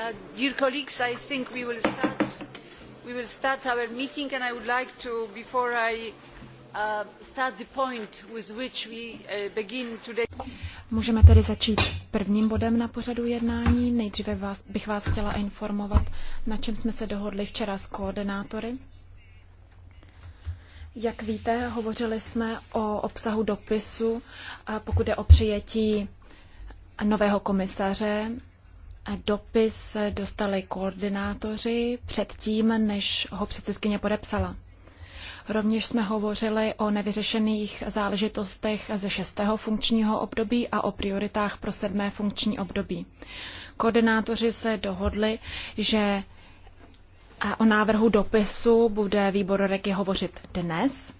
Uh, dear colleagues, I think we will start. our meeting, and I would like to, before I uh, start the point with which we uh, begin today. Můžeme tedy začít prvním bodem na pořadu jednání. Nejdříve vás, bych vás chtěla informovat, na čem jsme se dohodli včera s koordinátory. Jak víte, hovořili jsme o obsahu dopisu, pokud je o přijetí nového komisaře dopis dostali koordinátoři předtím, než ho předsedkyně podepsala. Rovněž jsme hovořili o nevyřešených záležitostech ze šestého funkčního období a o prioritách pro sedmé funkční období. Koordinátoři se dohodli, že o návrhu dopisu bude výbor Reky hovořit dnes.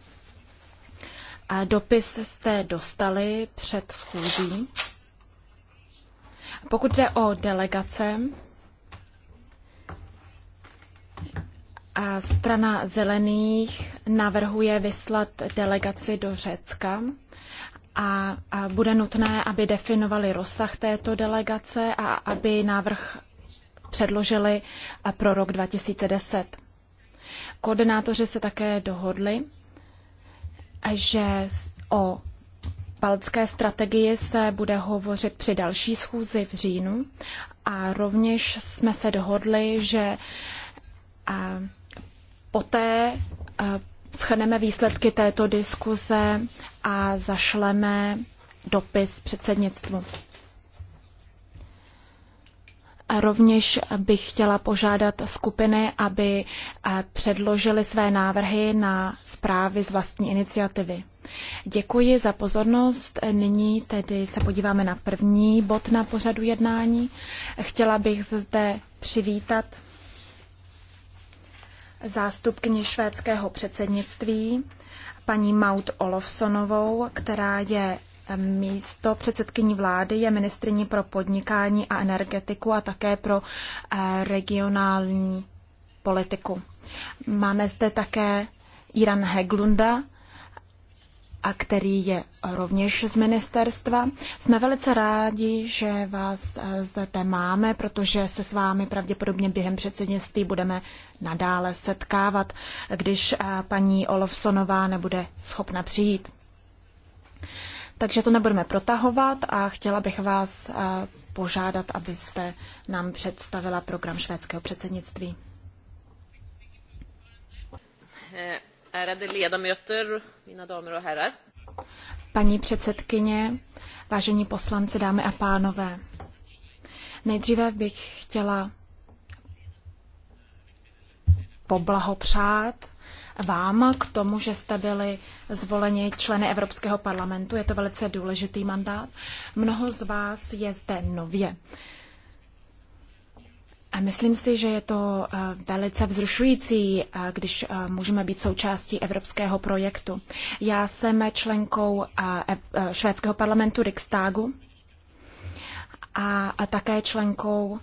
A dopis jste dostali před schůzí. Pokud jde o delegace, strana zelených navrhuje vyslat delegaci do Řecka a, bude nutné, aby definovali rozsah této delegace a aby návrh předložili pro rok 2010. Koordinátoři se také dohodli, že o baltské strategii se bude hovořit při další schůzi v říjnu a rovněž jsme se dohodli, že eh, poté eh, schrneme výsledky této diskuze a zašleme dopis předsednictvu. A rovněž bych chtěla požádat skupiny, aby eh, předložily své návrhy na zprávy z vlastní iniciativy. Děkuji za pozornost. Nyní tedy se podíváme na první bod na pořadu jednání. Chtěla bych zde přivítat zástupkyni švédského předsednictví, paní Maud Olofsonovou, která je ehm, místo předsedkyní vlády, je ministriní pro podnikání a energetiku a také pro eh, regionální politiku. Máme zde také Iran Heglunda, a který je rovněž z ministerstva. Jsme velice rádi, že vás eh, zde máme, protože se s vámi pravděpodobně během předsednictví budeme nadále setkávat, když eh, paní Olofsonová nebude schopna přijít. Takže to nebudeme protahovat a chtěla bych vás eh, požádat, abyste nám představila program švédského předsednictví. Paní předsedkyně, vážení poslanci, dámy a pánové. Nejdříve bych chtěla poblahopřát vám k tomu, že jste byli zvoleni členy Evropského parlamentu. Je to velice důležitý mandát. Mnoho z vás je zde nově. A myslím si, že je to eh, velice vzrušující, eh, když eh, můžeme být součástí evropského projektu. Já jsem členkou švédského parlamentu Riksdagu a také členkou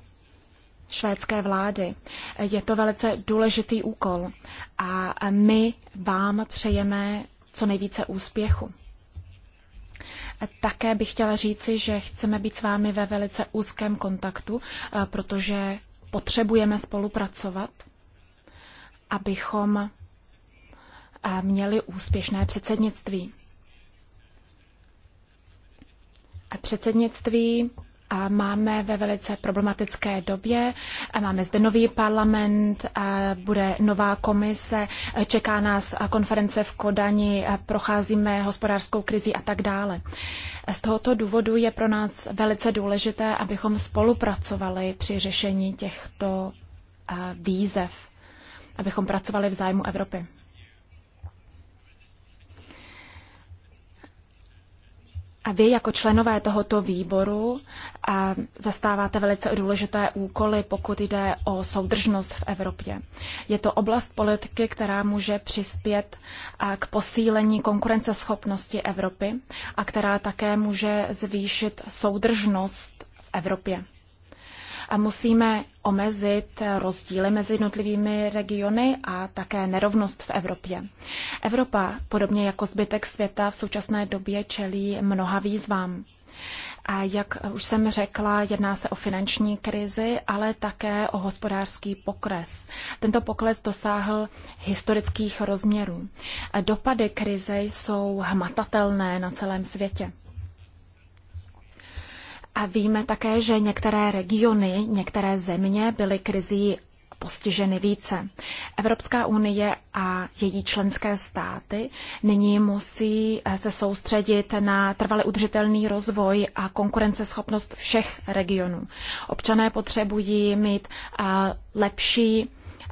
švédské vlády. Je to velice důležitý úkol a my vám přejeme co nejvíce úspěchu. Také bych chtěla říci, že chceme být s vámi ve velice úzkém kontaktu, protože potřebujeme spolupracovat, abychom eh, měli úspěšné předsednictví. Předsednictví a eh, máme ve velice problematické době. A eh, máme zde nový parlament, a bude nová komise, čeká nás konference v Kodani, procházíme hospodářskou krizi a tak dále. Z tohoto důvodu je pro nás velice důležité, abychom spolupracovali při řešení těchto eh, výzev, abychom pracovali v zájmu Evropy. A vy jako členové tohoto výboru eh, zastáváte velice důležité úkoly, pokud jde o soudržnost v Evropě. Je to oblast politiky, která může přispět eh, k posílení konkurenceschopnosti Evropy a která také může zvýšit soudržnost v Evropě a musíme omezit rozdíly mezi jednotlivými regiony a také nerovnost v Evropě. Evropa, podobně jako zbytek světa, v současné době čelí mnoha výzvám. A jak už jsem řekla, jedná se o finanční krizi, ale také o hospodářský pokles. Tento pokles dosáhl historických rozměrů. Dopady krize jsou hmatatelné na celém světě. A víme také, že některé regiony, některé země byly krizí postiženy více. Evropská unie a její členské státy nyní musí eh, se soustředit na trvale udržitelný rozvoj a konkurenceschopnost všech regionů. Občané potřebují mít eh, lepší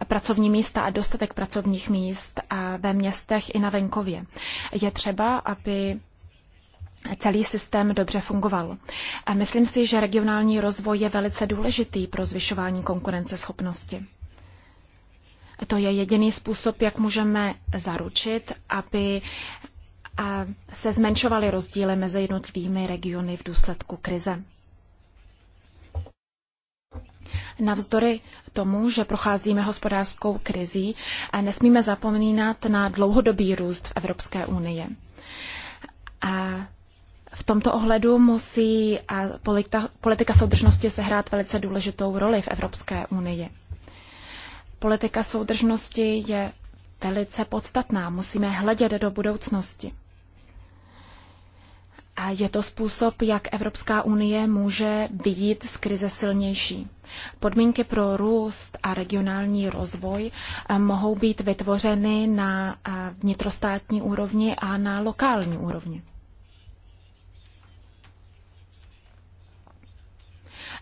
pracovní místa a dostatek pracovních míst eh, ve městech i na venkově. Je třeba, aby celý systém dobře fungoval. A myslím si, že regionální rozvoj je velice důležitý pro zvyšování konkurenceschopnosti. To je jediný způsob, jak můžeme zaručit, aby se zmenšovaly rozdíly mezi jednotlivými regiony v důsledku krize. Navzdory tomu, že procházíme hospodářskou krizí, nesmíme zapomínat na dlouhodobý růst v Evropské unii tomto ohledu musí politika, politika soudržnosti sehrát velice důležitou roli v Evropské unii. Politika soudržnosti je velice podstatná, musíme hledět do budoucnosti. A je to způsob, jak Evropská unie může vyjít z krize silnější. Podmínky pro růst a regionální rozvoj eh, mohou být vytvořeny na eh, vnitrostátní úrovni a na lokální úrovni.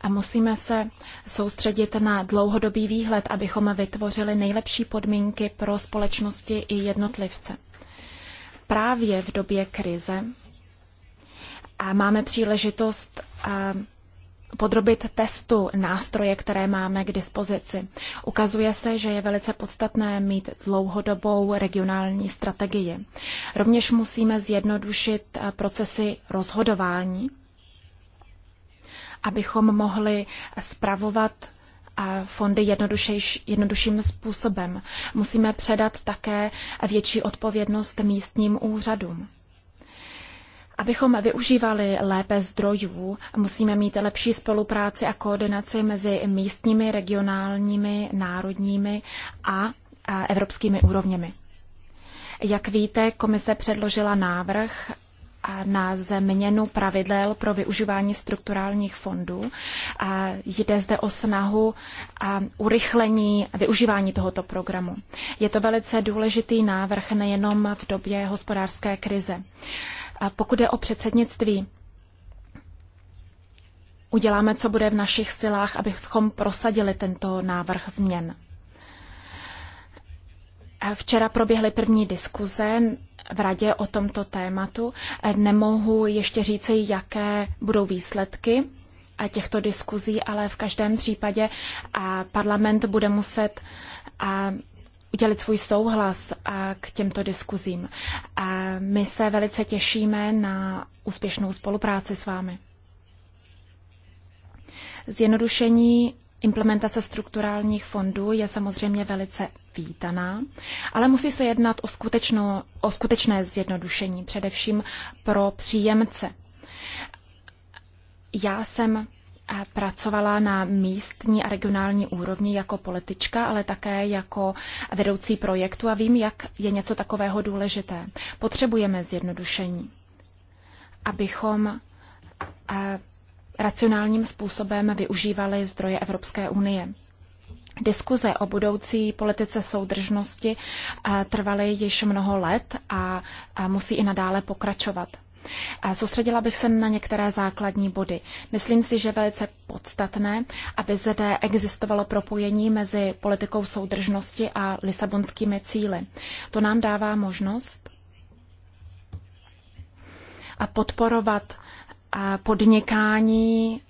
A musíme se soustředit na dlouhodobý výhled, abychom vytvořili nejlepší podmínky pro společnosti i jednotlivce. Právě v době krize a máme příležitost podrobit testu nástroje, které máme k dispozici. Ukazuje se, že je velice podstatné mít dlouhodobou regionální strategii. Rovněž musíme zjednodušit procesy rozhodování abychom mohli spravovat fondy jednodušším způsobem. Musíme předat také větší odpovědnost místním úřadům. Abychom využívali lépe zdrojů, musíme mít lepší spolupráci a koordinaci mezi místními, regionálními, národními a evropskými úrovněmi. Jak víte, komise předložila návrh na změnu pravidel pro využívání strukturálních fondů. A jde zde o snahu a urychlení využívání tohoto programu. Je to velice důležitý návrh nejenom v době hospodářské krize. A pokud je o předsednictví, uděláme, co bude v našich silách, abychom prosadili tento návrh změn. Včera proběhly první diskuze v radě o tomto tématu. Eh, nemohu ještě říci, jaké budou výsledky eh, těchto diskuzí, ale v každém případě eh, parlament bude muset udělit svůj souhlas k těmto diskuzím. My se velice těšíme na úspěšnou spolupráci s vámi. Zjednodušení Implementace strukturálních fondů je samozřejmě velice vítaná, ale musí se jednat o, skutečno, o skutečné zjednodušení, především pro příjemce. Já jsem eh, pracovala na místní a regionální úrovni jako politička, ale také jako vedoucí projektu a vím, jak je něco takového důležité. Potřebujeme zjednodušení, abychom eh, racionálním způsobem využívali zdroje Evropské unie. Diskuze o budoucí politice soudržnosti eh, trvaly již mnoho let a musí i nadále pokračovat. Soustředila bych se na některé základní body. Myslím si, že velice podstatné, aby zde existovalo propojení mezi politikou soudržnosti a lisabonskými cíly. To nám dává možnost a podporovat podnikání,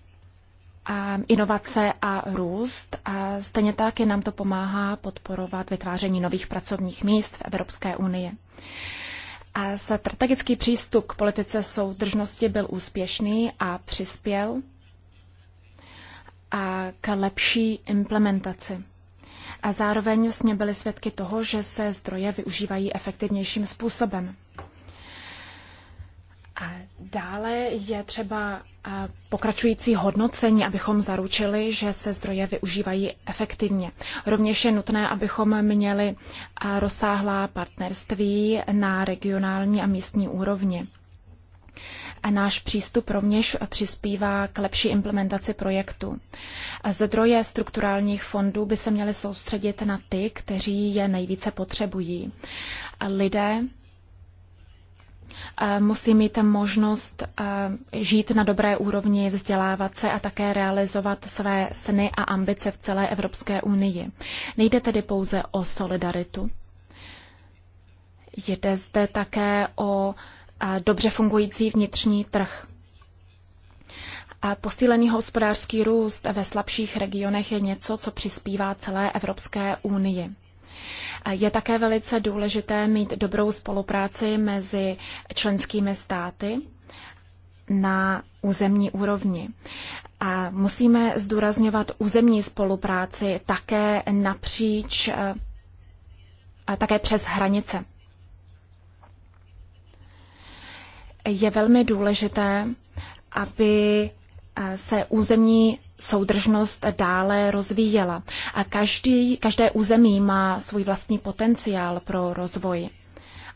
inovace a růst. A stejně tak je nám to pomáhá podporovat vytváření nových pracovních míst v Evropské unii. A strategický přístup k politice soudržnosti byl úspěšný a přispěl a k lepší implementaci. A zároveň jsme byli svědky toho, že se zdroje využívají efektivnějším způsobem. Dále je třeba pokračující hodnocení, abychom zaručili, že se zdroje využívají efektivně. Rovněž je nutné, abychom měli rozsáhlá partnerství na regionální a místní úrovni. A náš přístup rovněž přispívá k lepší implementaci projektu. Zdroje strukturálních fondů by se měly soustředit na ty, kteří je nejvíce potřebují. Lidé, musí mít možnost žít na dobré úrovni, vzdělávat se a také realizovat své sny a ambice v celé Evropské unii. Nejde tedy pouze o solidaritu. Jde zde také o dobře fungující vnitřní trh. A posílený hospodářský růst ve slabších regionech je něco, co přispívá celé Evropské unii. Je také velice důležité mít dobrou spolupráci mezi členskými státy na územní úrovni. A musíme zdůrazňovat územní spolupráci také napříč, eh, a také přes hranice. Je velmi důležité, aby eh, se územní soudržnost dále rozvíjela. A každý, každé území má svůj vlastní potenciál pro rozvoj.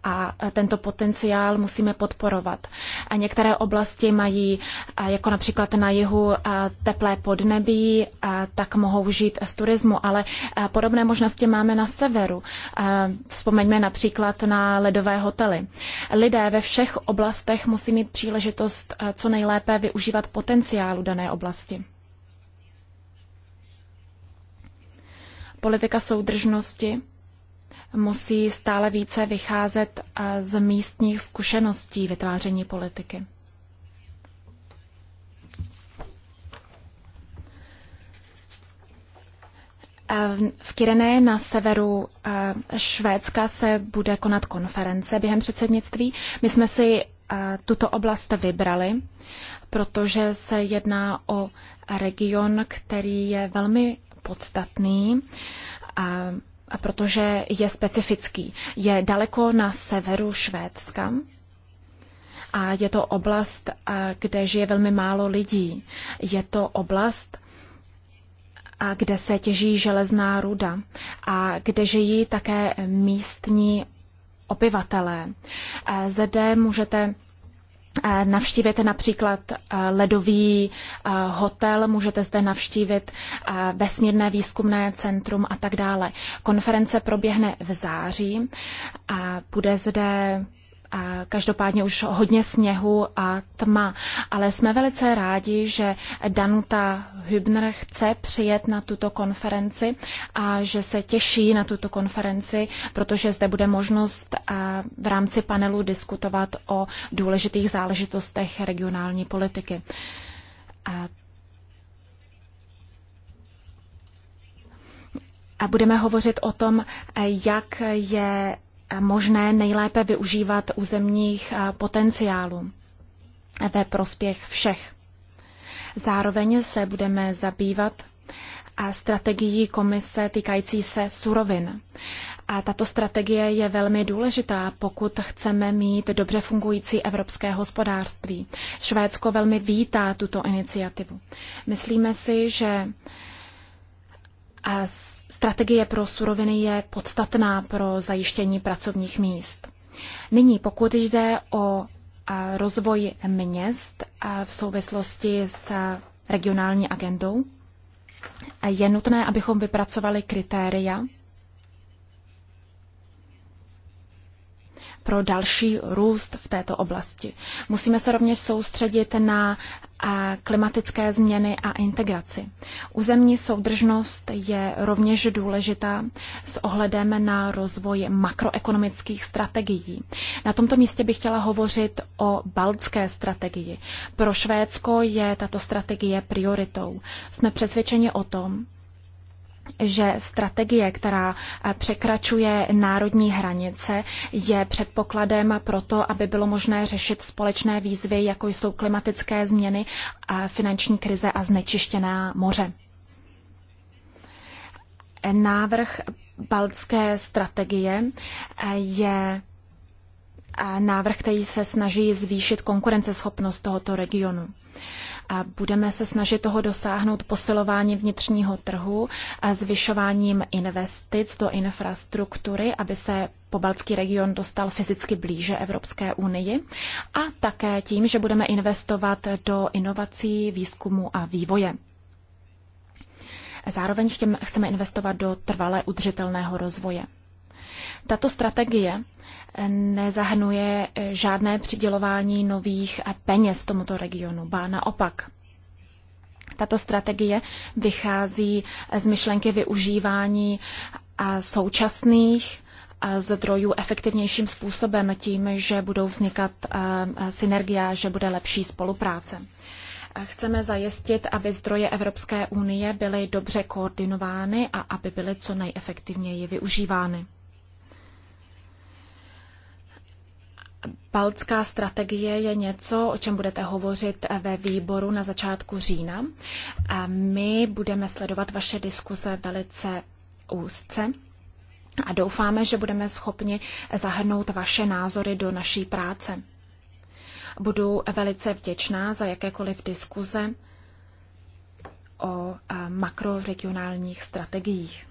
A tento potenciál musíme podporovat. A některé oblasti mají, jako například na jihu, teplé podnebí, tak mohou žít z turismu, ale podobné možnosti máme na severu. Vzpomeňme například na ledové hotely. Lidé ve všech oblastech musí mít příležitost co nejlépe využívat potenciálu dané oblasti. politika soudržnosti musí stále více vycházet eh, z místních zkušeností vytváření politiky. Eh, v Kirené na severu eh, Švédska se bude konat konference během předsednictví. My jsme si tuto oblast vybrali, protože se jedná o region, který je velmi podstatný, a, a protože je specifický. Je daleko na severu Švédska a je to oblast, kde žije velmi málo lidí. Je to oblast, a kde se těží železná ruda a kde žijí také místní obyvatelé. Zde můžete Navštívíte například ledový hotel, můžete zde navštívit vesmírné výzkumné centrum a tak dále. Konference proběhne v září a bude zde Každopádně už hodně sněhu a tma, ale jsme velice rádi, že Danuta Hübner chce přijet na tuto konferenci a že se těší na tuto konferenci, protože zde bude možnost v rámci panelu diskutovat o důležitých záležitostech regionální politiky. A a budeme hovořit o tom, jak je možné nejlépe využívat územních eh, potenciálů ve prospěch všech. Zároveň se budeme zabývat a eh, strategií komise týkající se surovin. A tato strategie je velmi důležitá, pokud chceme mít dobře fungující evropské hospodářství. Švédsko velmi vítá tuto iniciativu. Myslíme si, že Strategie pro suroviny je podstatná pro zajištění pracovních míst. Nyní, pokud jde o rozvoj měst v souvislosti s regionální agendou, je nutné, abychom vypracovali kritéria pro další růst v této oblasti. Musíme se rovněž soustředit na a klimatické změny a integraci. Územní soudržnost je rovněž důležitá s ohledem na rozvoj makroekonomických strategií. Na tomto místě bych chtěla hovořit o baltské strategii. Pro Švédsko je tato strategie prioritou. Jsme přesvědčeni o tom, že strategie, která eh, překračuje národní hranice, je předpokladem pro to, aby bylo možné řešit společné výzvy, jako jsou klimatické změny, finanční krize a znečištěná moře. Návrh baltské strategie eh, je eh, návrh, který se snaží zvýšit konkurenceschopnost tohoto regionu. Budeme se snažit toho dosáhnout posilování vnitřního trhu a zvyšováním investic do infrastruktury, aby se pobaltský region dostal fyzicky blíže Evropské unii a také tím, že budeme investovat do inovací, výzkumu a vývoje. Zároveň chceme investovat do trvalé udržitelného rozvoje. Tato strategie nezahrnuje eh, žádné přidělování nových eh, peněz tomuto regionu, ba naopak. Tato strategie vychází eh, z myšlenky využívání současných zdrojů efektivnějším způsobem tím, že budou vznikat synergia, že bude lepší spolupráce. Chceme zajistit, aby zdroje Evropské unie byly dobře koordinovány a aby byly co nejefektivněji využívány. Baltská strategie je něco, o čem budete hovořit ve výboru na začátku října. A my budeme sledovat vaše diskuze velice úzce a doufáme, že budeme schopni zahrnout vaše názory do naší práce. Budu velice vděčná za jakékoliv diskuze o makroregionálních strategiích.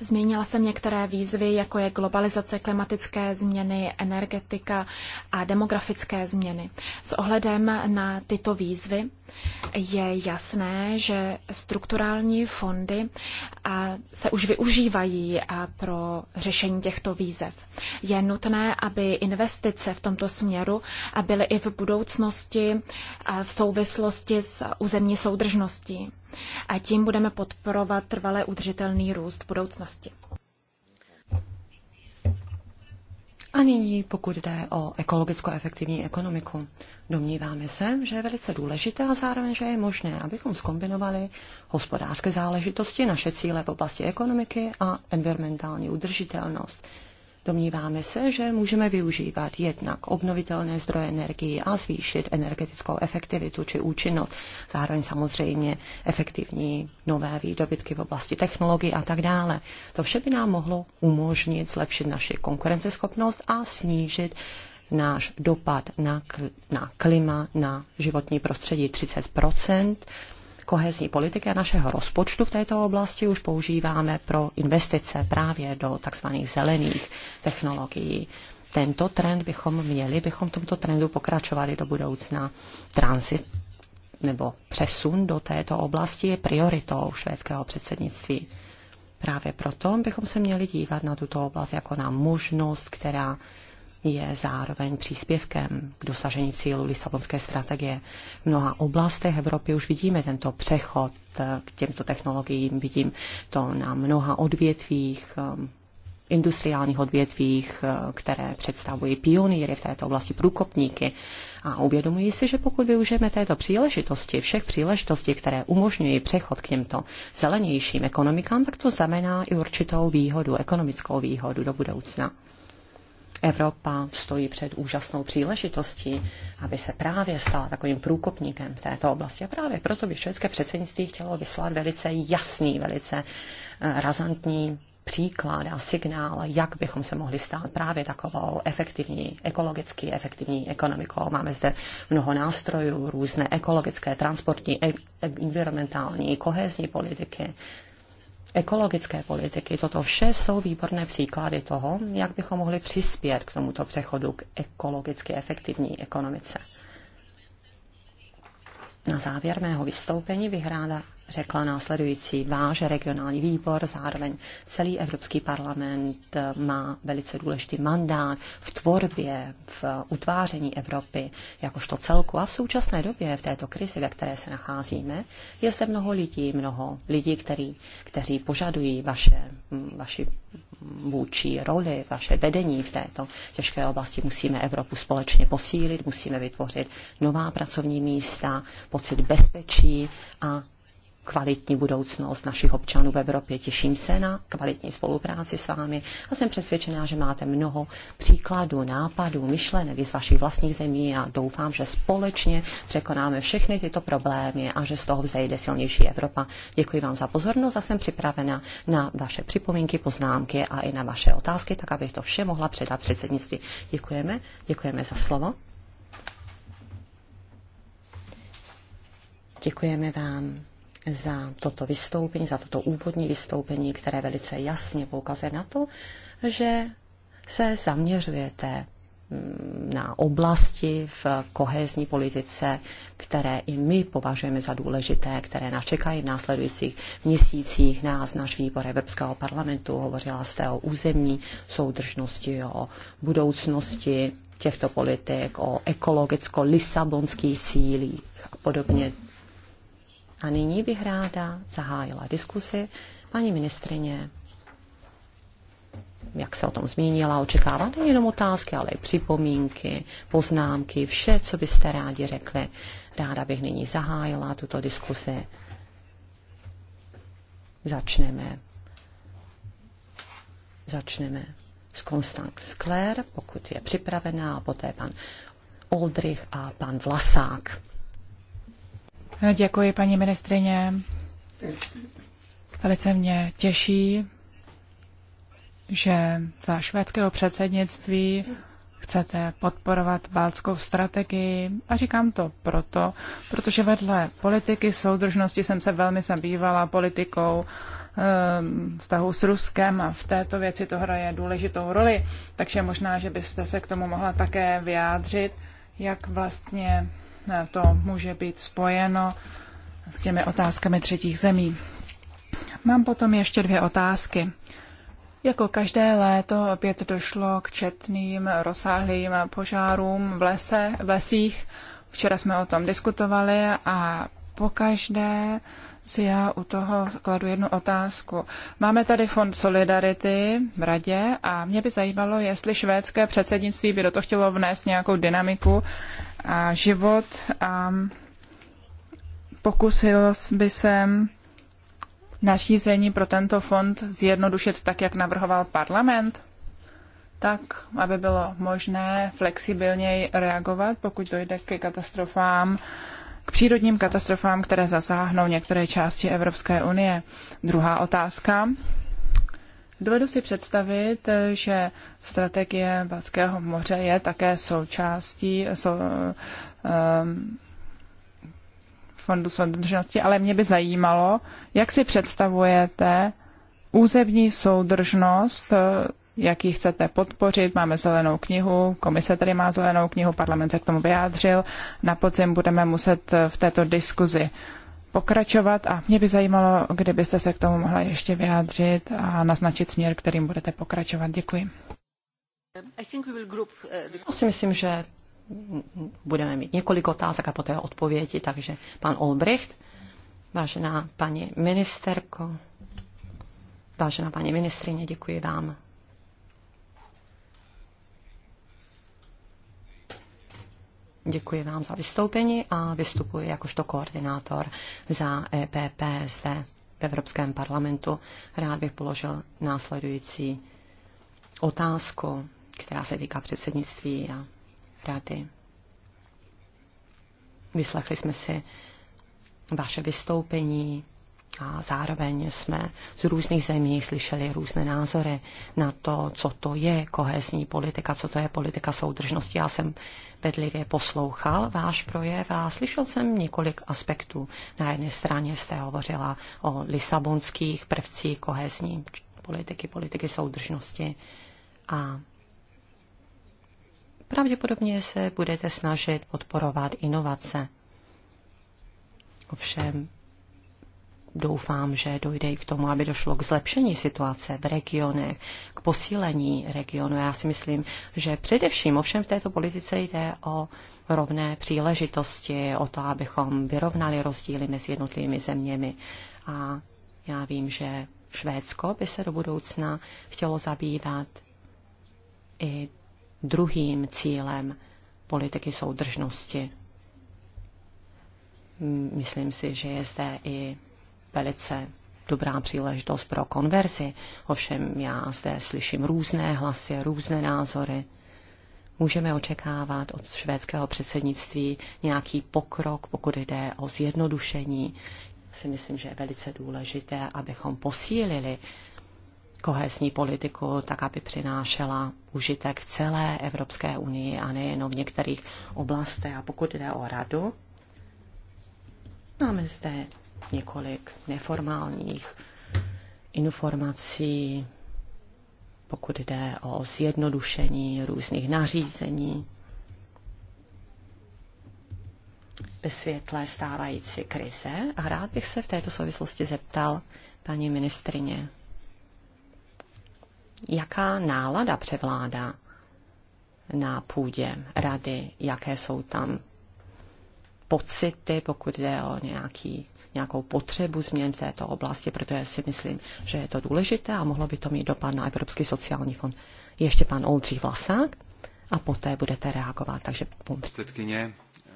Zmínila jsem některé výzvy, jako je globalizace, klimatické změny, energetika a demografické změny. S ohledem na tyto výzvy je jasné, že strukturální fondy se už využívají pro řešení těchto výzev. Je nutné, aby investice v tomto směru byly i v budoucnosti v souvislosti s územní soudržností a tím budeme podporovat trvalé udržitelný růst v budoucnosti. A nyní, pokud jde o ekologicko efektivní ekonomiku, domníváme se, že je velice důležité a zároveň, že je možné, abychom skombinovali hospodářské záležitosti, naše cíle v oblasti ekonomiky a environmentální udržitelnost. Domníváme se, že můžeme využívat jednak obnovitelné zdroje energie a zvýšit energetickou efektivitu či účinnost. Zároveň samozřejmě efektivní nové výdobytky v oblasti technologie a tak dále. To vše by nám mohlo umožnit zlepšit naši konkurenceschopnost a snížit náš dopad na, na klima, na životní prostředí 30 kohezní politiky a našeho rozpočtu v této oblasti už používáme pro investice právě do tzv. zelených technologií. Tento trend bychom měli, bychom tomto trendu pokračovali do budoucna. Transit nebo přesun do této oblasti je prioritou švédského předsednictví. Právě proto bychom se měli dívat na tuto oblast jako na možnost, která je zároveň příspěvkem k dosažení cílu Lisabonské strategie. V mnoha oblastech Evropy už vidíme tento přechod k těmto technologiím, vidím to na mnoha odvětvích, um, industriálních odvětvích, uh, které představují pionýry v této oblasti, průkopníky. A uvědomují si, že pokud využijeme této příležitosti, všech příležitostí, které umožňují přechod k těmto zelenějším ekonomikám, tak to znamená i určitou výhodu, ekonomickou výhodu do budoucna. Evropa stojí před úžasnou příležitostí, aby se právě stala takovým průkopníkem v této oblasti. A právě proto by švédské předsednictví chtělo vyslat velice jasný, velice eh, razantní příklad a signál, jak bychom se mohli stát právě takovou efektivní, ekologicky efektivní ekonomikou. Máme zde mnoho nástrojů, různé ekologické, transportní, e- environmentální, kohezní politiky, ekologické politiky. Toto vše jsou výborné příklady toho, jak bychom mohli přispět k tomuto přechodu k ekologicky efektivní ekonomice. Na závěr mého vystoupení bych ráda řekla následující. Váš regionální výbor, zároveň celý Evropský parlament eh, má velice důležitý mandát v tvorbě, v utváření Evropy jakožto celku. A v současné době, v této krizi, ve které se nacházíme, je zde mnoho lidí, mnoho lidí, který, kteří požadují vaše, mm, vaši vůči roli, vaše vedení v této těžké oblasti. Musíme Evropu společně posílit, musíme vytvořit nová pracovní místa, pocit bezpečí a kvalitní budoucnost našich občanů v Evropě. Těším se na kvalitní spolupráci s vámi a jsem přesvědčená, že máte mnoho příkladů, nápadů, myšlenek z vašich vlastních zemí a doufám, že společně překonáme všechny tyto problémy a že z toho vzejde silnější Evropa. Děkuji vám za pozornost a jsem připravena na vaše připomínky, poznámky a i na vaše otázky, tak abych to vše mohla předat předsednictví. Děkujeme, děkujeme za slovo. Děkujeme vám za toto vystoupení, za toto úvodní vystoupení, které velice jasně poukazuje na to, že se zaměřujete mm, na oblasti v kohezní politice, které i my považujeme za důležité, které nás čekají v následujících měsících. Nás, náš výbor Evropského parlamentu, hovořila jste o územní soudržnosti, o budoucnosti těchto politik, o ekologicko-lisabonských cílích a podobně. A nyní bych ráda zahájila diskusi. Paní ministrině, jak se o tom zmínila, očekávat nejenom otázky, ale i připomínky, poznámky, vše, co byste rádi řekli. Ráda bych nyní zahájila tuto diskusi. Začneme. Začneme s Konstant Skler pokud je připravená, a poté pan Oldrich a pan Vlasák. Děkuji, paní ministrině. Velice mě těší, že za švédského předsednictví chcete podporovat baltskou strategii. A říkám to proto, protože vedle politiky soudržnosti jsem se velmi zabývala politikou ehm, vztahu s Ruskem a v této věci to hraje důležitou roli, takže možná, že byste se k tomu mohla také vyjádřit, jak vlastně to může být spojeno s těmi otázkami třetích zemí. Mám potom ještě dvě otázky. Jako každé léto opět došlo k četným rozsáhlým požárům v, lese, v lesích. Včera jsme o tom diskutovali a pokaždé si já u toho kladu jednu otázku. Máme tady fond Solidarity v radě a mě by zajímalo, jestli švédské předsednictví by do toho chtělo vnést nějakou dynamiku a život a pokusil by se nařízení pro tento fond zjednodušit tak, jak navrhoval parlament, tak, aby bylo možné flexibilněji reagovat, pokud dojde ke katastrofám, k přírodním katastrofám, které zasáhnou některé části Evropské unie. Druhá otázka Dovedu si představit, že strategie Batského moře je také součástí so, um, fondu soudržnosti, ale mě by zajímalo, jak si představujete územní soudržnost, jak ji chcete podpořit. Máme zelenou knihu, komise tady má zelenou knihu, parlament se k tomu vyjádřil. Na podzim budeme muset v této diskuzi pokračovat a mě by zajímalo, kdybyste se k tomu mohla ještě vyjádřit a naznačit směr, kterým budete pokračovat. Děkuji. Uh, si myslím, že budeme mít několik otázek a poté odpovědi, takže pan Olbricht, vážená paní ministerko, vážená paní ministrině, děkuji vám Děkuji vám za vystoupení a vystupuji jakožto koordinátor za EPP zde v Evropském parlamentu. Rád bych položil následující otázku, která se týká předsednictví a rady. Vyslechli jsme si vaše vystoupení, a zároveň jsme z různých zemí slyšeli různé názory na to, co to je kohezní politika, co to je politika soudržnosti. Já jsem bedlivě poslouchal váš projev a slyšel jsem několik aspektů. Na jedné straně jste hovořila o lisabonských prvcích kohezní politiky, politiky soudržnosti a pravděpodobně se budete snažit podporovat inovace. Ovšem, doufám, že dojde i k tomu, aby došlo k zlepšení situace v regionech, k posílení regionu. Já si myslím, že především ovšem v této politice jde o rovné příležitosti, o to, abychom vyrovnali rozdíly mezi jednotlivými zeměmi. A já vím, že Švédsko by se do budoucna chtělo zabývat i druhým cílem politiky soudržnosti. Myslím si, že je zde i velice dobrá příležitost pro konverzi. Ovšem já zde slyším různé hlasy, různé názory. Můžeme očekávat od švédského předsednictví nějaký pokrok, pokud jde o zjednodušení. Si myslím, že je velice důležité, abychom posílili kohesní politiku, tak aby přinášela užitek celé Evropské unii a nejenom v některých oblastech. A pokud jde o radu, máme zde několik neformálních informací, pokud jde o zjednodušení různých nařízení ve světle stávající krize. A rád bych se v této souvislosti zeptal paní ministrině, jaká nálada převládá na půdě rady, jaké jsou tam pocity, pokud jde o nějaký nějakou potřebu změn v této oblasti, protože si myslím, že je to důležité a mohlo by to mít dopad na Evropský sociální fond. Ještě pan Oldřich Vlasák a poté budete reagovat. Takže Předsedkyně, eh,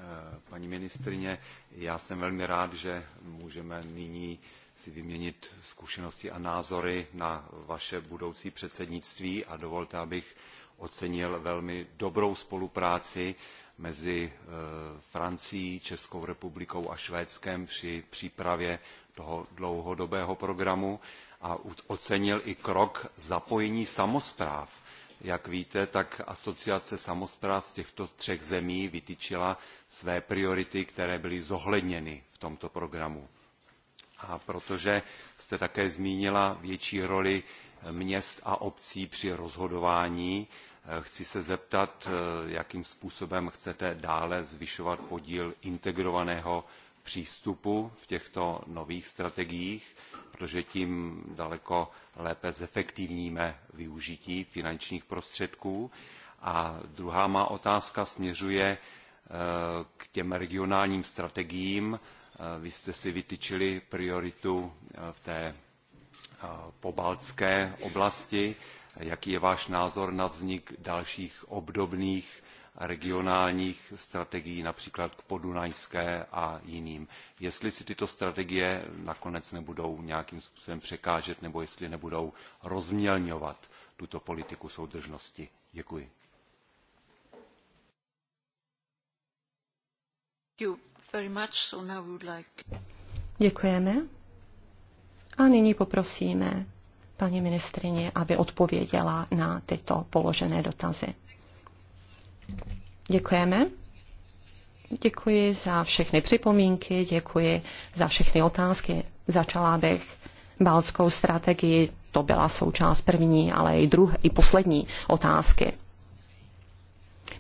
paní ministrině, já jsem velmi rád, že můžeme nyní si vyměnit zkušenosti a názory na vaše budoucí předsednictví a dovolte, abych ocenil velmi dobrou spolupráci mezi eh, Francií, Českou republikou a Švédskem při přípravě toho dlouhodobého programu a ocenil i krok zapojení samospráv. Jak víte, tak asociace samospráv z těchto třech zemí vytyčila své priority, které byly zohledněny v tomto programu. A protože jste také zmínila větší roli měst a obcí při rozhodování, Chci se zeptat, eh, jakým způsobem chcete dále zvyšovat podíl integrovaného přístupu v těchto nových strategiích, protože tím daleko lépe zefektivníme využití finančních prostředků. A druhá má otázka směřuje eh, k těm regionálním strategiím. Eh, vy jste si vytyčili prioritu v té pobaltské oblasti. Jaký je váš názor na vznik dalších obdobných regionálních strategií, například k podunajské a jiným. Jestli si tyto strategie nakonec nebudou nějakým způsobem překážet, nebo jestli nebudou rozmělňovat tuto politiku soudržnosti. Děkuji. Děkujeme. A nyní poprosíme paní ministrině, aby odpověděla na tyto položené dotazy. Děkujeme. Děkuji za všechny připomínky, děkuji za všechny otázky. Začala bych balskou strategii, to byla součást první, ale i druhé, i poslední otázky.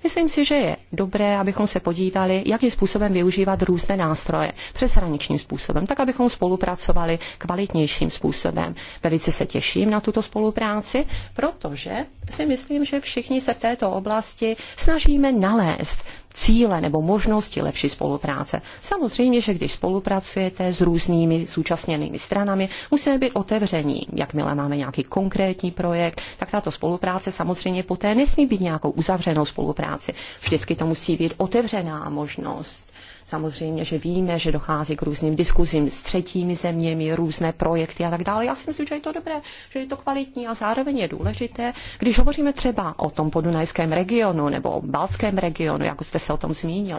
Myslím si, že je dobré, abychom se podívali, jakým způsobem využívat různé nástroje přeshraničním způsobem, tak abychom spolupracovali kvalitnějším způsobem. Velice se těším na tuto spolupráci, protože si myslím, že všichni se v této oblasti snažíme nalézt cíle nebo možnosti lepší spolupráce. Samozřejmě, že když spolupracujete s různými zúčastněnými stranami, musíme být otevření. Jakmile máme nějaký konkrétní projekt, tak tato spolupráce samozřejmě poté nesmí být nějakou uzavřenou spolupráci. Vždycky to musí být otevřená možnost Samozřejmě, že víme, že dochází k různým diskuzím s třetími zeměmi, různé projekty a tak dále. Já si myslím, že je to dobré, že je to kvalitní a zároveň je důležité, když hovoříme třeba o tom podunajském regionu nebo o balském regionu, jak jste se o tom zmínil,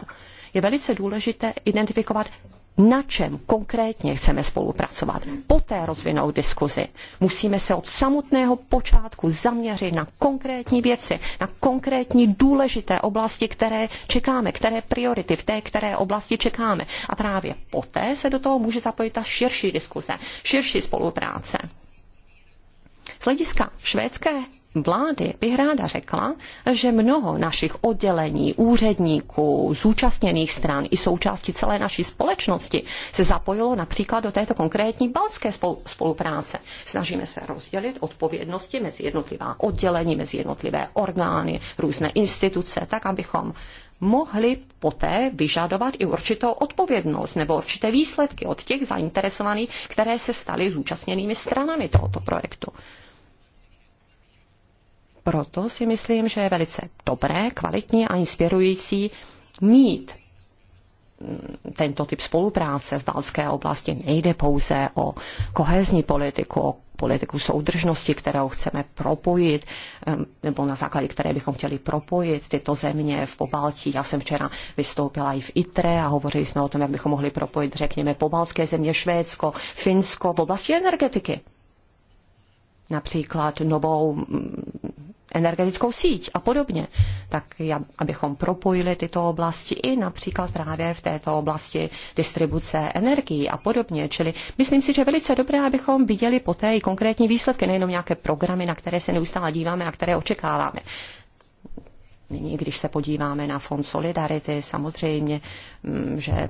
je velice důležité identifikovat na čem konkrétně chceme spolupracovat. Poté rozvinout diskuzi. Musíme se od samotného počátku zaměřit na konkrétní věci, na konkrétní důležité oblasti, které čekáme, které priority v té které oblasti čekáme. A právě poté se do toho může zapojit ta širší diskuze, širší spolupráce. Z hlediska švédské vlády bych ráda řekla, že mnoho našich oddělení, úředníků, zúčastněných stran i součástí celé naší společnosti se zapojilo například do této konkrétní balské spolupráce. Snažíme se rozdělit odpovědnosti mezi jednotlivá oddělení, mezi jednotlivé orgány, různé instituce, tak abychom mohli poté vyžadovat i určitou odpovědnost nebo určité výsledky od těch zainteresovaných, které se staly zúčastněnými stranami tohoto projektu proto si myslím, že je velice dobré, kvalitní a inspirující mít mm, tento typ spolupráce v Balské oblasti nejde pouze o kohezní politiku, o politiku soudržnosti, kterou chceme propojit, nebo na základě které bychom chtěli propojit tyto země v Pobaltí. Já jsem včera vystoupila i v ITRE a hovořili jsme o tom, jak bychom mohli propojit, řekněme, pobaltské země Švédsko, Finsko v oblasti energetiky například novou energetickou síť a podobně. Tak abychom propojili tyto oblasti i například právě v této oblasti distribuce energií a podobně. Čili myslím si, že je velice dobré, abychom viděli poté i konkrétní výsledky, nejenom nějaké programy, na které se neustále díváme a které očekáváme. Nyní, když se podíváme na Fond Solidarity, samozřejmě, mm, že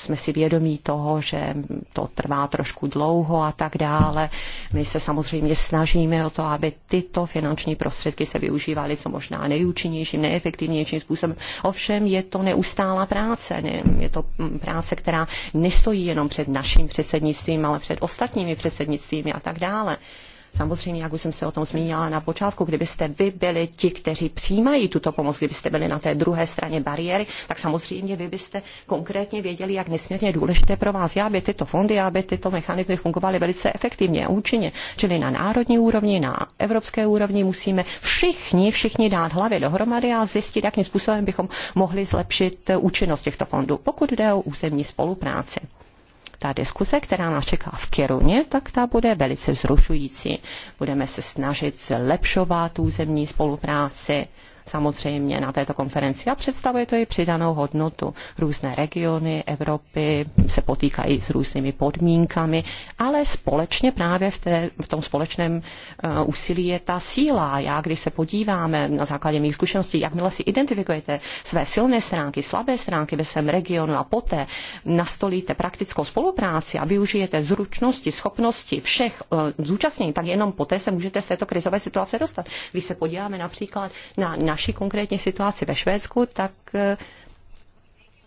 jsme si vědomí toho, že to trvá trošku dlouho a tak dále. My se samozřejmě snažíme o to, aby tyto finanční prostředky se využívaly co možná nejúčinnějším, nejefektivnějším způsobem. Ovšem je to neustálá práce. Ne? Je to mm, práce, která nestojí jenom před naším předsednictvím, ale před ostatními předsednictvími a tak dále. Samozřejmě, jak už jsem se o tom zmínila na počátku, kdybyste vy byli ti, kteří přijímají tuto pomoc, kdybyste byli na té druhé straně bariéry, tak samozřejmě vy byste konkrétně věděli, jak nesmírně důležité pro vás je, aby tyto fondy, aby tyto mechanizmy fungovaly velice efektivně a účinně. Čili na národní úrovni, na evropské úrovni musíme všichni, všichni dát hlavy dohromady a zjistit, jakým způsobem bychom mohli zlepšit účinnost těchto fondů, pokud jde o územní spolupráci ta diskuze, která nás čeká v Kiruně, tak ta bude velice zrušující. Budeme se snažit zlepšovat územní spolupráci, samozřejmě na této konferenci a představuje to i přidanou hodnotu. Různé regiony Evropy se potýkají s různými podmínkami, ale společně právě v, té, v tom společném uh, úsilí je ta síla. Já, když se podíváme na základě mých zkušeností, jakmile si identifikujete své silné stránky, slabé stránky ve svém regionu a poté nastolíte praktickou spolupráci a využijete zručnosti, schopnosti všech uh, eh, zúčastnění, tak jenom poté se můžete z této krizové situace dostat. Když se podíváme například na, na naší konkrétní situaci ve Švédsku, tak eh,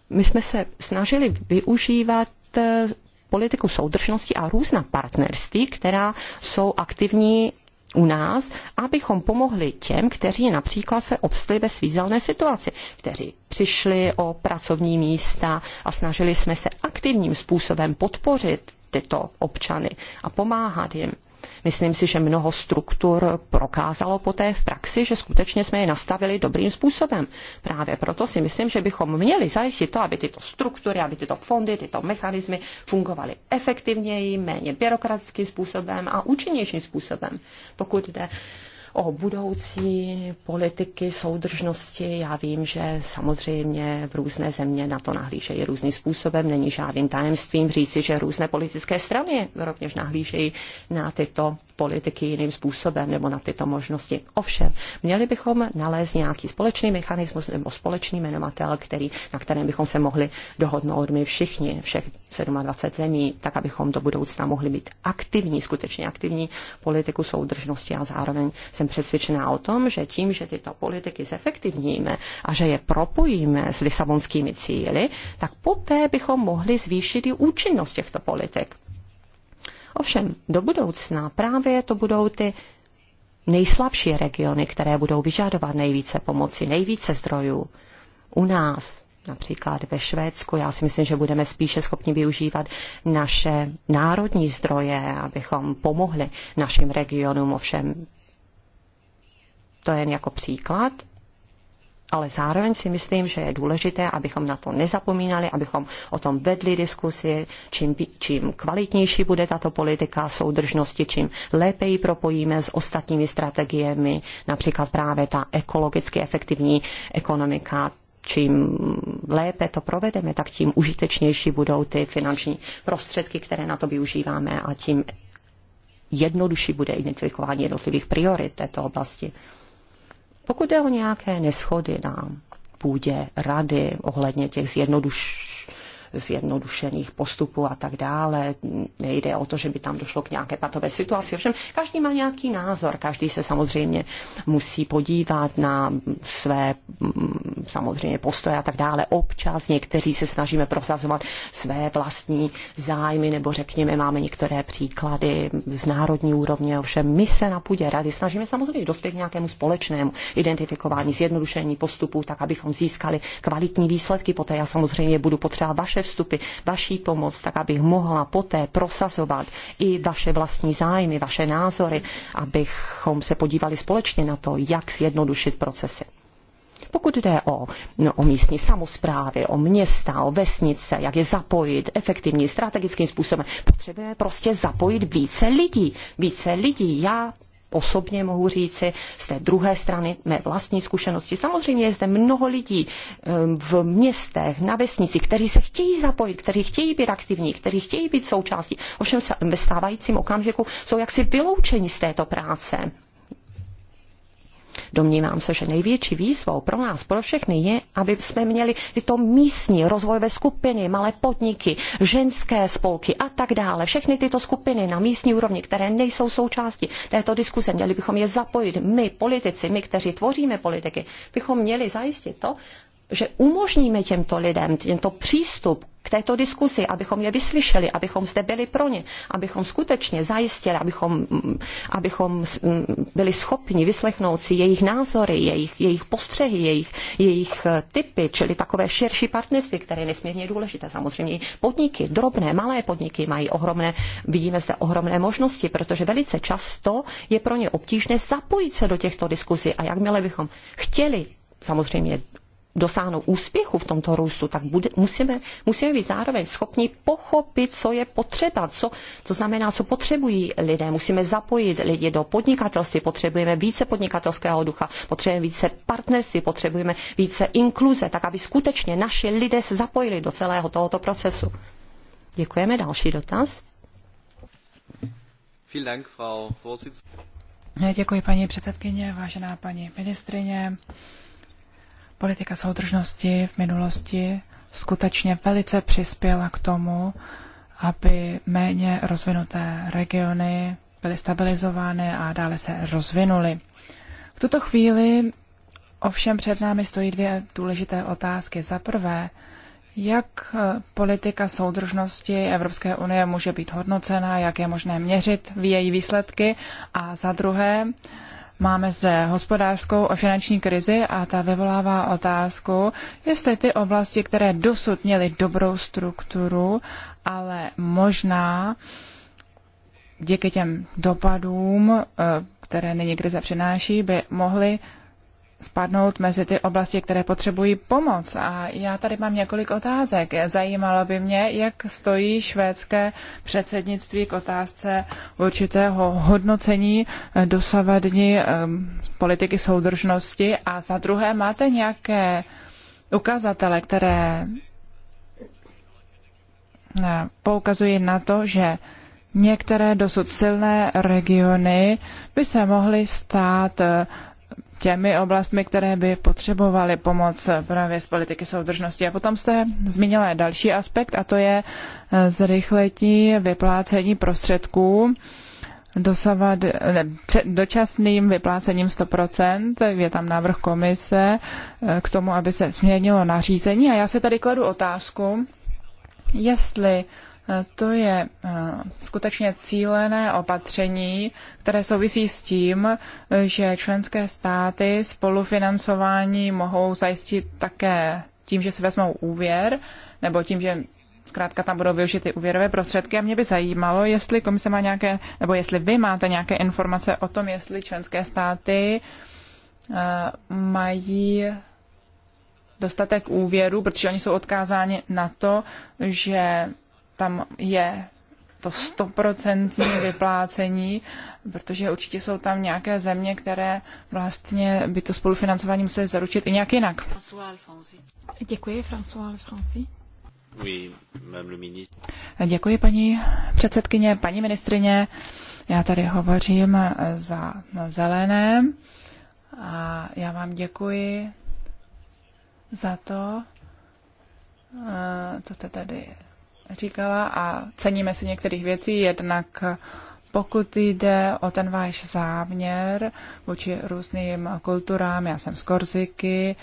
my jsme se snažili využívat eh, politiku soudržnosti a různá partnerství, která jsou aktivní u nás, abychom pomohli těm, kteří například se obstli ve svízelné situaci, kteří přišli o pracovní místa a snažili jsme se aktivním způsobem podpořit tyto občany a pomáhat jim. Myslím si, že mnoho struktur prokázalo poté v praxi, že skutečně jsme je nastavili dobrým způsobem. Právě proto si myslím, že bychom měli zajistit to, aby tyto struktury, aby tyto fondy, tyto mechanismy fungovaly efektivněji, méně byrokratickým způsobem a účinnějším způsobem. Pokud jde o budoucí politiky soudržnosti. Já vím, že samozřejmě v různé země na to nahlížejí různým způsobem. Není žádným tajemstvím říci, že různé politické strany rovněž nahlížejí na tyto politiky jiným způsobem nebo na tyto možnosti. Ovšem, měli bychom nalézt nějaký společný mechanismus nebo společný jmenovatel, který, na kterém bychom se mohli dohodnout my všichni, všech 27 zemí, tak abychom do budoucna mohli být aktivní, skutečně aktivní politiku soudržnosti a zároveň jsem přesvědčená o tom, že tím, že tyto politiky zefektivníme a že je propojíme s lisabonskými cíly, tak poté bychom mohli zvýšit i účinnost těchto politik. Ovšem, do budoucna právě to budou ty nejslabší regiony, které budou vyžadovat nejvíce pomoci, nejvíce zdrojů. U nás, například ve Švédsku, já si myslím, že budeme spíše schopni využívat naše národní zdroje, abychom pomohli našim regionům. Ovšem, to je jen jako příklad, ale zároveň si myslím, že je důležité, abychom na to nezapomínali, abychom o tom vedli diskusi, čím, čím kvalitnější bude tato politika soudržnosti, čím lépe ji propojíme s ostatními strategiemi, například právě ta ekologicky efektivní ekonomika, čím lépe to provedeme, tak tím užitečnější budou ty finanční prostředky, které na to využíváme a tím jednodušší bude identifikování jednotlivých priorit této oblasti. Pokud je o nějaké neschody na půdě rady ohledně těch zjednoduš zjednodušených postupů a tak dále. Nejde o to, že by tam došlo k nějaké patové situaci. Ovšem, každý má nějaký názor, každý se samozřejmě musí podívat na své mm, samozřejmě postoje a tak dále. Občas někteří se snažíme prosazovat své vlastní zájmy, nebo řekněme, máme některé příklady z národní úrovně, ovšem my se na půdě rady snažíme samozřejmě dospět k nějakému společnému identifikování, zjednodušení postupů, tak abychom získali kvalitní výsledky. Poté já samozřejmě budu potřebovat vaše vstupy, vaší pomoc, tak abych mohla poté prosazovat i vaše vlastní zájmy, vaše názory, abychom se podívali společně na to, jak zjednodušit procesy. Pokud jde o, no, o místní samozprávy, o města, o vesnice, jak je zapojit efektivní, strategickým způsobem, potřebujeme prostě zapojit více lidí. Více lidí. Já osobně mohu říci, z té druhé strany mé vlastní zkušenosti. Samozřejmě je zde mnoho lidí v městech, na vesnici, kteří se chtějí zapojit, kteří chtějí být aktivní, kteří chtějí být součástí. Ovšem ve stávajícím okamžiku jsou jaksi vyloučeni z této práce. Domnívám se, že největší výzvou pro nás, pro všechny je, aby jsme měli tyto místní rozvojové skupiny, malé podniky, ženské spolky a tak dále. Všechny tyto skupiny na místní úrovni, které nejsou součástí této diskuse, měli bychom je zapojit. My, politici, my, kteří tvoříme politiky, bychom měli zajistit to, že umožníme těmto lidem tento přístup k této diskusi, abychom je vyslyšeli, abychom zde byli pro ně, abychom skutečně zajistili, abychom, abychom byli schopni vyslechnout si jejich názory, jejich, jejich postřehy, jejich, jejich eh, typy, čili takové širší partnerství, které je nesmírně důležité. Samozřejmě podniky, drobné, malé podniky mají ohromné, vidíme zde ohromné možnosti, protože velice často je pro ně obtížné zapojit se do těchto diskuzí a jakmile bychom chtěli samozřejmě dosáhnout úspěchu v tomto růstu, tak bude, musíme, musíme být zároveň schopni pochopit, co je potřeba, co to znamená, co potřebují lidé. Musíme zapojit lidi do podnikatelství, potřebujeme více podnikatelského ducha, potřebujeme více partnerství, potřebujeme více inkluze, tak aby skutečně naši lidé se zapojili do celého tohoto procesu. Děkujeme. Další dotaz. Děkuji, paní předsedkyně, vážená paní ministrině. Politika soudržnosti v minulosti skutečně velice přispěla k tomu, aby méně rozvinuté regiony byly stabilizovány a dále se rozvinuly. V tuto chvíli ovšem před námi stojí dvě důležité otázky. Za prvé, jak eh, politika soudržnosti Evropské unie může být hodnocena, jak je možné měřit její výsledky a za druhé, Máme zde hospodářskou a finanční krizi a ta vyvolává otázku, jestli ty oblasti, které dosud měly dobrou strukturu, ale možná díky těm dopadům, eh, které nyní krize přináší, by mohly spadnout mezi ty oblasti, které potřebují pomoc. A já tady mám několik otázek. Zajímalo by mě, jak stojí švédské předsednictví k otázce určitého hodnocení eh, dosavadní eh, politiky soudržnosti. A za druhé, máte nějaké ukazatele, které eh, poukazují na to, že některé dosud silné regiony by se mohly stát těmi oblastmi, které by potřebovaly pomoc právě z politiky soudržnosti. A potom jste zmínila další aspekt, a to je eh, zrychlení vyplácení prostředků dosavat, ne, dočasným vyplácením 100%, je tam návrh komise eh, k tomu, aby se změnilo nařízení. A já se tady kladu otázku, jestli to je eh, skutečně cílené opatření, které souvisí s tím, že členské státy spolufinancování mohou zajistit také tím, že si vezmou úvěr, nebo tím, že zkrátka tam budou využity úvěrové prostředky. A mě by zajímalo, jestli komise má nějaké, nebo jestli vy máte nějaké informace o tom, jestli členské státy eh, mají dostatek úvěru, protože oni jsou odkázáni na to, že tam je to stoprocentní vyplácení, protože určitě jsou tam nějaké země, které vlastně by to spolufinancování musely zaručit i nějak jinak. Děkuji, François Alfonsi. Děkuji, paní předsedkyně, paní ministrině. Já tady hovořím za zelené a já vám děkuji za to, eh, co jste tady říkala a ceníme si některých věcí, jednak pokud jde o ten váš záměr vůči různým kulturám, já jsem z Korziky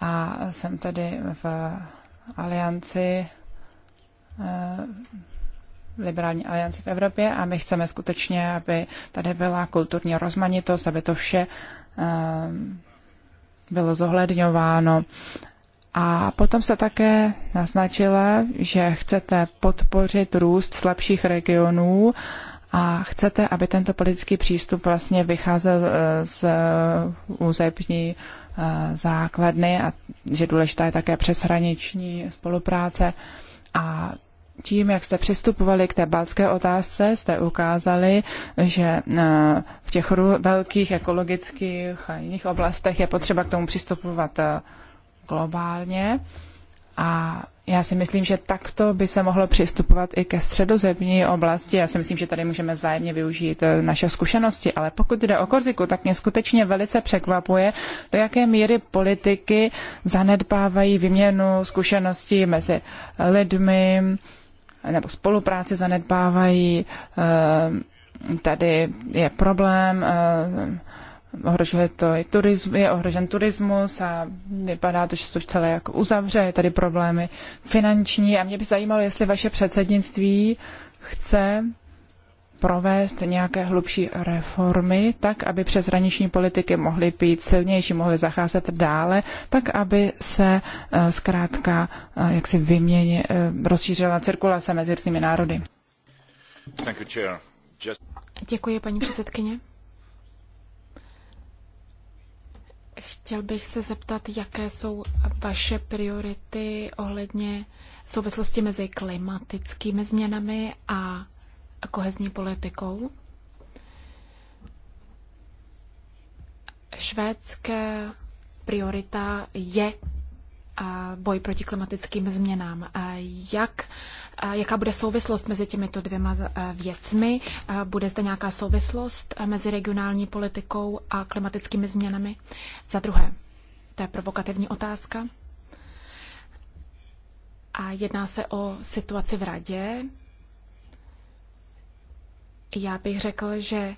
a jsem tady v alianci eh, liberální alianci v Evropě a my chceme skutečně, aby tady byla kulturní rozmanitost, aby to vše eh, bylo zohledňováno. A potom se také naznačila, že chcete podpořit růst slabších regionů a chcete, aby tento politický přístup vlastně vycházel e, z e, územní e, základny a že důležitá je také přeshraniční spolupráce. A tím, jak jste přistupovali k té balské otázce, jste ukázali, že v těch velkých ekologických a jiných oblastech je potřeba k tomu přistupovat globálně a já si myslím, že takto by se mohlo přistupovat i ke středozemní oblasti. Já si myslím, že tady můžeme vzájemně využít eh, naše zkušenosti, ale pokud jde o Korziku, tak mě skutečně velice překvapuje, do jaké míry politiky zanedbávají vyměnu zkušeností mezi lidmi nebo spolupráci zanedbávají. Eh, tady je problém eh, ohrožuje to i turism, je ohrožen turismus a vypadá to, že se to celé jako uzavře, je tady problémy finanční a mě by zajímalo, jestli vaše předsednictví chce provést nějaké hlubší reformy, tak aby přes hraniční politiky mohly být silnější, mohly zacházet dále, tak aby se eh, zkrátka eh, jak si vyměně, eh, rozšířila cirkulace mezi různými národy. Děkuji, paní předsedkyně. Chtěl bych se zeptat, jaké jsou vaše priority ohledně souvislosti mezi klimatickými změnami a kohezní politikou. Švédské priorita je boj proti klimatickým změnám. Jak jaká bude souvislost mezi těmito dvěma e, věcmi. E, bude zde nějaká souvislost e, mezi regionální politikou a klimatickými změnami? Za druhé, to je provokativní otázka. A jedná se o situaci v radě. Já bych řekl, že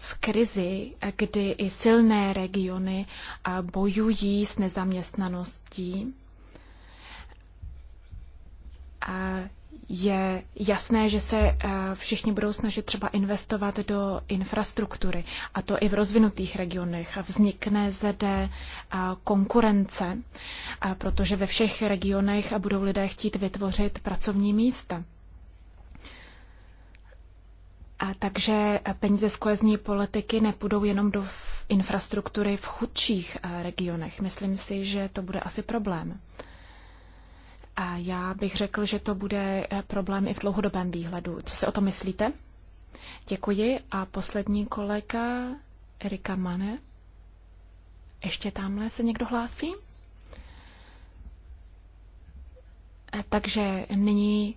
v krizi, kdy i silné regiony bojují s nezaměstnaností, je jasné, že se eh, všichni budou snažit třeba investovat do infrastruktury, a to i v rozvinutých regionech. Vznikne zde eh, konkurence, eh, protože ve všech regionech budou lidé chtít vytvořit pracovní místa. A takže peníze z kohezní politiky nepůjdou jenom do infrastruktury v chudších regionech. Myslím si, že to bude asi problém. A já bych řekl, že to bude eh, problém i v dlouhodobém výhledu. Co si o to myslíte? Děkuji. A poslední kolega, Erika Mane. Ještě tamhle se někdo hlásí? Eh, takže nyní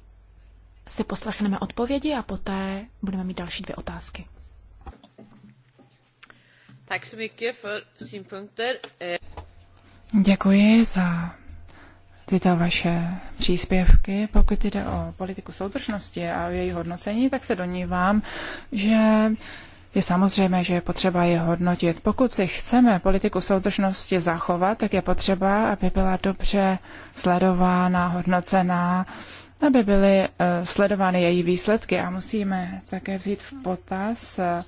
si poslechneme odpovědi a poté budeme mít další dvě otázky. Eh. Děkuji za tyto vaše příspěvky. Pokud jde o politiku soudržnosti a o její hodnocení, tak se donívám, že je samozřejmé, že je potřeba je hodnotit. Pokud si chceme politiku soudržnosti zachovat, tak je potřeba, aby byla dobře sledována, hodnocená, aby byly eh, sledovány její výsledky a musíme také vzít v potaz eh,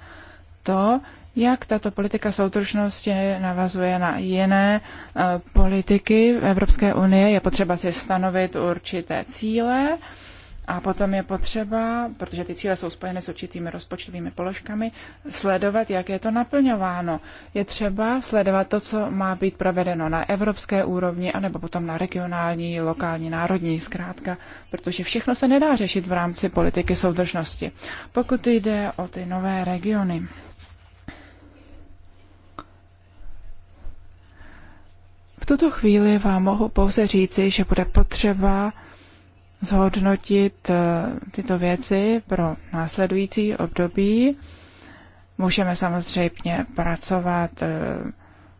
to, jak tato politika soudržnosti navazuje na jiné e, politiky Evropské unie. Je potřeba si stanovit určité cíle a potom je potřeba, protože ty cíle jsou spojeny s určitými rozpočtovými položkami, sledovat, jak je to naplňováno. Je třeba sledovat to, co má být provedeno na evropské úrovni, anebo potom na regionální, lokální, národní, zkrátka, protože všechno se nedá řešit v rámci politiky soudržnosti, pokud jde o ty nové regiony. tuto chvíli vám mohu pouze říci, že bude potřeba zhodnotit eh, tyto věci pro následující období. Můžeme samozřejmě pracovat eh,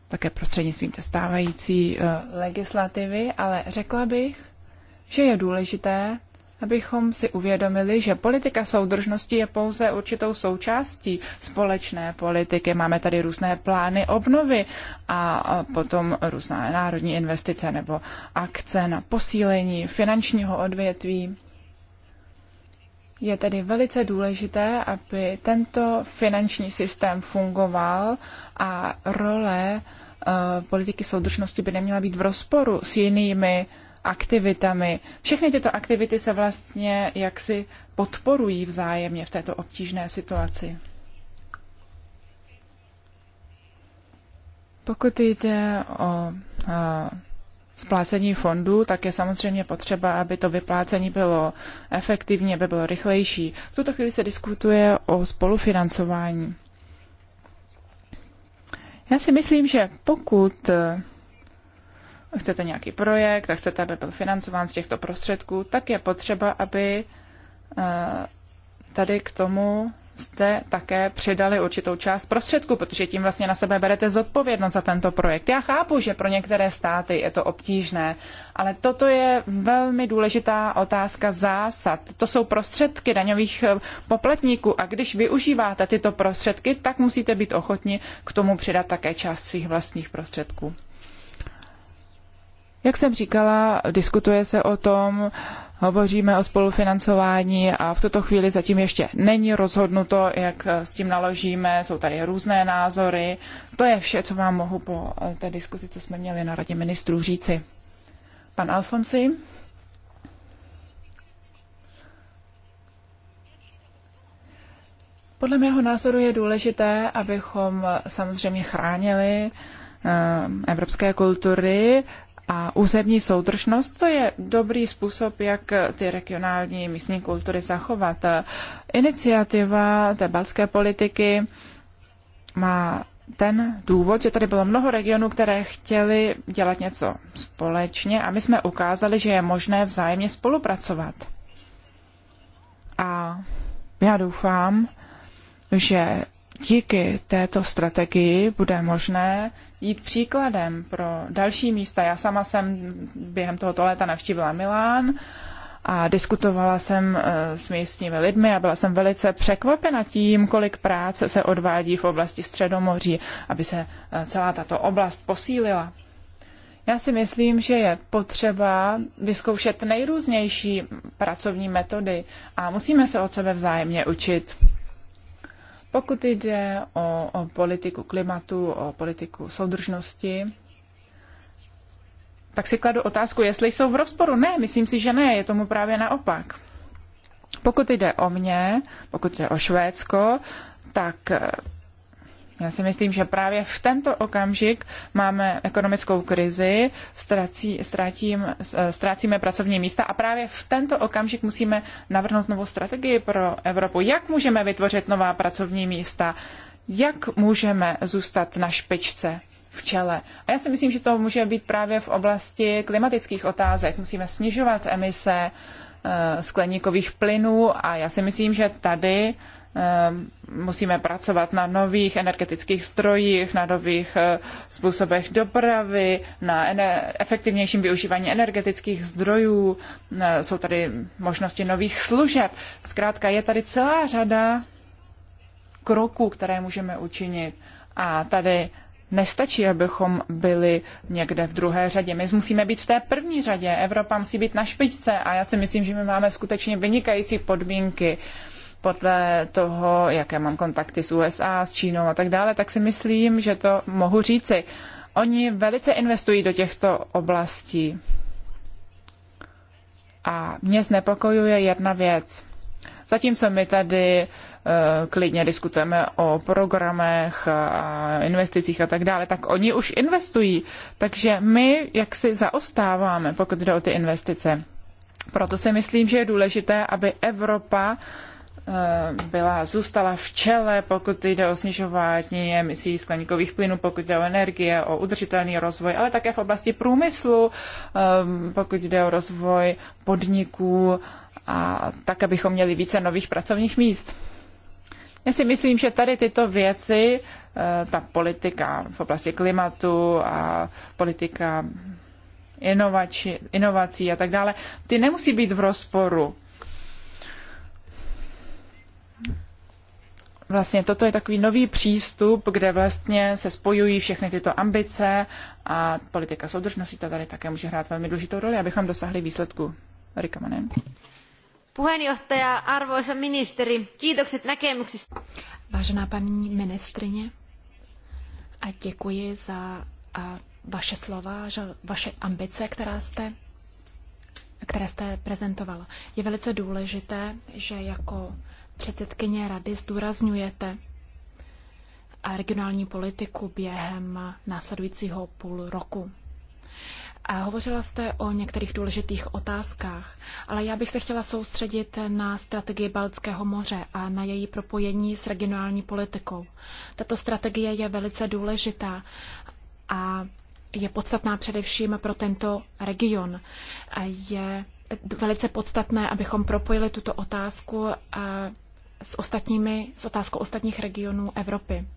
také prostřednictvím té stávající eh, legislativy, ale řekla bych, že je důležité abychom si uvědomili, že politika soudržnosti je pouze určitou součástí společné politiky. Máme tady různé plány obnovy a potom různé národní investice nebo akce na posílení finančního odvětví. Je tedy velice důležité, aby tento finanční systém fungoval a role eh, politiky soudržnosti by neměla být v rozporu s jinými uh, aktivitami. Všechny tyto aktivity se vlastně jaksi podporují vzájemně v této obtížné situaci. Pokud jde o splácení fondů, tak je samozřejmě potřeba, aby to vyplácení bylo efektivní, aby bylo rychlejší. V tuto chvíli se diskutuje o spolufinancování. Já si myslím, že pokud chcete nějaký projekt a chcete, aby byl financován z těchto prostředků, tak je potřeba, aby eh, tady k tomu jste také přidali určitou část prostředků, protože tím vlastně na sebe berete zodpovědnost za tento projekt. Já chápu, že pro některé státy je to obtížné, ale toto je velmi důležitá otázka zásad. To jsou prostředky daňových eh, poplatníků a když využíváte tyto prostředky, tak musíte být ochotni k tomu přidat také část svých vlastních prostředků. Jak jsem říkala, diskutuje se o tom, hovoříme o spolufinancování a v tuto chvíli zatím ještě není rozhodnuto, jak s tím naložíme, jsou tady různé názory. To je vše, co vám mohu po té diskuzi, co jsme měli na radě ministrů říci. Pan Alfonsi? Podle mého názoru je důležité, abychom samozřejmě chránili eh, evropské kultury a územní soudržnost, to je dobrý způsob, jak ty regionální místní kultury zachovat. Iniciativa té balské politiky má ten důvod, že tady bylo mnoho regionů, které chtěli dělat něco společně a my jsme ukázali, že je možné vzájemně spolupracovat. A já doufám, že díky této strategii bude možné jít příkladem pro další místa. Já sama jsem během tohoto léta navštívila Milán a diskutovala jsem eh, s místními lidmi a byla jsem velice překvapena tím, kolik práce se odvádí v oblasti Středomoří, aby se eh, celá tato oblast posílila. Já si myslím, že je potřeba vyzkoušet nejrůznější pracovní metody a musíme se od sebe vzájemně učit. Pokud jde o, o politiku klimatu, o politiku soudržnosti, tak si kladu otázku, jestli jsou v rozporu. Ne, myslím si, že ne, je tomu právě naopak. Pokud jde o mě, pokud jde o Švédsko, tak já si myslím, že právě v tento okamžik máme ekonomickou krizi, ztrací, ztrátím, eh, ztrácíme pracovní místa a právě v tento okamžik musíme navrhnout novou strategii pro Evropu. Jak můžeme vytvořit nová pracovní místa? Jak můžeme zůstat na špičce? v čele. A já si myslím, že to může být právě v oblasti klimatických otázek. Musíme snižovat emise eh, skleníkových plynů a já si myslím, že tady Ehm, musíme pracovat na nových energetických strojích, na nových eh, způsobech dopravy, na efektivnějším využívání energetických zdrojů, eh, jsou tady možnosti nových služeb. Zkrátka je tady celá řada kroků, které můžeme učinit. A tady nestačí, abychom byli někde v druhé řadě. My musíme být v té první řadě. Evropa musí být na špičce a já si myslím, že my máme skutečně vynikající podmínky. Uh, podle toho, jaké mám kontakty s USA, s Čínou a tak dále, tak si myslím, že to mohu říci. Oni velice investují do těchto oblastí. A mě znepokojuje jedna věc. Zatímco my tady eh, klidně diskutujeme o programech a investicích a tak dále, tak oni už investují. Takže my jaksi zaostáváme, pokud jde o ty investice. Proto si myslím, že je důležité, aby Evropa Eh, byla, zůstala v čele, pokud jde o snižování emisí skleníkových plynů, pokud jde o energie, o udržitelný rozvoj, ale také v oblasti průmyslu, eh, pokud jde o rozvoj podniků a tak, abychom měli více nových pracovních míst. Já si myslím, že tady tyto věci, eh, ta politika v oblasti klimatu a politika inovači, inovací a tak dále, ty nemusí být v rozporu vlastně toto je takový nový přístup, kde vlastně se spojují všechny tyto ambice a politika soudržnosti ta tady také může hrát velmi důležitou roli, abychom dosáhli výsledku. Rika Manen. Puheenjohtaja, arvoisa ministeri, kiitokset näkemyksistä. Vážená paní ministrině, a děkuji za a vaše slova, že vaše ambice, která jste, které jste prezentovala. Je velice důležité, že jako předsedkyně rady zdůrazňujete a regionální politiku během následujícího půl roku. A hovořila jste o některých důležitých otázkách, ale já bych se chtěla soustředit na strategii Baltského moře a na její propojení s regionální politikou. Tato strategie je velice důležitá a je podstatná především pro tento region. Je velice podstatné, abychom propojili tuto otázku s, ostatními, s otázkou ostatních regionů Evropy.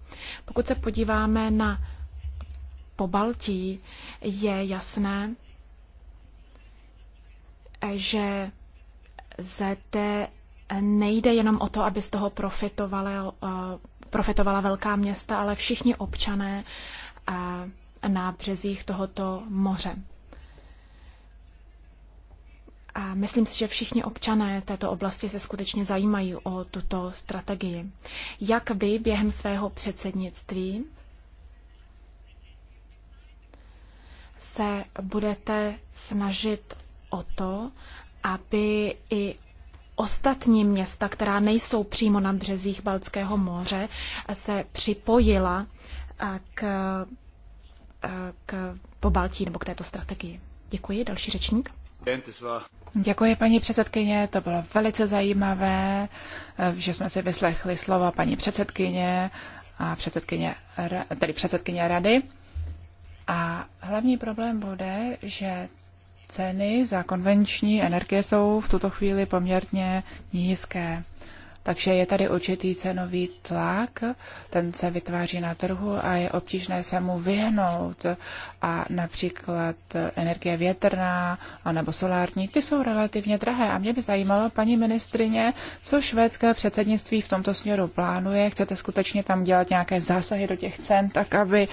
Pokud se podíváme na Pobaltí, je jasné, že zde nejde jenom o to, aby z toho profitovala eh, velká města, ale všichni občané eh, na březích tohoto moře. A myslím si, že všichni občané této oblasti se skutečně zajímají o tuto strategii. Jak vy během svého předsednictví se budete snažit o to, aby i ostatní města, která nejsou přímo na březích Baltského moře, se připojila k, k pobaltí nebo k této strategii. Děkuji. Další řečník. Děkuji, paní předsedkyně, to bylo velice zajímavé, eh, že jsme si vyslechli slova paní předsedkyně a předsedkyně, tedy předsedkyně rady. A hlavní problém bude, že ceny za konvenční energie jsou v tuto chvíli poměrně nízké. Takže je tady určitý cenový tlak, ten se vytváří na trhu a je obtížné se mu vyhnout. A například energie větrná nebo solární, ty jsou relativně drahé. A mě by zajímalo, paní ministrině, co švédské předsednictví v tomto směru plánuje. Chcete skutečně tam dělat nějaké zásahy do těch cen, tak aby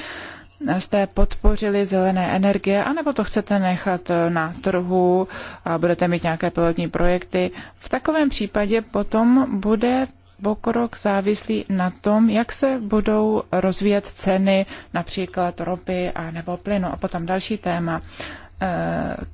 jste podpořili zelené energie, anebo to chcete nechat eh, na trhu a budete mít nějaké pilotní projekty. V takovém případě potom bude pokrok závislý na tom, jak se budou rozvíjet ceny například ropy a nebo plynu. A potom další téma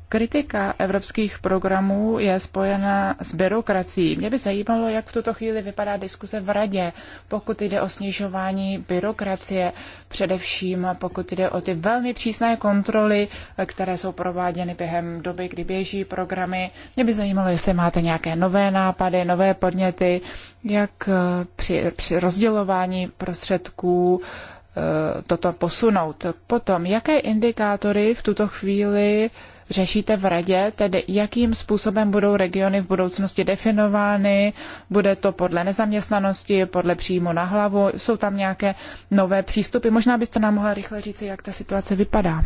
kritika evropských programů je spojena s byrokracií. Mě by zajímalo, jak v tuto chvíli vypadá diskuse v radě, pokud jde o snižování byrokracie, především pokud jde o ty velmi přísné kontroly, které jsou prováděny během doby, kdy běží programy. Mě by zajímalo, jestli máte nějaké nové nápady, nové podněty, jak při, při rozdělování prostředků, Eh, toto posunout. Potom, jaké indikátory v tuto chvíli řešíte v radě, tedy jakým způsobem budou regiony v budoucnosti definovány, bude to podle nezaměstnanosti, podle příjmu na hlavu, jsou tam nějaké nové přístupy. Možná byste nám mohla rychle říci, jak ta situace vypadá.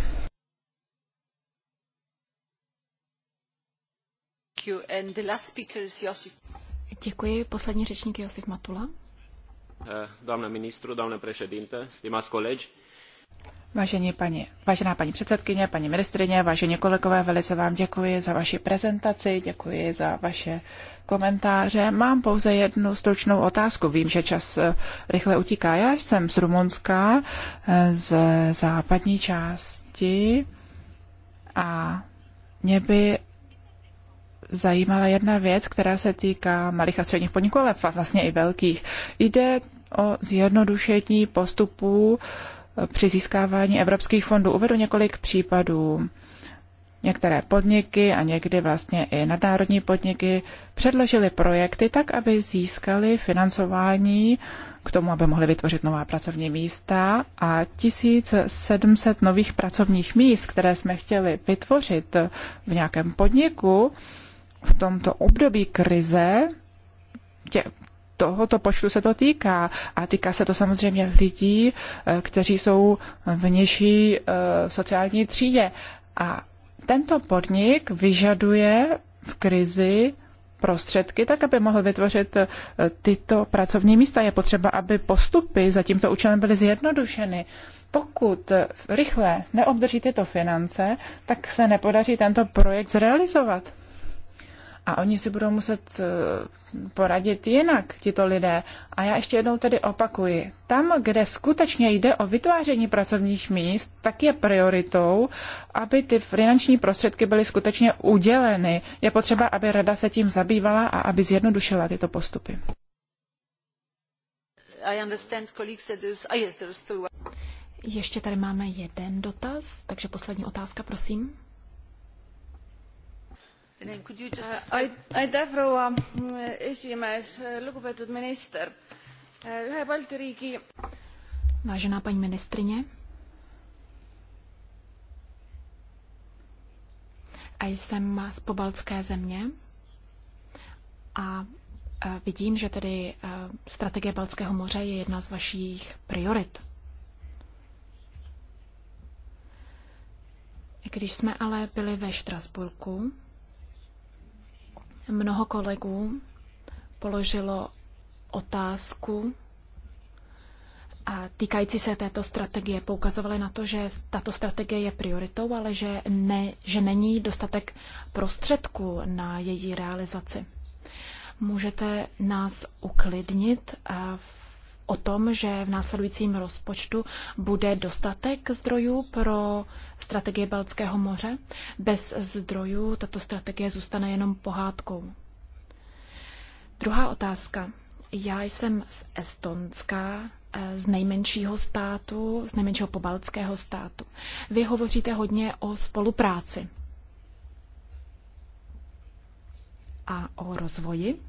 Děkuji. Poslední řečník Josef Matula. Eh, doamnă ministru, doamnă stimați colegi, Vážení paní, vážená paní předsedkyně, paní ministrině, vážení kolegové, velice vám děkuji za vaši prezentaci, děkuji za vaše komentáře. Mám pouze jednu stručnou otázku. Vím, že čas eh, rychle utíká. Já jsem z Rumunska, eh, z západní části a mě by zajímala jedna věc, která se týká malých a středních podniků, ale vlastně i velkých. Jde o zjednodušení postupů eh, při získávání evropských fondů. Uvedu několik případů. Některé podniky a někdy vlastně i nadnárodní podniky předložily projekty tak, aby získali financování k tomu, aby mohli vytvořit nová pracovní místa a 1700 nových pracovních míst, které jsme chtěli vytvořit v nějakém podniku, v tomto období krize tě, tohoto počtu se to týká. A týká se to samozřejmě lidí, eh, kteří jsou v nižší eh, sociální třídě. A tento podnik vyžaduje v krizi prostředky, tak aby mohl vytvořit eh, tyto pracovní místa. Je potřeba, aby postupy za tímto účelem byly zjednodušeny. Pokud rychle neobdrží tyto finance, tak se nepodaří tento projekt zrealizovat a oni si budou muset eh, poradit jinak, tito lidé. A já ještě jednou tedy opakuji, tam, kde skutečně jde o vytváření pracovních míst, tak je prioritou, aby ty finanční prostředky byly skutečně uděleny. Je potřeba, aby rada se tím zabývala a aby zjednodušila tyto postupy. Oh, ještě tady máme jeden dotaz, takže poslední otázka, prosím. Äh, aitäh, proua äh, esimees, äh, lugupeetud minister. Ühe Balti riigi... Vážená paní ministrině, a jsem z pobaltské země a e, vidím, že tedy e, strategie Baltského moře je jedna z vašich priorit. Když jsme ale byli ve Štrasburku, Mnoho kolegů položilo otázku a týkající se této strategie. Poukazovali na to, že tato strategie je prioritou, ale že, ne, že není dostatek prostředků na její realizaci. Můžete nás uklidnit eh, v o tom, že v následujícím rozpočtu bude dostatek zdrojů pro strategii Baltského moře. Bez zdrojů tato strategie zůstane jenom pohádkou. Druhá otázka. Já jsem z Estonska, eh, z nejmenšího státu, z nejmenšího pobaltského státu. Vy hovoříte hodně o spolupráci a o rozvoji,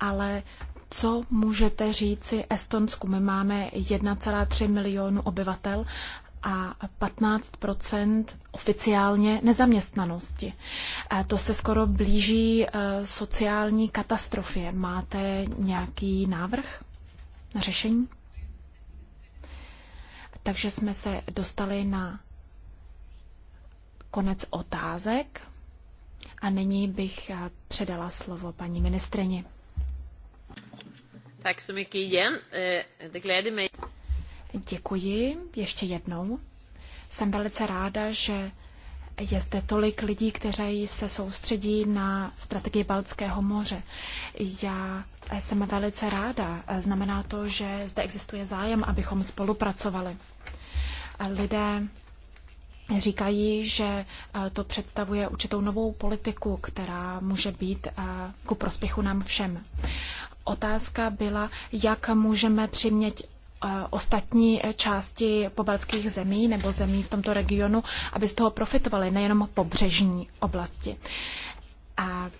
ale co můžete říci Estonsku? My máme 1,3 milionu obyvatel a 15 oficiálně nezaměstnanosti. To se skoro blíží eh, sociální katastrofě. Máte nějaký návrh na řešení? Takže jsme se dostali na konec otázek a nyní bych eh, předala slovo paní ministrině. Tak eh, Děkuji ještě jednou. Jsem velice ráda, že je zde tolik lidí, kteří se soustředí na strategii Baltského moře. Já jsem velice ráda. Znamená to, že zde existuje zájem, abychom spolupracovali. Lidé říkají, že eh, to představuje určitou novou politiku, která může být eh, ku prospěchu nám všem otázka byla, jak můžeme přimět eh, ostatní části pobaltských zemí nebo zemí v tomto regionu, aby z toho profitovaly nejenom pobřežní oblasti. A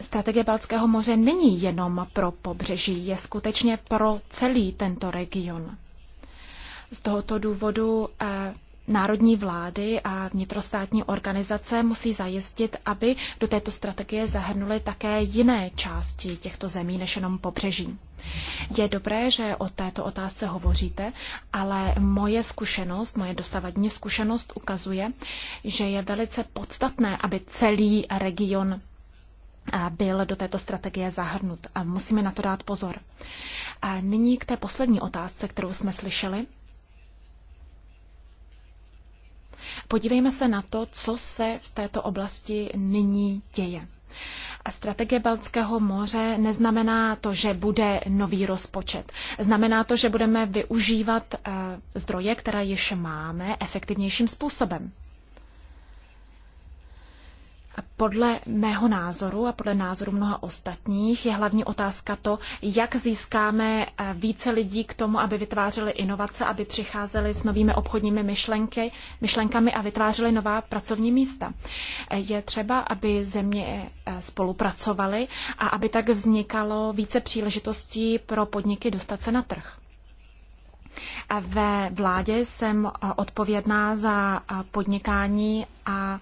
strategie Balckého moře není jenom pro pobřeží, je skutečně pro celý tento region. Z tohoto důvodu eh, národní vlády a vnitrostátní organizace musí zajistit, aby do této strategie zahrnuly také jiné části těchto zemí než jenom pobřeží. Je dobré, že o této otázce hovoříte, ale moje zkušenost, moje dosavadní zkušenost ukazuje, že je velice podstatné, aby celý region byl do této strategie zahrnut. A musíme na to dát pozor. A nyní k té poslední otázce, kterou jsme slyšeli. Podívejme se na to, co se v této oblasti nyní děje. A strategie Baltského moře neznamená to, že bude nový rozpočet. Znamená to, že budeme využívat eh, zdroje, které již máme, efektivnějším způsobem. Podle mého názoru a podle názoru mnoha ostatních je hlavní otázka to, jak získáme eh, více lidí k tomu, aby vytvářeli inovace, aby přicházeli s novými obchodními myšlenky, myšlenkami a vytvářeli nová pracovní místa. Eh, je třeba, aby země eh, spolupracovaly a aby tak vznikalo více příležitostí pro podniky dostat se na trh. Ve vládě jsem odpovědná za podnikání a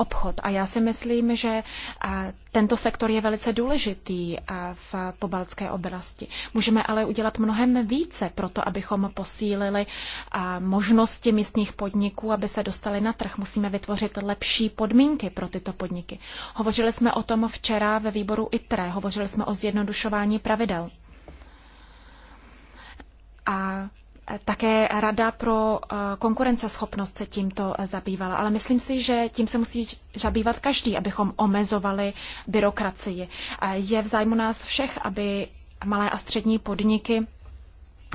obchod. A já si myslím, že eh, tento sektor je velice důležitý eh, v pobaltské oblasti. Můžeme ale udělat mnohem více pro to, abychom posílili eh, možnosti místních podniků, aby se dostali na trh. Musíme vytvořit lepší podmínky pro tyto podniky. Hovořili jsme o tom včera ve výboru ITRE, hovořili jsme o zjednodušování pravidel. A také Rada pro eh, konkurenceschopnost se tímto eh, zabývala, ale myslím si, že tím se musí zabývat každý, abychom omezovali byrokracii. Je v zájmu nás všech, aby malé a střední podniky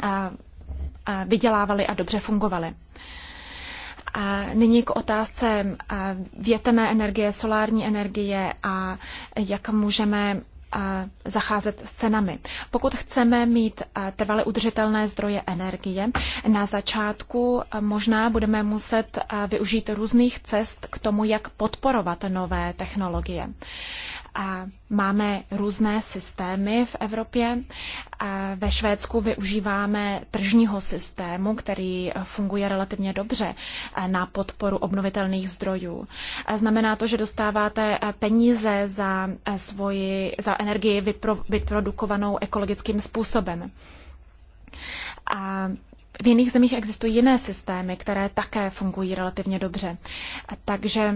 eh, vydělávaly a dobře fungovaly. A nyní k otázce větrné energie, solární energie a jak můžeme zacházet s cenami. Pokud chceme mít trvale udržitelné zdroje energie, na začátku možná budeme muset využít různých cest k tomu, jak podporovat nové technologie. Máme různé systémy v Evropě. Ve Švédsku využíváme tržního systému, který funguje relativně dobře na podporu obnovitelných zdrojů. Znamená to, že dostáváte peníze za, svoji, za energii vypro, vyprodukovanou ekologickým způsobem. A v jiných zemích existují jiné systémy, které také fungují relativně dobře. Takže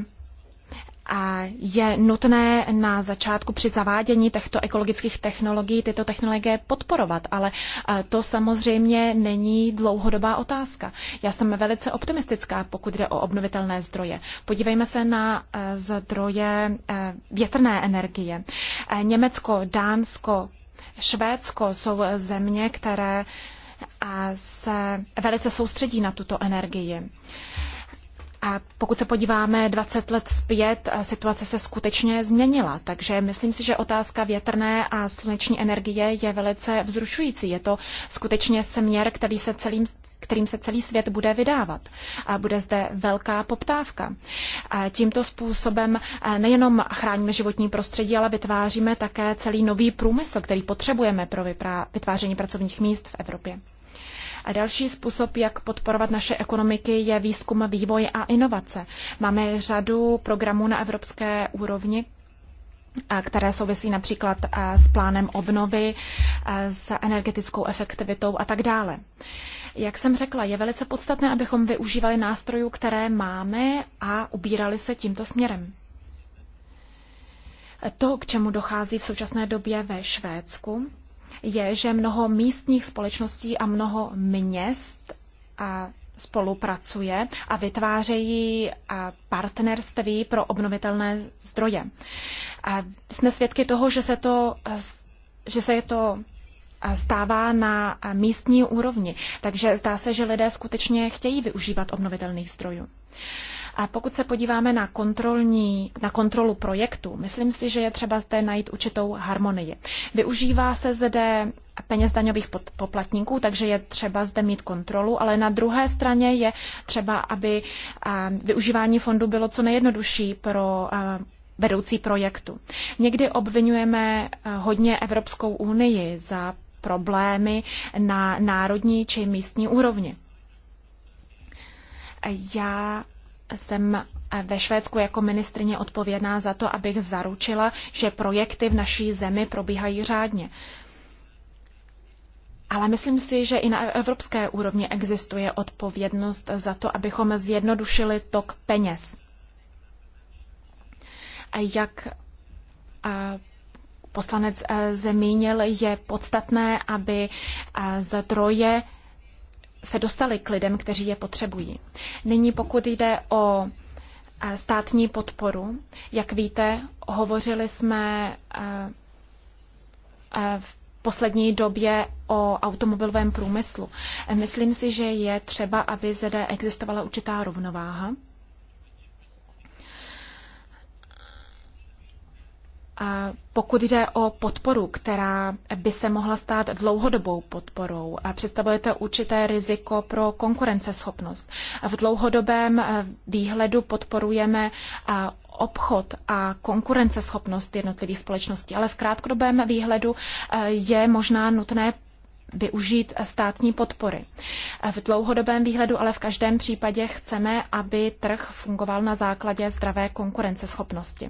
je nutné na začátku při zavádění těchto ekologických technologií tyto technologie podporovat, ale e, to samozřejmě není dlouhodobá otázka. Já jsem velice optimistická, pokud jde o obnovitelné zdroje. Podívejme se na e, zdroje e, větrné energie. Německo, Dánsko, Švédsko jsou země, které se velice soustředí na tuto energii. A pokud se podíváme 20 let zpět, situace se skutečně změnila, takže myslím si, že otázka větrné a sluneční energie je velice vzrušující. Je to skutečně směr, který se celým, kterým se celý svět bude vydávat. A bude zde velká poptávka. A tímto způsobem nejenom chráníme životní prostředí, ale vytváříme také celý nový průmysl, který potřebujeme pro vytváření pracovních míst v Evropě. A další způsob, jak podporovat naše ekonomiky, je výzkum, vývoj a inovace. Máme řadu programů na evropské úrovni, které souvisí například s plánem obnovy, s energetickou efektivitou a tak dále. Jak jsem řekla, je velice podstatné, abychom využívali nástrojů, které máme a ubírali se tímto směrem. To, k čemu dochází v současné době ve Švédsku, je, že mnoho místních společností a mnoho měst a spolupracuje a vytvářejí partnerství pro obnovitelné zdroje. A jsme svědky toho, že se, to, že se je to stává na místní úrovni. Takže zdá se, že lidé skutečně chtějí využívat obnovitelných zdrojů. A pokud se podíváme na, kontrolní, na kontrolu projektu, myslím si, že je třeba zde najít určitou harmonii. Využívá se zde peněz daňových poplatníků, takže je třeba zde mít kontrolu, ale na druhé straně je třeba, aby využívání fondu bylo co nejjednodušší pro vedoucí projektu. Někdy obvinujeme hodně Evropskou unii za problémy na národní či místní úrovni. Já jsem eh, ve Švédsku jako ministrině odpovědná za to, abych zaručila, že projekty v naší zemi probíhají řádně. Ale myslím si, že i na evropské úrovni existuje odpovědnost za to, abychom zjednodušili tok peněz. A jak eh, poslanec eh, zmínil, je podstatné, aby zdroje se dostali k lidem, kteří je potřebují. Nyní pokud jde o eh, státní podporu, jak víte, hovořili jsme eh, eh, v poslední době o automobilovém průmyslu. Myslím si, že je třeba, aby zde existovala určitá rovnováha Pokud jde o podporu, která by se mohla stát dlouhodobou podporou, představujete určité riziko pro konkurenceschopnost. V dlouhodobém eh, výhledu podporujeme eh, obchod a konkurenceschopnost jednotlivých společností, ale v krátkodobém výhledu eh, je možná nutné využít státní podpory. V dlouhodobém výhledu, ale v každém případě chceme, aby trh fungoval na základě zdravé konkurenceschopnosti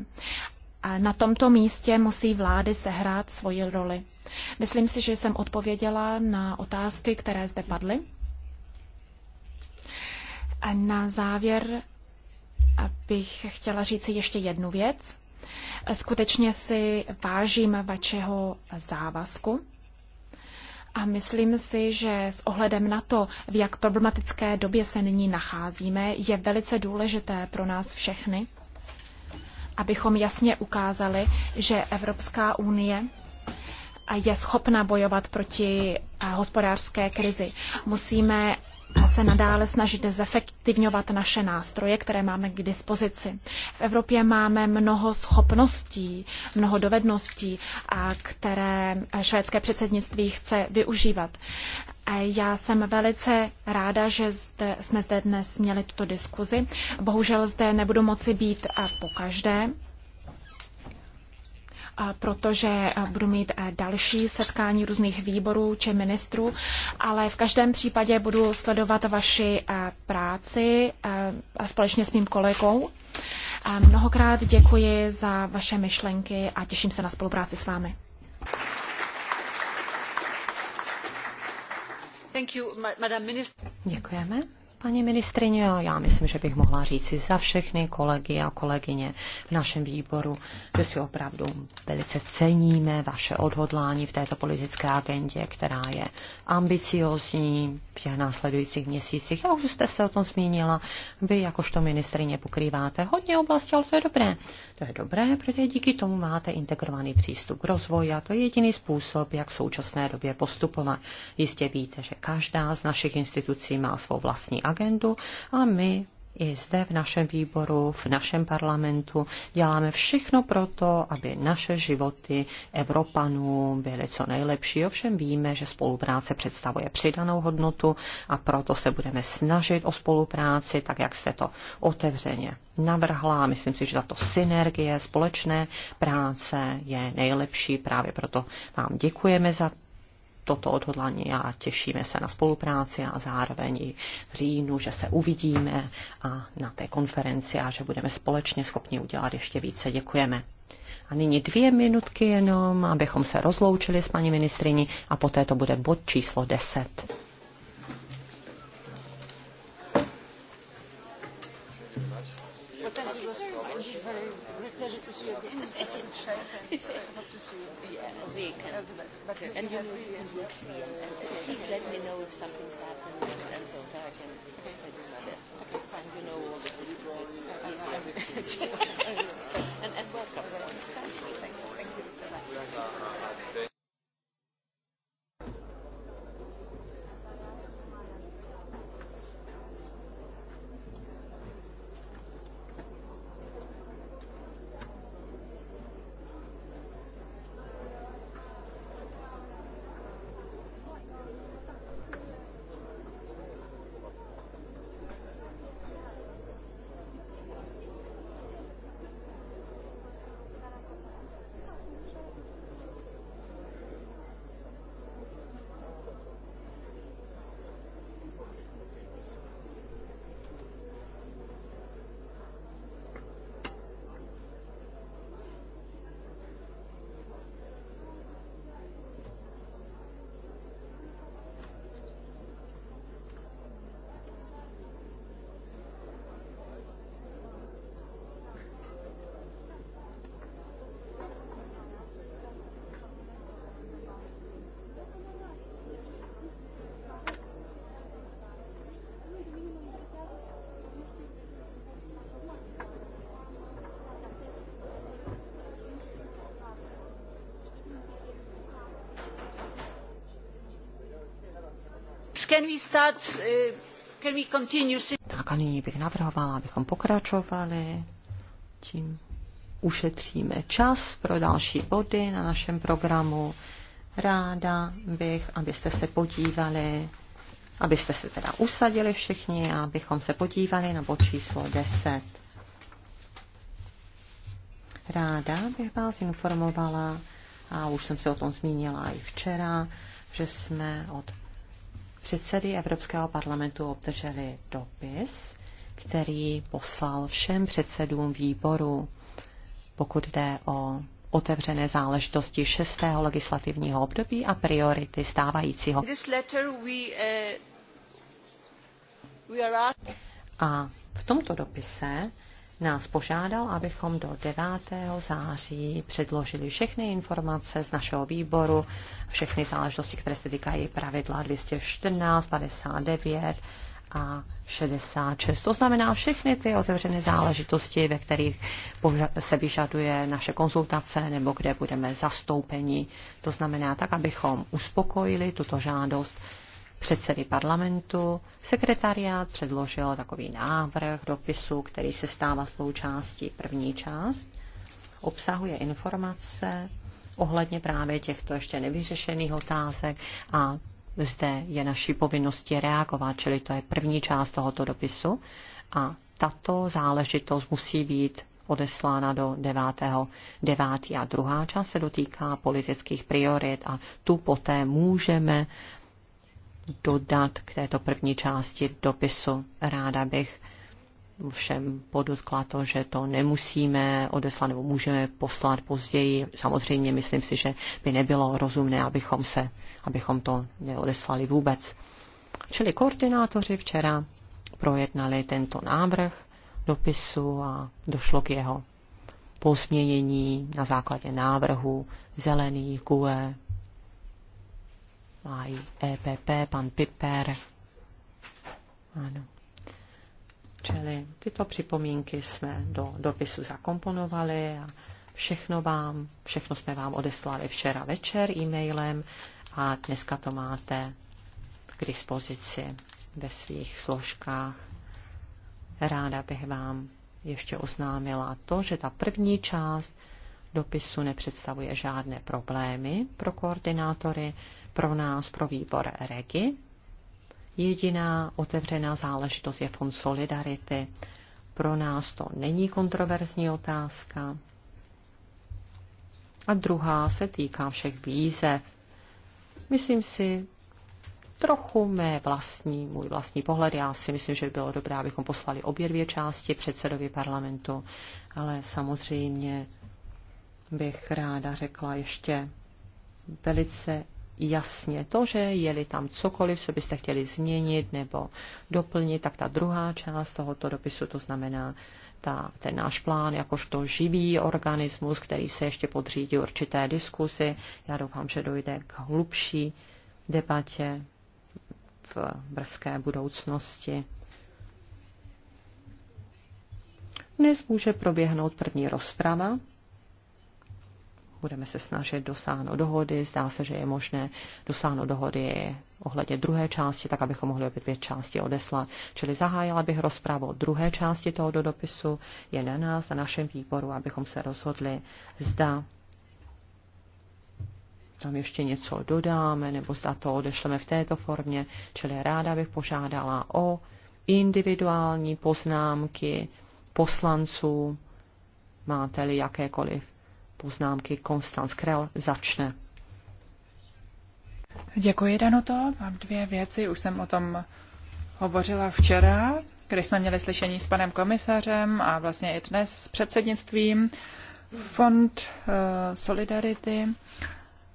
na tomto místě musí vlády sehrát svoji roli. Myslím si, že jsem odpověděla na otázky, které zde padly. A na závěr bych chtěla říci ještě jednu věc. Skutečně si vážím vašeho závazku a myslím si, že s ohledem na to, v jak problematické době se nyní nacházíme, je velice důležité pro nás všechny, abychom jasně ukázali, že Evropská unie je schopna bojovat proti eh, hospodářské krizi. Musíme se nadále snažit zefektivňovat naše nástroje, které máme k dispozici. V Evropě máme mnoho schopností, mnoho dovedností, a které švédské předsednictví chce využívat. Já jsem velice ráda, že zde, jsme zde dnes měli tuto diskuzi. Bohužel zde nebudu moci být po každé protože eh, budu mít eh, další setkání různých výborů či ministrů, ale v každém případě budu sledovat vaši eh, práci a společně s mým kolegou. Mnohokrát děkuji za vaše myšlenky a těším se na spolupráci s vámi. Děkujeme, Paní ministrině, já myslím, že bych mohla říci za všechny kolegy a kolegyně v našem výboru, že si opravdu velice ceníme vaše odhodlání v této politické agendě, která je ambiciozní v těch následujících měsících. Já už jste se o tom zmínila, vy jakožto ministrině pokrýváte hodně oblastí, ale to je dobré. To je dobré, protože díky tomu máte integrovaný přístup k rozvoji a to je jediný způsob, jak v současné době postupovat. Jistě víte, že každá z našich institucí má svou vlastní agendu a my i zde v našem výboru, v našem parlamentu děláme všechno to, aby naše životy Evropanů byly co nejlepší. Ovšem víme, že spolupráce představuje přidanou hodnotu a proto se budeme snažit o spolupráci, tak jak jste to otevřeně navrhla. Myslím si, že tato synergie společné práce je nejlepší. Právě proto vám děkujeme za toto odhodlání a těšíme se na spolupráci a zároveň i v říjnu, že se uvidíme a na té konferenci a že budeme společně schopni udělat ještě více. Děkujeme. A nyní dvě minutky jenom, abychom se rozloučili s paní ministriní a poté to bude bod číslo 10. Okay. And you, really can reach me and, and please let me know if something's happened and, and so that I can okay. I do my best. Okay. Fine. You know all the systems. So it's, Uh, tak a nyní bych navrhovala, abychom pokračovali. Tím ušetříme čas pro další body na našem programu. Ráda bych, abyste se podívali, abyste se teda usadili všichni a abychom se podívali na bod číslo 10. Ráda bych vás informovala, a už jsem se o tom zmínila i včera, že jsme od předsedy Evropského parlamentu obdrželi dopis, který poslal všem předsedům výboru, pokud jde o otevřené záležitosti šestého legislativního období a priority stávajícího. Uh, a v tomto dopise nás požádal, abychom do 9. září předložili všechny informace z našeho výboru, všechny záležitosti, které se týkají pravidla 214, 59 a 66. To znamená všechny ty otevřené záležitosti, ve kterých se vyžaduje naše konzultace nebo kde budeme zastoupeni. To znamená tak, abychom uspokojili tuto žádost předsedy parlamentu, sekretariát předložil takový návrh dopisu, který se stává svou částí. První část obsahuje informace ohledně právě těchto ještě nevyřešených otázek a zde je naší povinnosti reagovat, čili to je první část tohoto dopisu a tato záležitost musí být odeslána do 9. 9. a druhá část se dotýká politických priorit a tu poté můžeme dodat k této první části dopisu. Ráda bych všem podotkla to, že to nemusíme odeslat nebo můžeme poslat později. Samozřejmě myslím si, že by nebylo rozumné, abychom, se, abychom to neodeslali vůbec. Čili koordinátoři včera projednali tento návrh dopisu a došlo k jeho pozměnění na základě návrhu zelených, GUE, mají EPP, pan Piper. Ano. Čili tyto připomínky jsme do dopisu zakomponovali a všechno vám, všechno jsme vám odeslali včera večer e-mailem a dneska to máte k dispozici ve svých složkách. Ráda bych vám ještě oznámila to, že ta první část dopisu nepředstavuje žádné problémy pro koordinátory, pro nás, pro výbor REGI. Jediná otevřená záležitost je fond Solidarity. Pro nás to není kontroverzní otázka. A druhá se týká všech výzev. Myslím si, trochu mé vlastní, můj vlastní pohled. Já si myslím, že by bylo dobré, abychom poslali obě dvě části předsedovi parlamentu, ale samozřejmě bych ráda řekla ještě velice jasně to, že je-li tam cokoliv, co byste chtěli změnit nebo doplnit, tak ta druhá část tohoto dopisu, to znamená ta, ten náš plán jakožto živý organismus, který se ještě podřídí určité diskusy. Já doufám, že dojde k hlubší debatě v brzké budoucnosti. Dnes může proběhnout první rozprava budeme se snažit dosáhnout dohody. Zdá se, že je možné dosáhnout dohody ohledně druhé části, tak abychom mohli obě dvě části odeslat. Čili zahájila bych rozpravu o druhé části toho dopisu. Je na nás, na našem výboru, abychom se rozhodli, zda tam ještě něco dodáme, nebo zda to odešleme v této formě. Čili ráda bych požádala o individuální poznámky poslanců, máte-li jakékoliv poznámky Konstanz Krell začne. Děkuji, Danuto. Mám dvě věci. Už jsem o tom hovořila včera, když jsme měli slyšení s panem komisařem a vlastně i dnes s předsednictvím. Fond eh, Solidarity,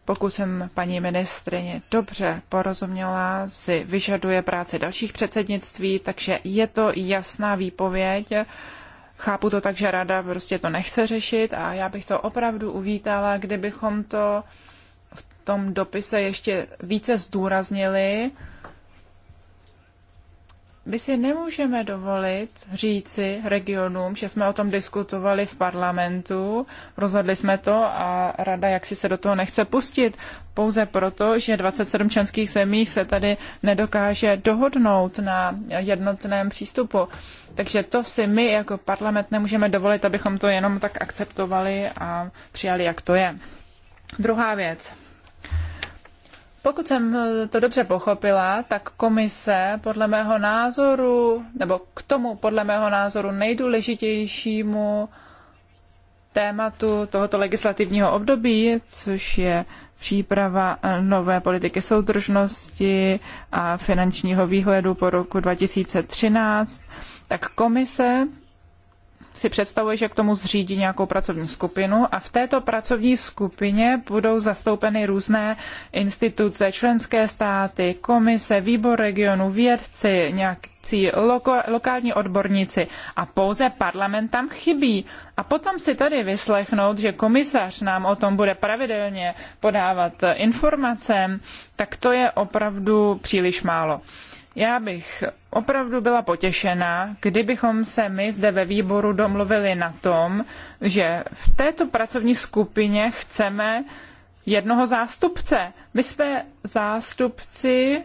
pokud jsem paní ministrině dobře porozuměla, si vyžaduje práci dalších předsednictví, takže je to jasná výpověď Chápu to tak, že rada prostě to nechce řešit a já bych to opravdu uvítala, kdybychom to v tom dopise ještě více zdůraznili my si nemůžeme dovolit říci regionům, že jsme o tom diskutovali v parlamentu, rozhodli jsme to a rada jaksi se do toho nechce pustit, pouze proto, že 27 členských zemí se tady nedokáže dohodnout na jednotném přístupu. Takže to si my jako parlament nemůžeme dovolit, abychom to jenom tak akceptovali a přijali, jak to je. Druhá věc. Pokud jsem eh, to dobře pochopila, tak komise podle mého názoru, nebo k tomu podle mého názoru nejdůležitějšímu tématu tohoto legislativního období, což je příprava eh, nové politiky soudržnosti a finančního výhledu po roku 2013, tak komise si představuje, že k tomu zřídí nějakou pracovní skupinu a v této pracovní skupině budou zastoupeny různé instituce, členské státy, komise, výbor regionu, vědci, nějakí loko, lokální odborníci a pouze parlament tam chybí. A potom si tady vyslechnout, že komisař nám o tom bude pravidelně podávat informace, tak to je opravdu příliš málo. Já bych opravdu byla potěšena, kdybychom se my zde ve výboru domluvili na tom, že v této pracovní skupině chceme jednoho zástupce. My jsme zástupci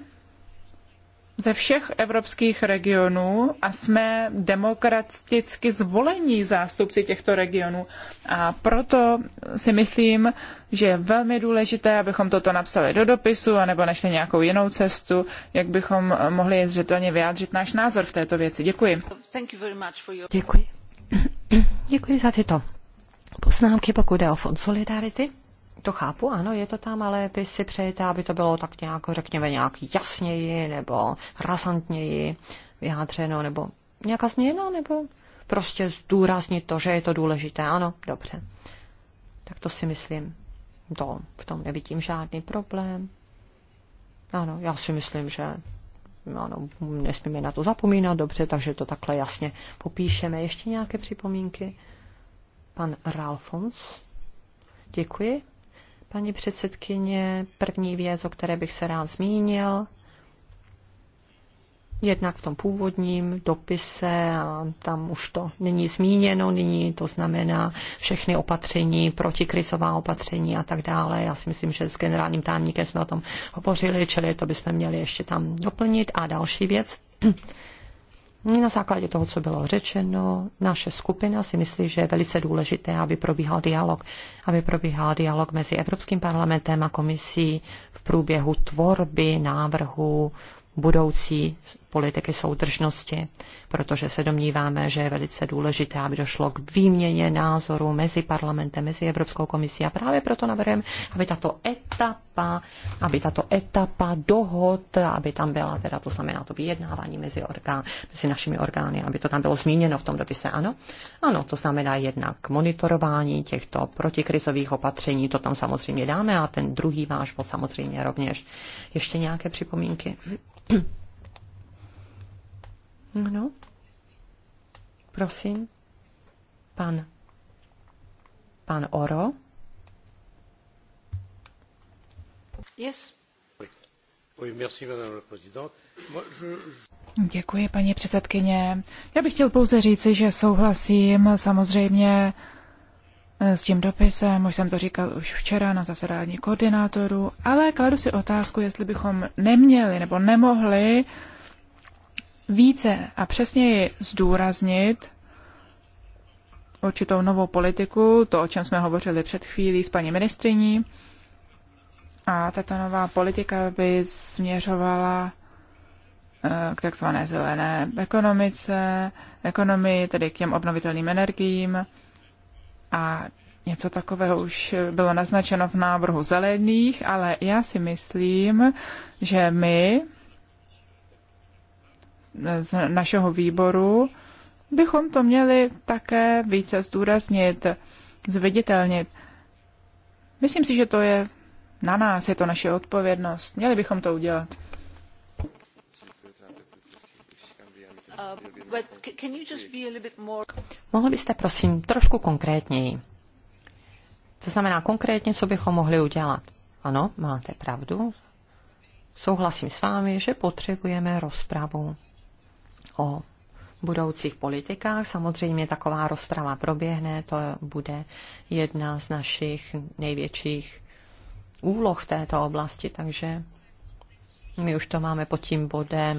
ze všech evropských regionů a jsme demokraticky zvolení zástupci těchto regionů. A proto si myslím, že je velmi důležité, abychom toto napsali do dopisu anebo našli nějakou jinou cestu, jak bychom mohli zřetelně vyjádřit náš názor v této věci. Děkuji. Děkuji. Děkuji za tyto poznámky, pokud jde o Fond Solidarity to chápu, ano, je to tam, ale vy si přejete, aby to bylo tak nějak, řekněme, nějak jasněji nebo razantněji vyjádřeno, nebo nějaká změna, nebo prostě zdůraznit to, že je to důležité. Ano, dobře. Tak to si myslím. To, v tom nevidím žádný problém. Ano, já si myslím, že ano, nesmíme na to zapomínat, dobře, takže to takhle jasně popíšeme. Ještě nějaké připomínky? Pan Ralfons. Děkuji. Paní předsedkyně, první věc, o které bych se rád zmínil, jednak v tom původním dopise, a tam už to není zmíněno, nyní to znamená všechny opatření, protikrizová opatření a tak dále. Já si myslím, že s generálním tajemníkem jsme o tom hovořili, čili to bychom měli ještě tam doplnit. A další věc, No na základě toho, co bylo řečeno, naše skupina si myslí, že je velice důležité, aby probíhal dialog, aby probíhal dialog mezi Evropským parlamentem a komisí v průběhu tvorby návrhu budoucí politiky soudržnosti protože se domníváme, že je velice důležité, aby došlo k výměně názorů mezi parlamentem, mezi Evropskou komisí a právě proto navrhujeme, aby tato etapa, aby tato etapa dohod, aby tam byla, teda to znamená to vyjednávání mezi, orgán, mezi našimi orgány, aby to tam bylo zmíněno v tom dopise, ano? Ano, to znamená jednak monitorování těchto protikrizových opatření, to tam samozřejmě dáme a ten druhý váš bod samozřejmě rovněž. Ještě nějaké připomínky? Ano. Prosím. Pan. Pan Oro. Yes. Děkuji, paní předsedkyně. Já bych chtěl pouze říci, že souhlasím samozřejmě eh, s tím dopisem, už jsem to říkal už včera na zasedání koordinátorů, ale kladu si otázku, jestli bychom neměli nebo nemohli uh, více a přesněji zdůraznit určitou novou politiku, to, o čem jsme hovořili před chvílí s paní ministriní. A tato nová politika by směřovala eh, k takzvané zelené ekonomice, ekonomii, tedy k těm obnovitelným energiím. A něco takového už bylo naznačeno v návrhu zelených, ale já si myslím, že my z našeho výboru, bychom to měli také více zdůraznit, zviditelnit. Myslím si, že to je na nás, je to naše odpovědnost. Měli bychom to udělat. Uh, Mohl byste, prosím, trošku konkrétněji? To znamená konkrétně, co bychom mohli udělat? Ano, máte pravdu. Souhlasím s vámi, že potřebujeme rozpravu o budoucích politikách. Samozřejmě taková rozprava proběhne, to bude jedna z našich největších úloh v této oblasti, takže my už to máme pod tím bodem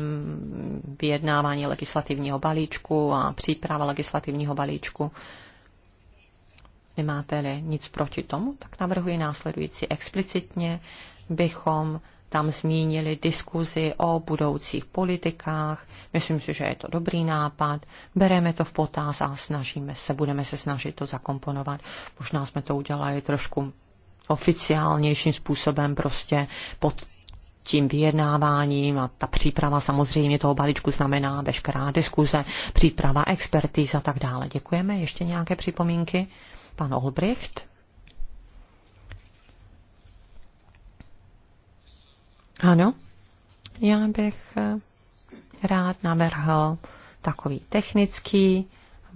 vyjednávání legislativního balíčku a příprava legislativního balíčku. Nemáte-li nic proti tomu, tak navrhuji následující explicitně bychom tam zmínili diskuzi o budoucích politikách. Myslím si, že je to dobrý nápad. Bereme to v potaz a snažíme se, budeme se snažit to zakomponovat. Možná jsme to udělali trošku oficiálnějším způsobem, prostě pod tím vyjednáváním a ta příprava samozřejmě toho balíčku znamená veškerá diskuze, příprava expertíz a tak dále. Děkujeme. Ještě nějaké připomínky? Pan Olbricht? Ano, já bych eh, rád navrhl takový technický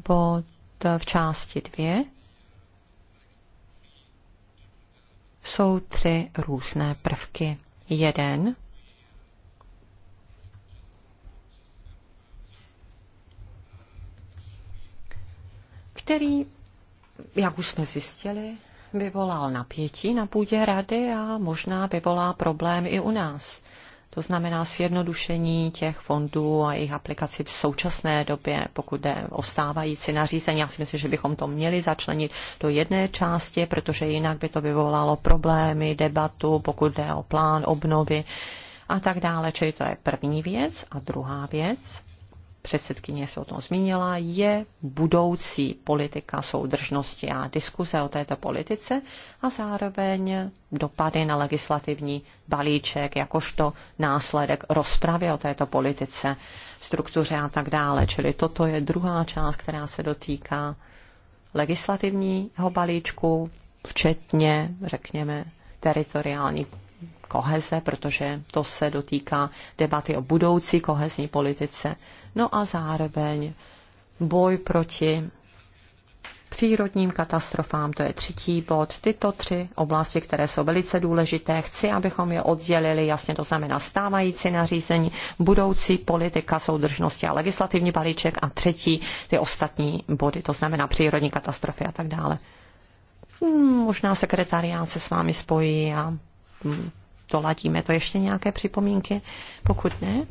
bod eh, v části dvě. Jsou tři různé prvky. Jeden který, jak už jsme zjistili, vyvolal napětí na půdě rady a možná vyvolá problém i u nás. To znamená sjednodušení těch fondů a jejich aplikací v současné době, pokud jde o stávající nařízení. Já si myslím, že bychom to měli začlenit do jedné části, protože jinak by to vyvolalo problémy, debatu, pokud jde o plán obnovy a tak dále. Čili to je první věc. A druhá věc, předsedkyně se o tom zmínila, je budoucí politika soudržnosti a diskuze o této politice a zároveň dopady na legislativní balíček, jakožto následek rozpravy o této politice, struktuře a tak dále. Čili toto je druhá část, která se dotýká legislativního balíčku, včetně, řekněme, teritoriální koheze, protože to se dotýká debaty o budoucí kohezní politice no a zároveň boj proti přírodním katastrofám, to je třetí bod. Tyto tři oblasti, které jsou velice důležité, chci, abychom je oddělili, jasně to znamená stávající nařízení, budoucí politika soudržnosti a legislativní balíček a třetí ty ostatní body, to znamená přírodní katastrofy a tak dále. Hmm, možná sekretariát se s vámi spojí a hmm, doladíme to ještě nějaké připomínky. Pokud ne,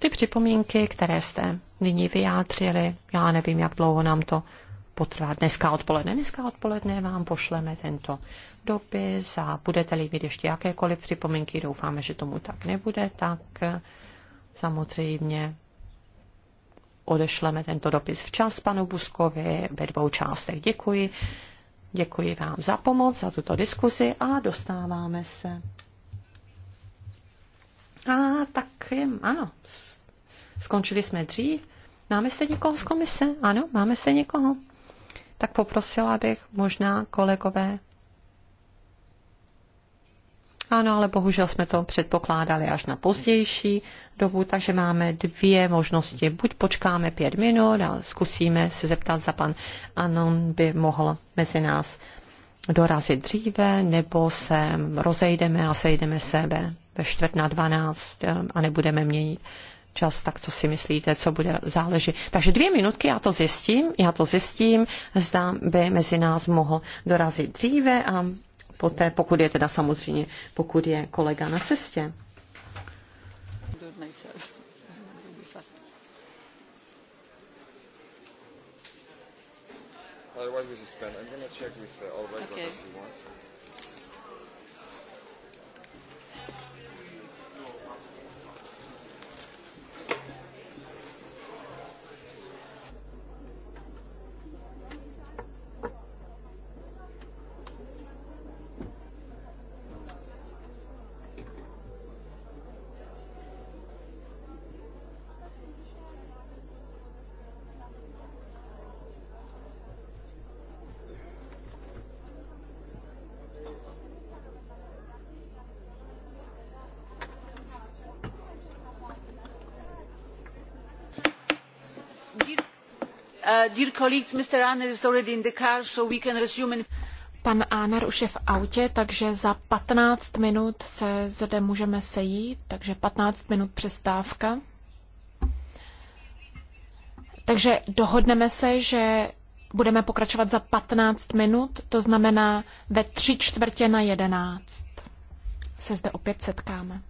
ty připomínky, které jste nyní vyjádřili, já nevím, jak dlouho nám to potrvá. Dneska odpoledne, dneska odpoledne vám pošleme tento dopis a budete-li mít ještě jakékoliv připomínky, doufáme, že tomu tak nebude, tak samozřejmě odešleme tento dopis včas panu Buskovi ve dvou částech. Děkuji. Děkuji vám za pomoc, za tuto diskuzi a dostáváme se a tak, je ano, skončili jsme dřív. Máme jste někoho z komise? Ano, máme jste někoho. Tak poprosila bych možná kolegové. Ano, ale bohužel jsme to předpokládali až na pozdější dobu, takže máme dvě možnosti. Buď počkáme pět minut a zkusíme se zeptat, za pan Anon by mohl mezi nás dorazit dříve, nebo se rozejdeme a sejdeme sebe ve čtvrt na dvanáct eh, a nebudeme měnit čas, tak co si myslíte, co bude záležet. Takže dvě minutky, já to zjistím, já to zjistím, zda by mezi nás mohl dorazit dříve a poté, pokud je teda samozřejmě, pokud je kolega na cestě. Otherwise we suspend. I'm going to check with uh, okay. Uh, dear colleagues, Pan Ánar už je v autě, takže za 15 minut se zde můžeme sejít, takže 15 minut přestávka. Takže dohodneme se, že budeme pokračovat za 15 minut, to znamená ve tři čtvrtě na 11 se zde opět setkáme.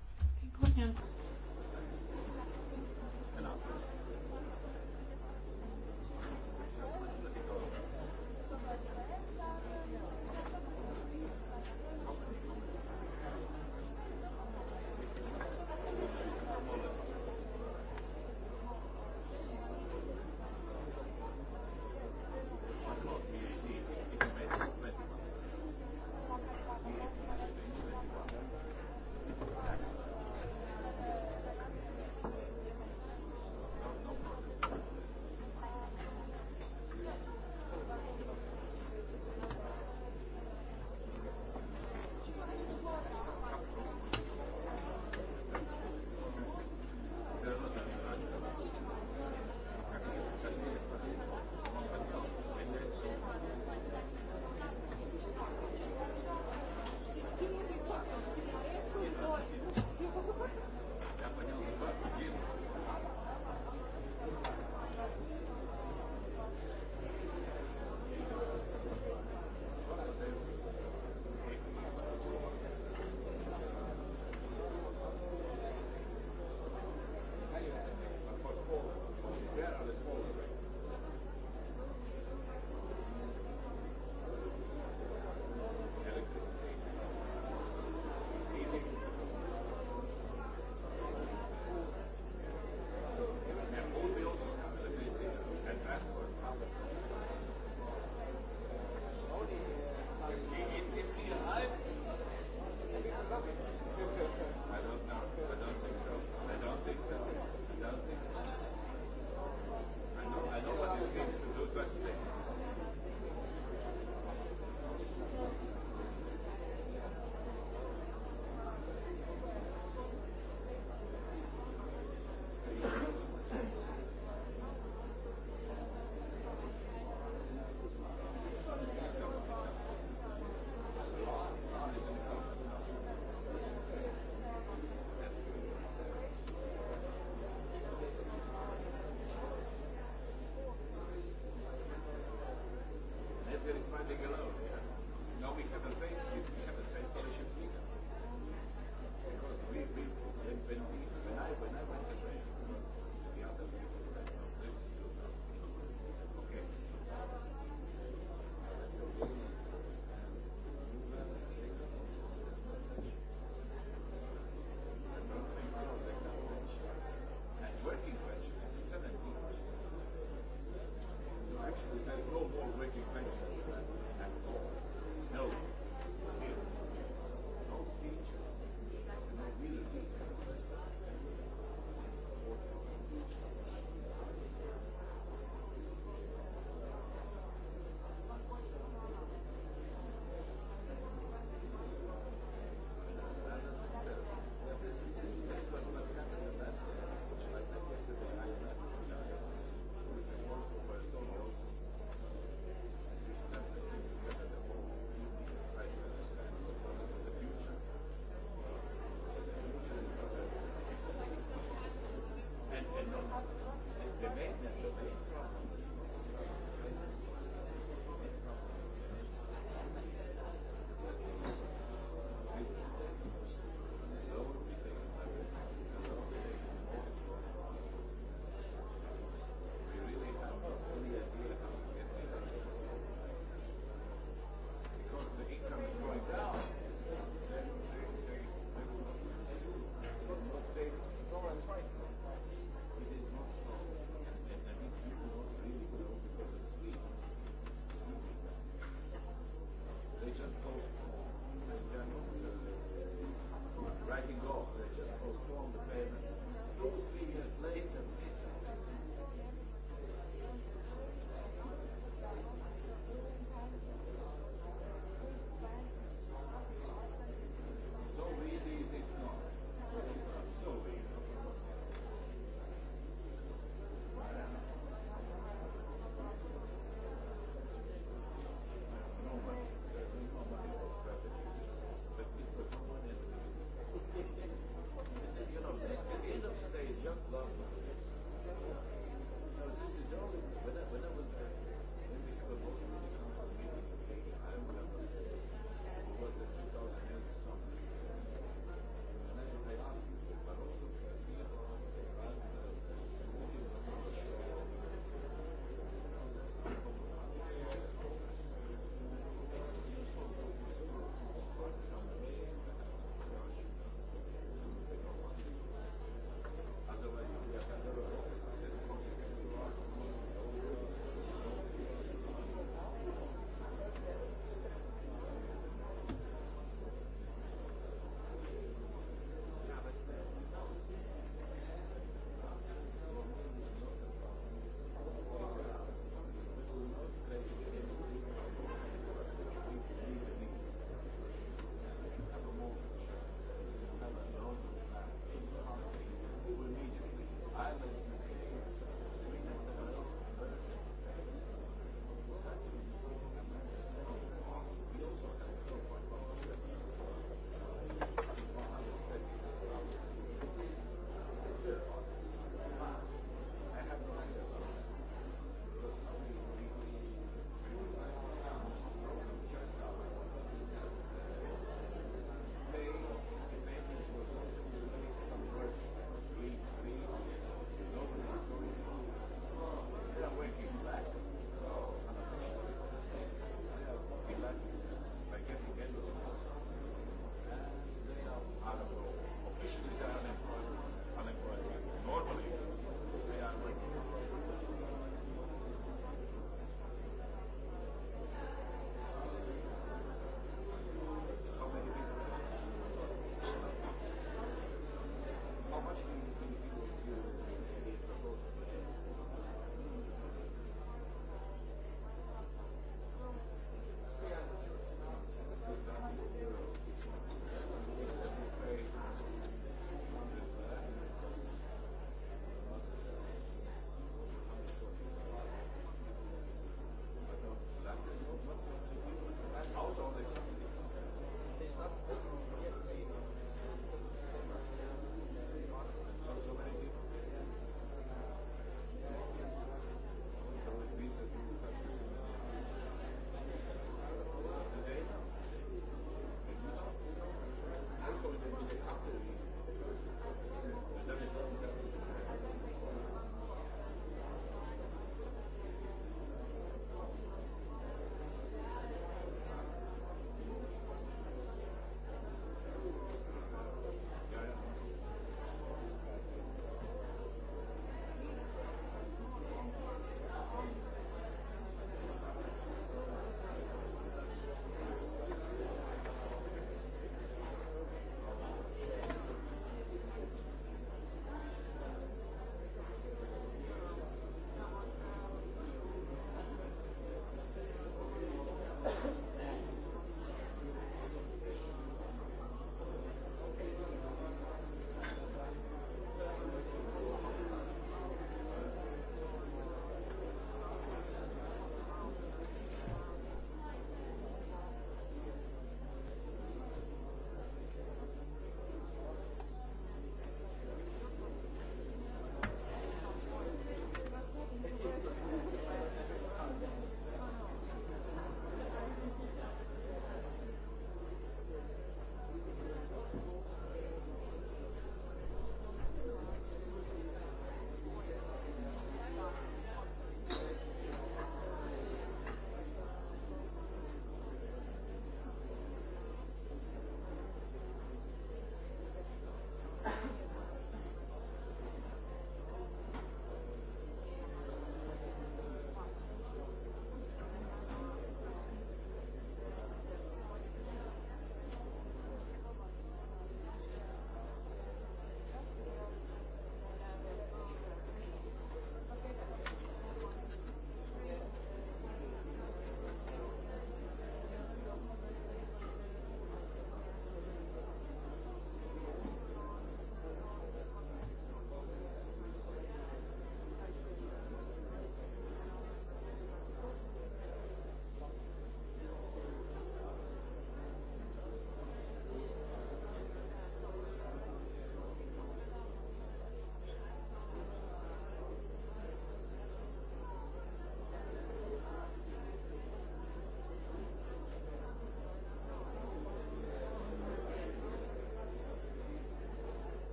Tak byl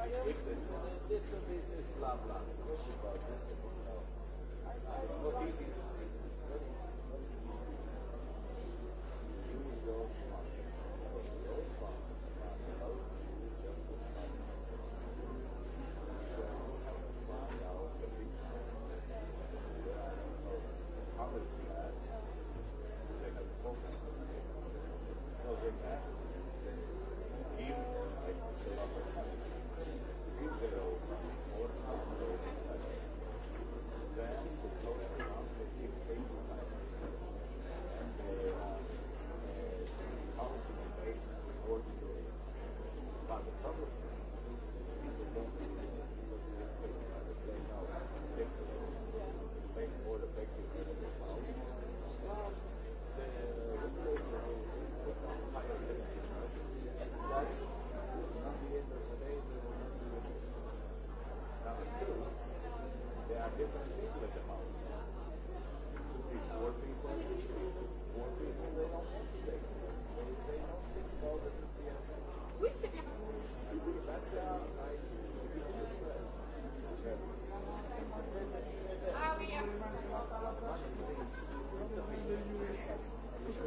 It's not easy.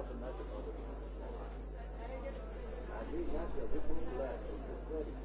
automatic. I need not to have written glass.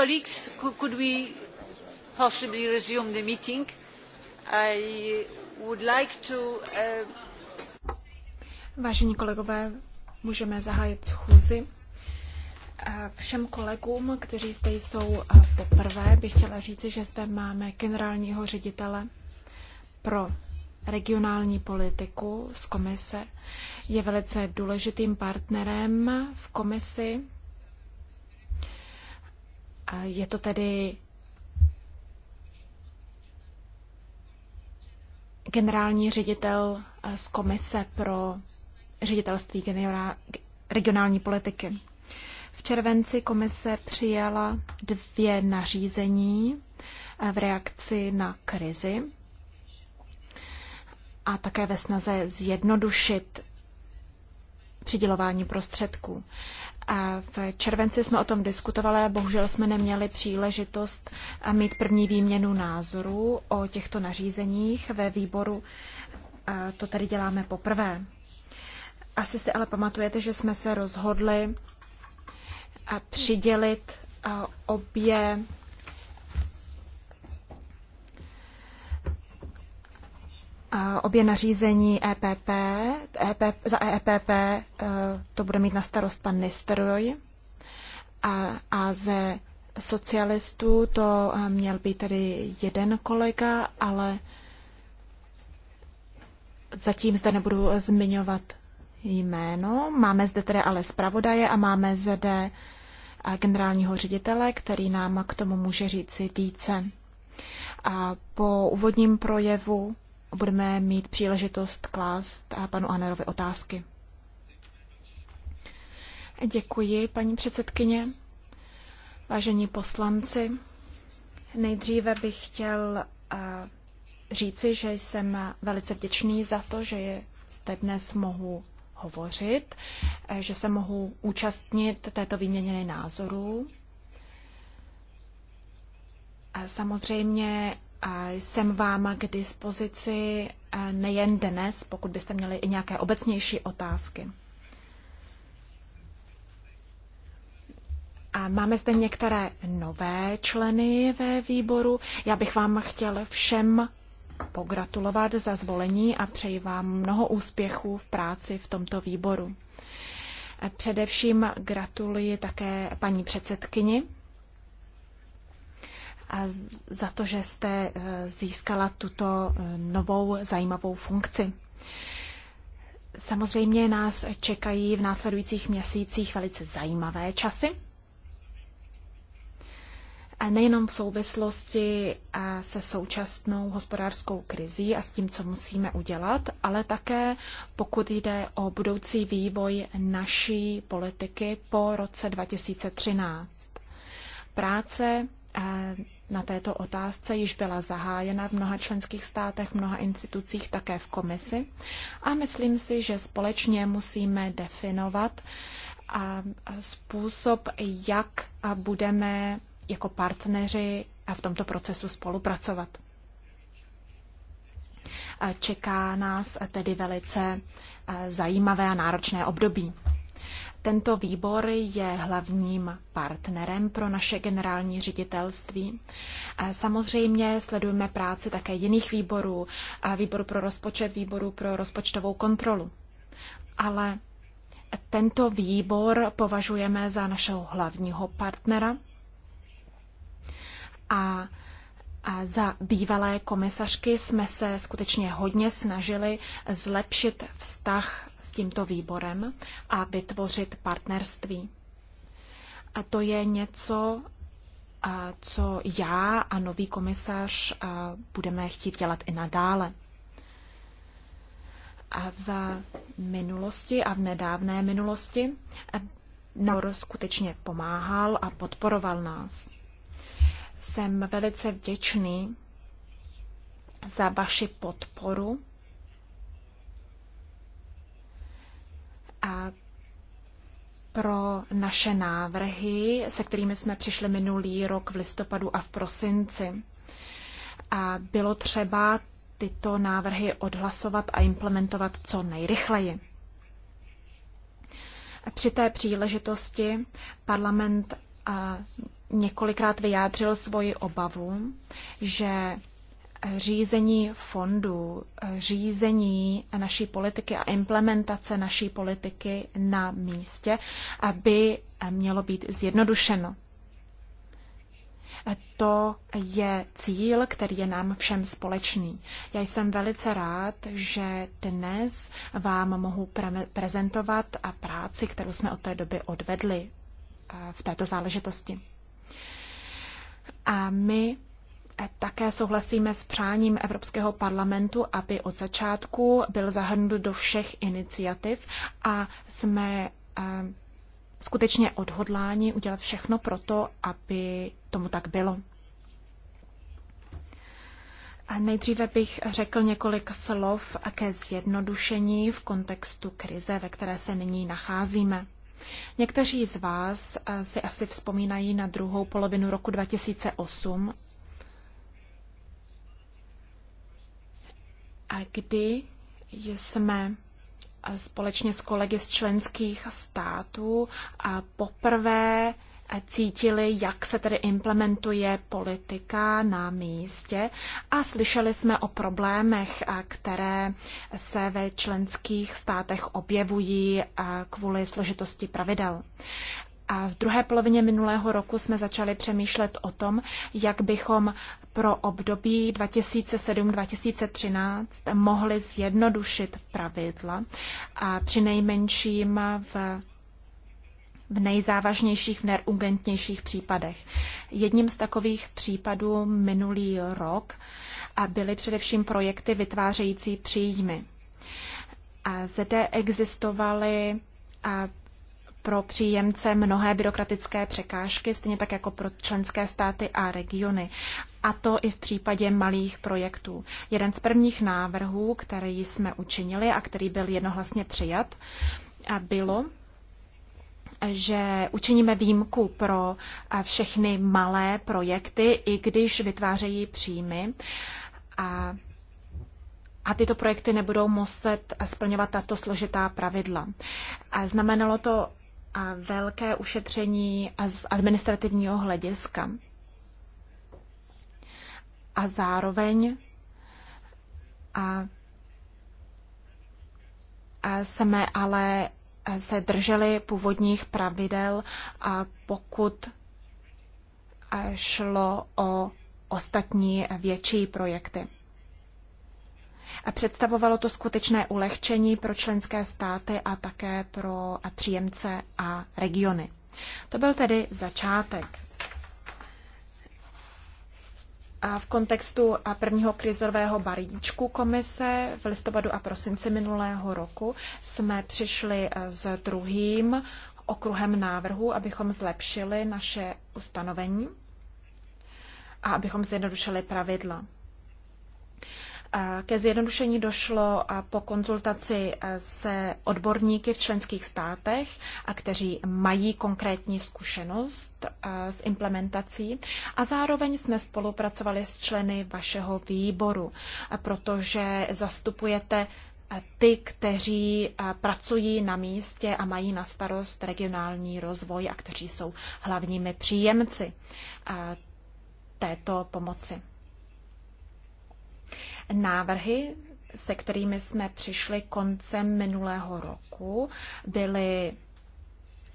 colleagues could we possibly resume the meeting i would like to uh, Vážení kolegové, můžeme zahájit schůzi. Eh, všem kolegům, kteří zde jsou eh, poprvé, bych chtěla říci, že zde máme generálního ředitele pro regionální politiku z komise. Je velice důležitým partnerem v komisi je to tedy generální ředitel eh, z Komise pro ředitelství regionální politiky. V červenci komise přijala dvě nařízení eh, v reakci na krizi a také ve snaze zjednodušit přidělování prostředků. V červenci jsme o tom diskutovali a bohužel jsme neměli příležitost eh, mít první výměnu názorů o těchto nařízeních ve výboru. To tady děláme poprvé. Asi si ale pamatujete, že jsme se rozhodli eh, přidělit eh, obě obě nařízení EPP, EPP za EPP eh, to bude mít na starost pan Nisteroj a, a ze socialistů to eh, měl být tedy jeden kolega, ale zatím zde nebudu zmiňovat jméno. Máme zde tedy ale zpravodaje a máme zde eh, generálního ředitele, který nám k tomu může říci více. A po úvodním projevu budeme mít příležitost klást panu Anerovi otázky. Děkuji, paní předsedkyně. Vážení poslanci, nejdříve bych chtěl eh, říci, že jsem velice vděčný za to, že jste dnes mohu hovořit, eh, že se mohu účastnit této výměněné názorů. Samozřejmě jsem vám k dispozici eh, nejen dnes, pokud byste měli i nějaké obecnější otázky. A máme zde některé nové členy ve výboru. Já bych vám chtěl všem pogratulovat za zvolení a přeji vám mnoho úspěchů v práci v tomto výboru. Především gratuluji také paní předsedkyni za to, že jste eh, získala tuto eh, novou zajímavou funkci. Samozřejmě nás čekají v následujících měsících velice zajímavé časy. A nejenom v souvislosti eh, se současnou hospodářskou krizí a s tím, co musíme udělat, ale také pokud jde o budoucí vývoj naší politiky po roce 2013. Práce na této otázce již byla zahájena v mnoha členských státech, mnoha institucích, také v komisi. A myslím si, že společně musíme definovat a způsob, jak budeme jako partneři v tomto procesu spolupracovat. Čeká nás tedy velice zajímavé a náročné období. Tento výbor je hlavním partnerem pro naše generální ředitelství. Samozřejmě sledujeme práci také jiných výborů, výboru pro rozpočet, výboru pro rozpočtovou kontrolu. Ale tento výbor považujeme za našeho hlavního partnera a za bývalé komisařky jsme se skutečně hodně snažili zlepšit vztah s tímto výborem a vytvořit partnerství. A to je něco, co já a nový komisař budeme chtít dělat i nadále. A v minulosti a v nedávné minulosti nám skutečně pomáhal a podporoval nás. Jsem velice vděčný za vaši podporu a pro naše návrhy, se kterými jsme přišli minulý rok v listopadu a v prosinci. A bylo třeba tyto návrhy odhlasovat a implementovat co nejrychleji. Při té příležitosti parlament několikrát vyjádřil svoji obavu, že řízení fondů, řízení naší politiky a implementace naší politiky na místě, aby mělo být zjednodušeno. To je cíl, který je nám všem společný. Já jsem velice rád, že dnes vám mohu pre- prezentovat a práci, kterou jsme od té doby odvedli eh, v této záležitosti. A my eh, také souhlasíme s přáním Evropského parlamentu, aby od začátku byl zahrnut do všech iniciativ a jsme eh, skutečně odhodláni udělat všechno pro to, aby tomu tak bylo. A nejdříve bych řekl několik slov ke zjednodušení v kontextu krize, ve které se nyní nacházíme. Někteří z vás eh, si asi vzpomínají na druhou polovinu roku 2008, kdy jsme eh, společně s kolegy z členských států poprvé cítili, jak se tedy implementuje politika na místě a slyšeli jsme o problémech, které se ve členských státech objevují kvůli složitosti pravidel. A v druhé polovině minulého roku jsme začali přemýšlet o tom, jak bychom pro období 2007-2013 mohli zjednodušit pravidla a přinejmenším v v nejzávažnějších, v nejurgentnějších případech. Jedním z takových případů minulý rok byly především projekty vytvářející příjmy. A zde existovaly a pro příjemce mnohé byrokratické překážky, stejně tak jako pro členské státy a regiony. A to i v případě malých projektů. Jeden z prvních návrhů, který jsme učinili a který byl jednohlasně přijat, bylo, že učiníme výjimku pro eh, všechny malé projekty, i když vytvářejí příjmy. A, a tyto projekty nebudou muset splňovat tato složitá pravidla. A znamenalo to a eh, velké ušetření eh, z administrativního hlediska. A zároveň a, a jsme ale se drželi původních pravidel, a pokud eh, šlo o ostatní větší projekty. A představovalo to skutečné ulehčení pro členské státy a také pro příjemce a regiony. To byl tedy začátek. A v kontextu prvního krizového balíčku komise v listopadu a prosinci minulého roku jsme přišli eh, s druhým okruhem návrhu, abychom zlepšili naše ustanovení a abychom zjednodušili pravidla. Ke zjednodušení došlo po konzultaci e, se odborníky v členských státech, a kteří mají konkrétní zkušenost e, s implementací. A zároveň jsme spolupracovali s členy vašeho výboru, protože zastupujete e, ty, kteří pracují na místě a mají na starost regionální rozvoj a kteří jsou hlavními příjemci této pomoci. Návrhy, se kterými jsme přišli koncem minulého roku, byly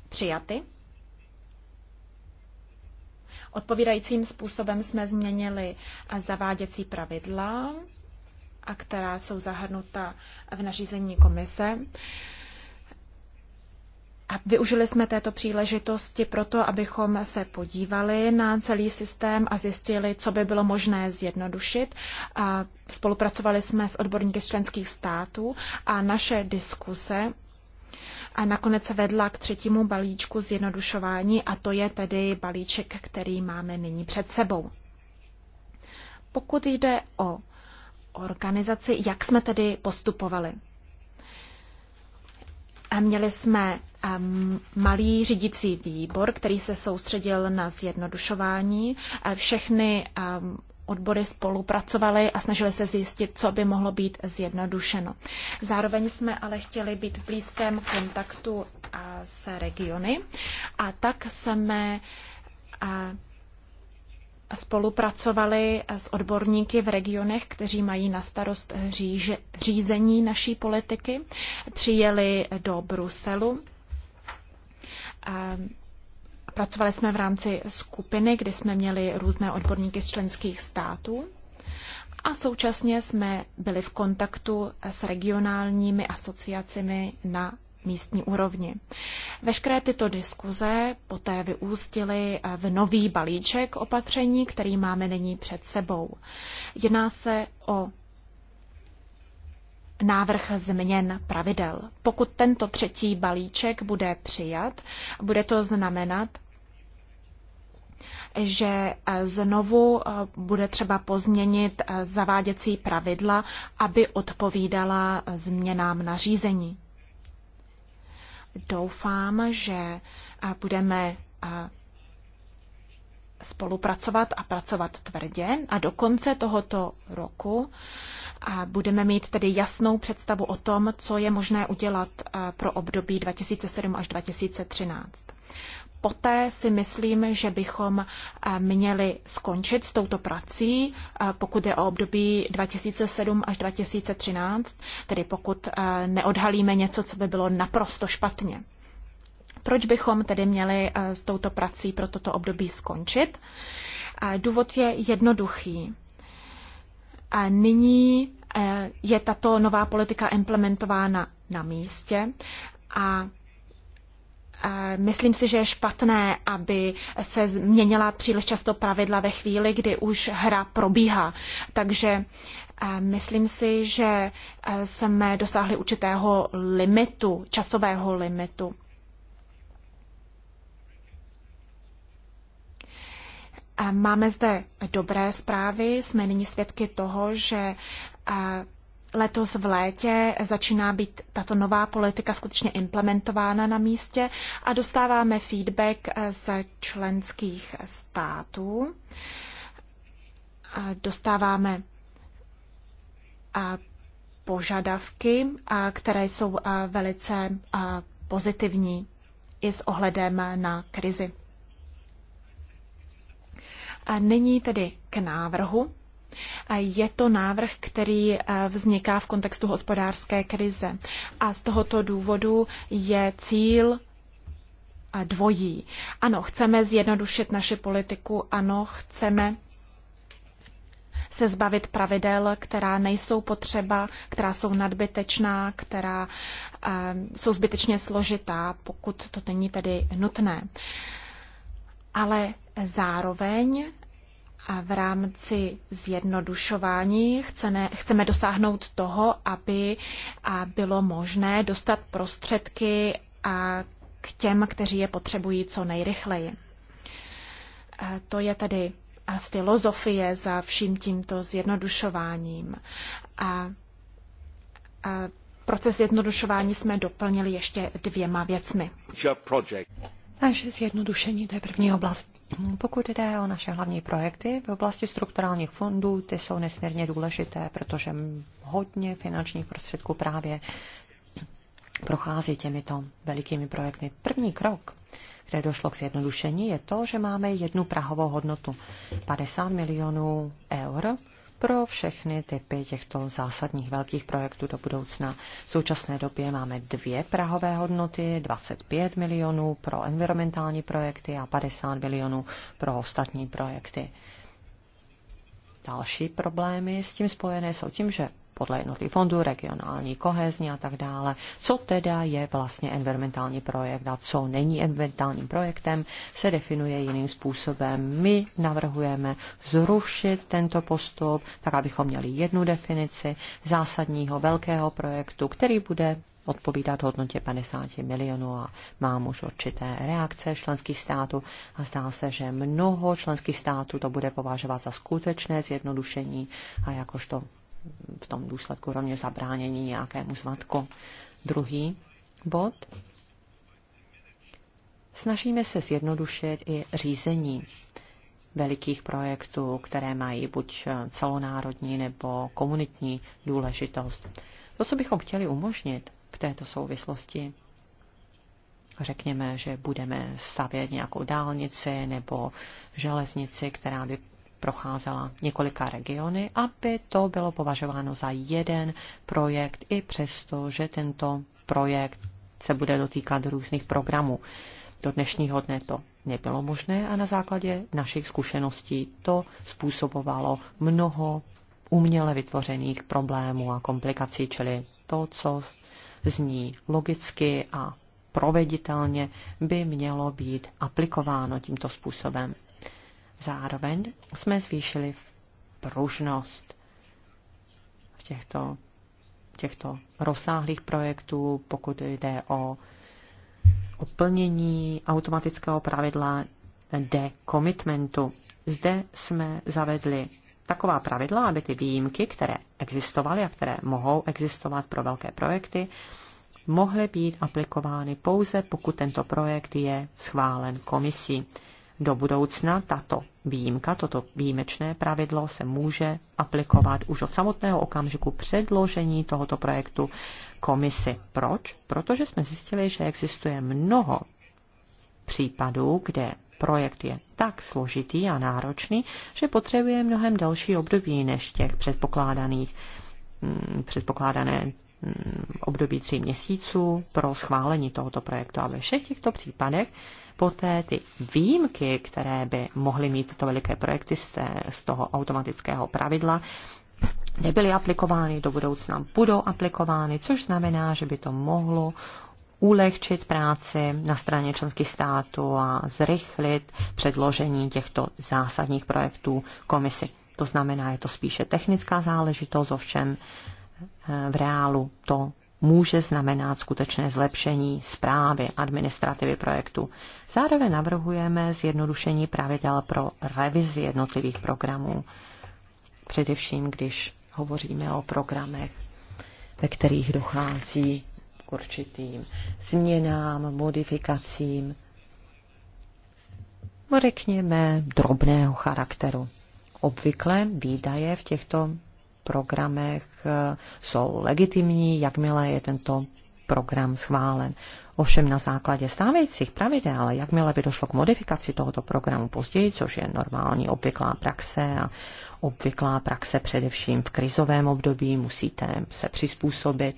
přijaty. Odpovídajícím způsobem jsme změnili zaváděcí pravidla, a která jsou zahrnuta v nařízení komise. A využili jsme této příležitosti proto, abychom se podívali na celý systém a zjistili, co by bylo možné zjednodušit. A spolupracovali jsme s odborníky z členských států a naše diskuse a nakonec se vedla k třetímu balíčku zjednodušování a to je tedy balíček, který máme nyní před sebou. Pokud jde o organizaci, jak jsme tedy postupovali? Měli jsme um, malý řídící výbor, který se soustředil na zjednodušování. Všechny um, odbory spolupracovaly a snažili se zjistit, co by mohlo být zjednodušeno. Zároveň jsme ale chtěli být v blízkém kontaktu se regiony a tak jsme spolupracovali s odborníky v regionech, kteří mají na starost řízení naší politiky. Přijeli do Bruselu. Pracovali jsme v rámci skupiny, kdy jsme měli různé odborníky z členských států a současně jsme byli v kontaktu s regionálními asociacemi na místní úrovni. Veškeré tyto diskuze poté vyústily eh, v nový balíček opatření, který máme nyní před sebou. Jedná se o návrh změn pravidel. Pokud tento třetí balíček bude přijat, bude to znamenat, že eh, znovu eh, bude třeba pozměnit zaváděcí pravidla, aby odpovídala změnám nařízení. Doufám, že budeme spolupracovat a pracovat tvrdě a do konce tohoto roku a budeme mít tedy jasnou představu o tom, co je možné udělat pro období 2007 až 2013 poté si myslím, že bychom eh, měli skončit s touto prací, eh, pokud je o období 2007 až 2013, tedy pokud eh, neodhalíme něco, co by bylo naprosto špatně. Proč bychom tedy měli s touto prací pro toto období skončit? Důvod je jednoduchý. Nyní je tato nová politika implementována na místě a Myslím si, že je špatné, aby se změnila příliš často pravidla ve chvíli, kdy už hra probíhá. Takže eh, myslím si, že eh, jsme dosáhli určitého limitu, časového limitu. Eh, máme zde dobré zprávy, jsme nyní svědky toho, že letos v létě začíná být tato nová politika skutečně implementována na místě a dostáváme feedback z členských států. Dostáváme požadavky, které jsou velice pozitivní i s ohledem na krizi. A nyní tedy k návrhu je to návrh, který eh, vzniká v kontextu hospodářské krize a z tohoto důvodu je cíl eh, dvojí. Ano, chceme zjednodušit naši politiku, ano, chceme se zbavit pravidel, která nejsou potřeba, která jsou nadbytečná, která eh, jsou zbytečně složitá, pokud to není tedy nutné. Ale zároveň a v rámci zjednodušování chceme, chceme dosáhnout toho, aby a bylo možné dostat prostředky a k těm, kteří je potřebují co nejrychleji. A to je tedy filozofie za vším tímto zjednodušováním. A, a proces zjednodušování jsme doplnili ještě dvěma věcmi. Takže zjednodušení, to je první oblast. Pokud jde o naše hlavní projekty v oblasti strukturálních fondů, ty jsou nesmírně důležité, protože hodně finančních prostředků právě prochází těmito velikými projekty. První krok, kde došlo k zjednodušení, je to, že máme jednu prahovou hodnotu 50 milionů eur pro všechny typy těchto zásadních velkých projektů do budoucna. V současné době máme dvě prahové hodnoty, 25 milionů pro environmentální projekty a 50 milionů pro ostatní projekty. Další problémy s tím spojené jsou tím, že podle jednotlivých fondů, regionální kohezní a tak dále. Co teda je vlastně environmentální projekt a co není environmentálním projektem, se definuje jiným způsobem. My navrhujeme zrušit tento postup, tak abychom měli jednu definici zásadního velkého projektu, který bude odpovídat hodnotě 50 milionů a mám už určité reakce členských států a zdá se, že mnoho členských států to bude považovat za skutečné zjednodušení a jakožto v tom důsledku rovně zabránění nějakému svatku. Druhý bod. Snažíme se zjednodušit i řízení velikých projektů, které mají buď celonárodní nebo komunitní důležitost. To, co bychom chtěli umožnit v této souvislosti, řekněme, že budeme stavět nějakou dálnici nebo železnici, která by procházela několika regiony, aby to bylo považováno za jeden projekt, i přesto, že tento projekt se bude dotýkat různých programů. Do dnešního dne to nebylo možné a na základě našich zkušeností to způsobovalo mnoho uměle vytvořených problémů a komplikací, čili to, co zní logicky a proveditelně, by mělo být aplikováno tímto způsobem. Zároveň jsme zvýšili pružnost v těchto, těchto rozsáhlých projektů, pokud jde o, oplnění automatického pravidla de commitmentu. Zde jsme zavedli taková pravidla, aby ty výjimky, které existovaly a které mohou existovat pro velké projekty, mohly být aplikovány pouze, pokud tento projekt je schválen komisí do budoucna tato výjimka, toto výjimečné pravidlo se může aplikovat už od samotného okamžiku předložení tohoto projektu komisi. Proč? Protože jsme zjistili, že existuje mnoho případů, kde projekt je tak složitý a náročný, že potřebuje mnohem delší období než těch předpokládaných, mm, předpokládané mm, období tří měsíců pro schválení tohoto projektu. A ve všech těchto případech poté ty výjimky, které by mohly mít tyto veliké projekty z toho automatického pravidla, nebyly aplikovány, do budoucna budou aplikovány, což znamená, že by to mohlo ulehčit práci na straně členských států a zrychlit předložení těchto zásadních projektů komisi. To znamená, je to spíše technická záležitost, ovšem eh, v reálu to může znamenat skutečné zlepšení zprávy administrativy projektu. Zároveň navrhujeme zjednodušení pravidel pro revizi jednotlivých programů, především když hovoříme o programech, ve kterých dochází k určitým změnám, modifikacím, řekněme drobného charakteru. Obvykle výdaje v těchto programech eh, jsou legitimní, jakmile je tento program schválen. Ovšem na základě stávajících pravidel, jakmile by došlo k modifikaci tohoto programu později, což je normální obvyklá praxe a obvyklá praxe především v krizovém období, musíte se přizpůsobit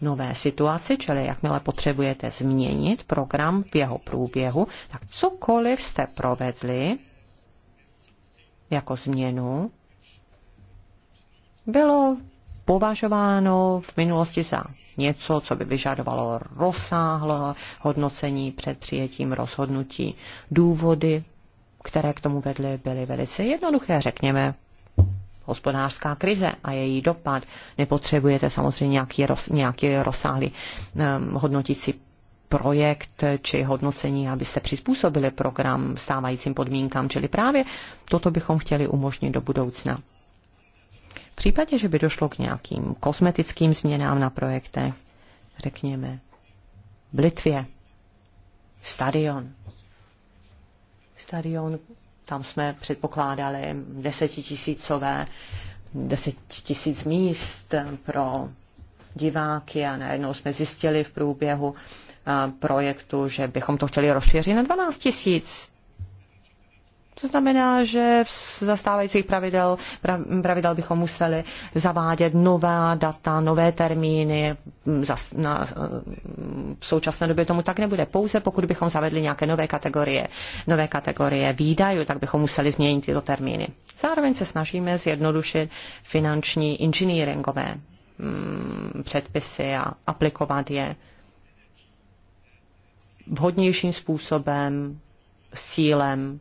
nové situaci, čili jakmile potřebujete změnit program v jeho průběhu, tak cokoliv jste provedli jako změnu, bylo považováno v minulosti za něco, co by vyžadovalo rozsáhlé hodnocení před přijetím rozhodnutí. Důvody, které k tomu vedly, byly velice jednoduché, řekněme. Hospodářská krize a její dopad. Nepotřebujete samozřejmě nějaký, roz, nějaký rozsáhlý um, hodnotící projekt či hodnocení, abyste přizpůsobili program stávajícím podmínkám, čili právě toto bychom chtěli umožnit do budoucna. V případě, že by došlo k nějakým kosmetickým změnám na projektech, řekněme, v Litvě, stadion. Stadion, tam jsme předpokládali desetitisícové, deset tisíc míst pro diváky a najednou jsme zjistili v průběhu eh, projektu, že bychom to chtěli rozšířit na 12 tisíc. To znamená, že v zastávajících pravidel, pravidel bychom museli zavádět nová data, nové termíny. Zas, na, v současné době tomu tak nebude. Pouze pokud bychom zavedli nějaké nové kategorie, nové kategorie výdajů, tak bychom museli změnit tyto termíny. Zároveň se snažíme zjednodušit finanční inženýringové mm, předpisy a aplikovat je vhodnějším způsobem s cílem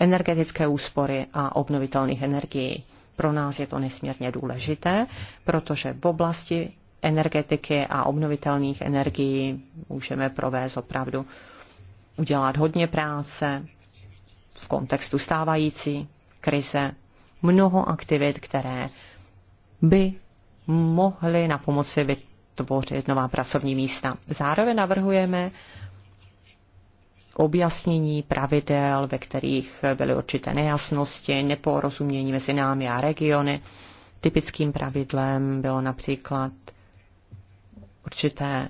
energetické úspory a obnovitelných energií. Pro nás je to nesmírně důležité, protože v oblasti energetiky a obnovitelných energií můžeme provést opravdu udělat hodně práce v kontextu stávající krize, mnoho aktivit, které by mohly na pomoci vytvořit nová pracovní místa. Zároveň navrhujeme objasnění pravidel, ve kterých byly určité nejasnosti, neporozumění mezi námi a regiony. Typickým pravidlem bylo například určité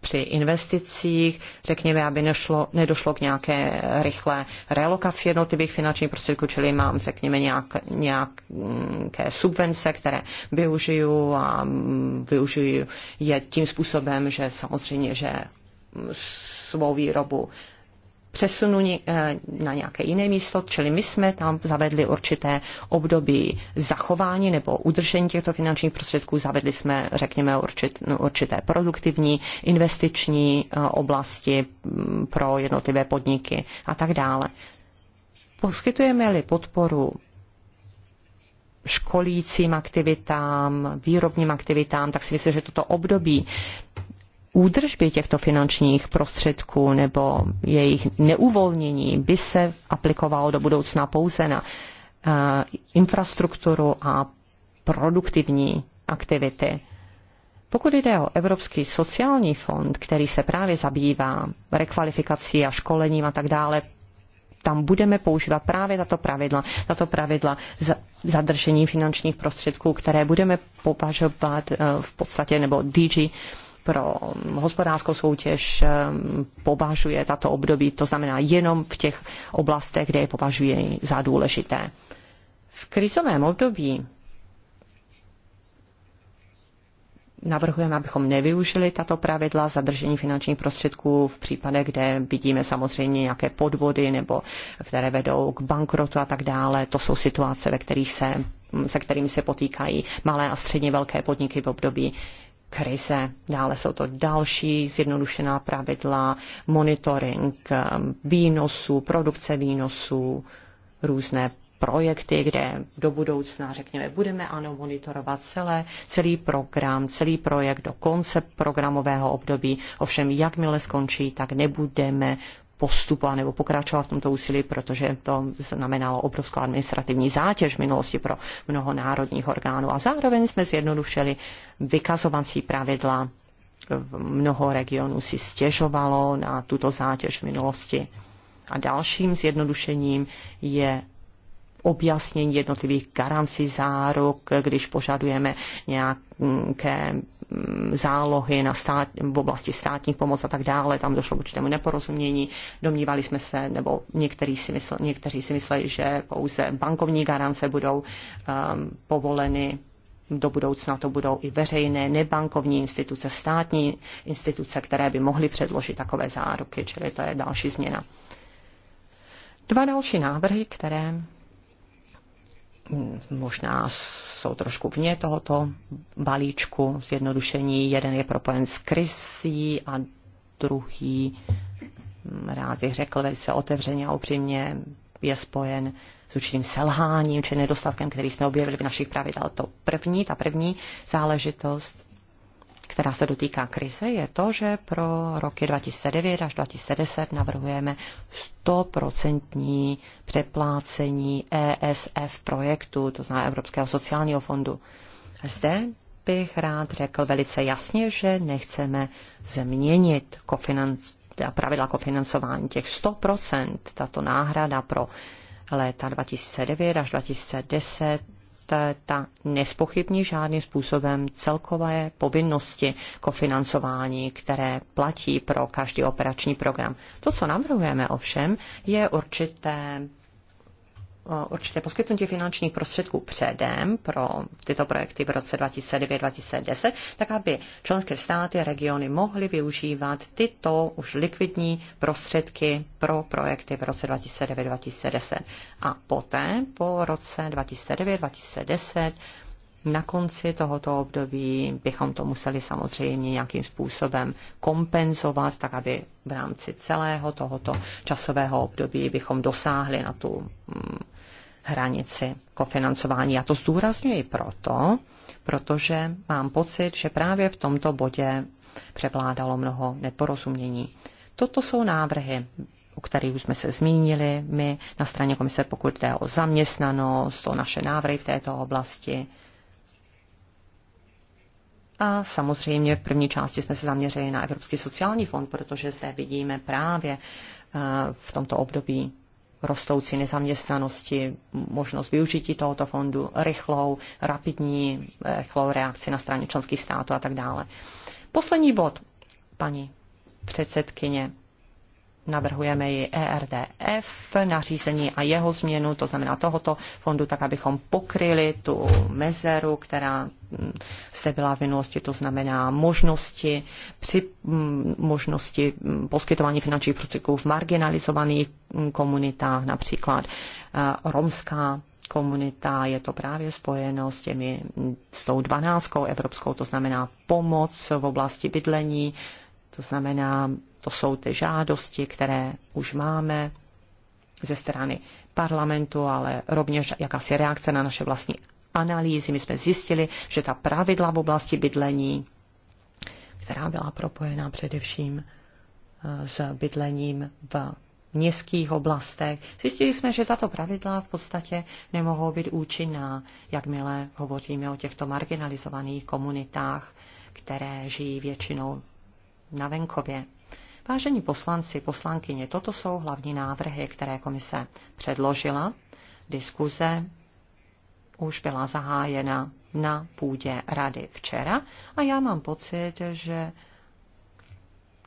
při investicích, řekněme, aby nešlo, nedošlo k nějaké rychlé relokaci jednotlivých finančních prostředků, čili mám, řekněme, nějak, nějaké subvence, které využiju a mm, využiju je tím způsobem, že samozřejmě, že svou výrobu přesunu eh, na nějaké jiné místo, čili my jsme tam zavedli určité období zachování nebo udržení těchto finančních prostředků, zavedli jsme, řekněme, určit, no, určité produktivní, investiční eh, oblasti mm, pro jednotlivé podniky a tak dále. Poskytujeme-li podporu školícím aktivitám, výrobním aktivitám, tak si myslím, že toto období údržby těchto finančních prostředků nebo jejich neuvolnění by se aplikovalo do budoucna pouze na eh, infrastrukturu a produktivní aktivity. Pokud jde o Evropský sociální fond, který se právě zabývá rekvalifikací a školením a tak dále, tam budeme používat právě tato pravidla, tato pravidla zadržení finančních prostředků, které budeme považovat eh, v podstatě, nebo DG pro hospodářskou soutěž ehm, považuje tato období, to znamená jenom v těch oblastech, kde je považuje za důležité. V krizovém období navrhujeme, abychom nevyužili tato pravidla zadržení finančních prostředků v případě, kde vidíme samozřejmě nějaké podvody nebo které vedou k bankrotu a tak dále. To jsou situace, ve kterých se, se kterými se potýkají malé a středně velké podniky v období krize. Dále jsou to další zjednodušená pravidla, monitoring výnosů, produkce výnosů, různé projekty, kde do budoucna, řekněme, budeme ano monitorovat celé, celý program, celý projekt do konce programového období. Ovšem, jakmile skončí, tak nebudeme postupovat nebo pokračovat v tomto úsilí, protože to znamenalo obrovskou administrativní zátěž v minulosti pro mnoho národních orgánů. A zároveň jsme zjednodušili vykazovací pravidla. Mnoho regionů si stěžovalo na tuto zátěž v minulosti. A dalším zjednodušením je objasnění jednotlivých garancí záruk, když požadujeme nějaké mm, zálohy na stát, v oblasti státních pomoc a tak dále. Tam došlo k určitému neporozumění. Domnívali jsme se, nebo někteří si, mysle, někteří si mysleli, že pouze bankovní garance budou um, povoleny do budoucna to budou i veřejné, nebankovní instituce, státní instituce, které by mohly předložit takové záruky, čili to je další změna. Dva další návrhy, které možná jsou trošku vně tohoto balíčku zjednodušení. Jeden je propojen s krizí a druhý, mm, rád bych řekl velice otevřeně a upřímně, je spojen s určitým selháním či nedostatkem, který jsme objevili v našich pravidel. To první, ta první záležitost která se dotýká krize, je to, že pro roky 2009 až 2010 navrhujeme 100% přeplácení ESF projektu, to znamená Evropského sociálního fondu. Zde bych rád řekl velice jasně, že nechceme změnit kofinanc, pravidla kofinancování. Těch 100%, tato náhrada pro léta 2009 až 2010 Eh, ta nespochybní žádným způsobem celkové povinnosti kofinancování, které platí pro každý operační program. To, co navrhujeme ovšem, je určité Eh, určité poskytnutí finančních prostředků předem pro tyto projekty v roce 2009-2010, tak aby členské státy a regiony mohly využívat tyto už likvidní prostředky pro projekty v roce 2009-2010. A poté, po roce 2009-2010, na konci tohoto období bychom to museli samozřejmě nějakým způsobem kompenzovat, tak aby v rámci celého tohoto časového období bychom dosáhli na tu mm, hranici kofinancování. Já to zdůrazňuji proto, protože mám pocit, že právě v tomto bodě převládalo mnoho neporozumění. Toto jsou návrhy, o kterých už jsme se zmínili my na straně komise, pokud jde o zaměstnanost, o naše návrhy v této oblasti. A samozřejmě v první části jsme se zaměřili na Evropský sociální fond, protože zde vidíme právě eh, v tomto období rostoucí nezaměstnanosti, možnost využití tohoto fondu, rychlou, rapidní, rychlou reakci na straně členských států a tak dále. Poslední bod, paní předsedkyně, navrhujeme i ERDF nařízení a jeho změnu, to znamená tohoto fondu, tak abychom pokryli tu mezeru, která se mm, byla v minulosti, to znamená možnosti, při, mm, možnosti mm, poskytování finančních prostředků v marginalizovaných komunitách, například e, romská komunita, je to právě spojeno s, těmi, s tou dvanáctkou evropskou, to znamená pomoc v oblasti bydlení, to znamená to jsou ty žádosti, které už máme ze strany parlamentu, ale rovněž jakási reakce na naše vlastní analýzy. My jsme zjistili, že ta pravidla v oblasti bydlení, která byla propojená především eh, s bydlením v městských oblastech. Zjistili jsme, že tato pravidla v podstatě nemohou být účinná, jakmile hovoříme o těchto marginalizovaných komunitách, které žijí většinou na venkově. Vážení poslanci, poslankyně, toto jsou hlavní návrhy, které komise předložila. Diskuze už byla zahájena na půdě rady včera a já mám pocit, že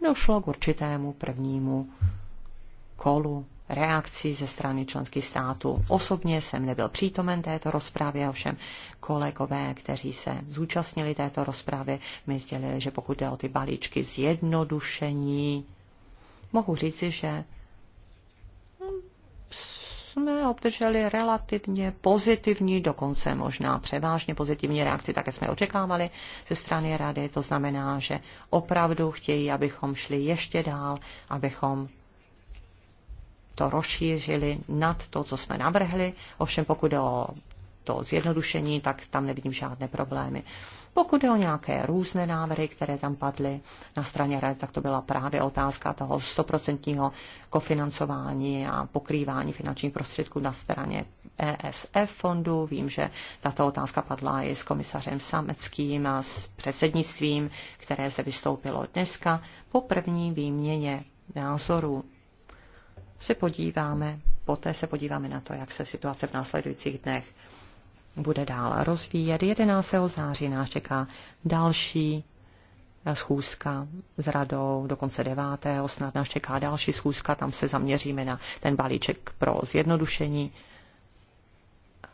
došlo k určitému prvnímu kolu reakcí ze strany členských států. Osobně jsem nebyl přítomen této rozpravě, ovšem kolegové, kteří se zúčastnili této rozprávy, mi sdělili, že pokud jde o ty balíčky zjednodušení, mohu říci, že hm, jsme obdrželi relativně pozitivní, dokonce možná převážně pozitivní reakci, také jsme očekávali ze strany rady. To znamená, že opravdu chtějí, abychom šli ještě dál, abychom to rozšířili nad to, co jsme navrhli. Ovšem pokud je o to zjednodušení, tak tam nevidím žádné problémy. Pokud je o nějaké různé návrhy, které tam padly na straně RED, tak to byla právě otázka toho stoprocentního kofinancování a pokrývání finančních prostředků na straně ESF fondu. Vím, že tato otázka padla i s komisařem Sameckým a s předsednictvím, které zde vystoupilo dneska po první výměně názorů se podíváme, poté se podíváme na to, jak se situace v následujících dnech bude dál rozvíjet. 11. září nás čeká další eh, schůzka s radou, dokonce 9. snad nás čeká další schůzka, tam se zaměříme na ten balíček pro zjednodušení,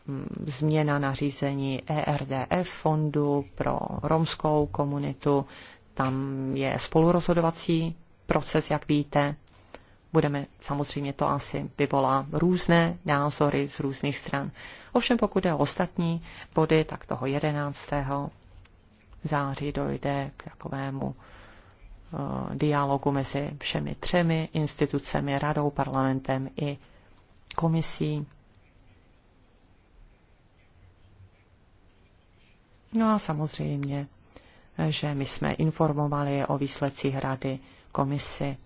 mm, změna nařízení ERDF fondu pro romskou komunitu, tam je spolurozhodovací proces, jak víte, budeme, samozřejmě to asi vyvolá různé názory z různých stran. Ovšem pokud je o ostatní body, tak toho 11. září dojde k takovému eh, dialogu mezi všemi třemi institucemi, radou, parlamentem i komisí. No a samozřejmě, že my jsme informovali o výsledcích rady komisi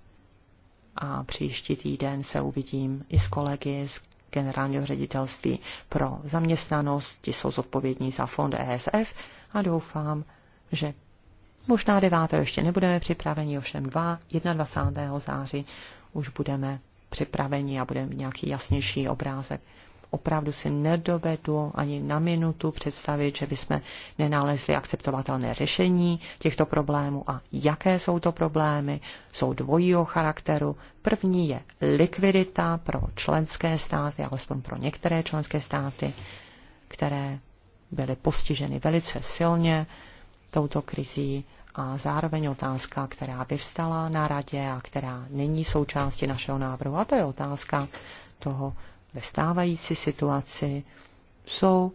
a příští týden se uvidím i s kolegy z generálního ředitelství pro zaměstnanost, ti jsou zodpovědní za fond ESF a doufám, že možná 9. ještě nebudeme připraveni, ovšem 2. 21. září už budeme připraveni a budeme nějaký jasnější obrázek opravdu si nedovedu ani na minutu představit, že bychom nenalezli akceptovatelné řešení těchto problémů. A jaké jsou to problémy? Jsou dvojího charakteru. První je likvidita pro členské státy, alespoň pro některé členské státy, které byly postiženy velice silně touto krizí a zároveň otázka, která vyvstala na radě a která není součástí našeho návrhu, a to je otázka toho, ve stávající situaci jsou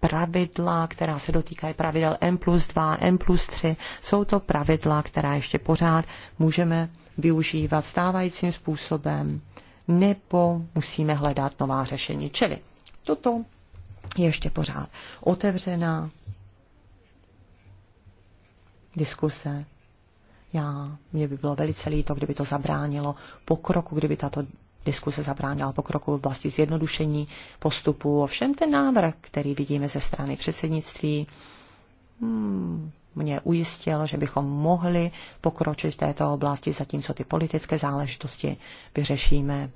pravidla, která se dotýkají pravidel M plus 2, M plus 3. Jsou to pravidla, která ještě pořád můžeme využívat stávajícím způsobem, nebo musíme hledat nová řešení. Čili toto je ještě pořád otevřená diskuse. Já, mě by bylo velice líto, kdyby to zabránilo pokroku, kdyby tato diskuse zabránila pokroku v oblasti zjednodušení postupu. Ovšem ten návrh, který vidíme ze strany předsednictví, hmm, mě ujistil, že bychom mohli pokročit v této oblasti, zatímco ty politické záležitosti vyřešíme.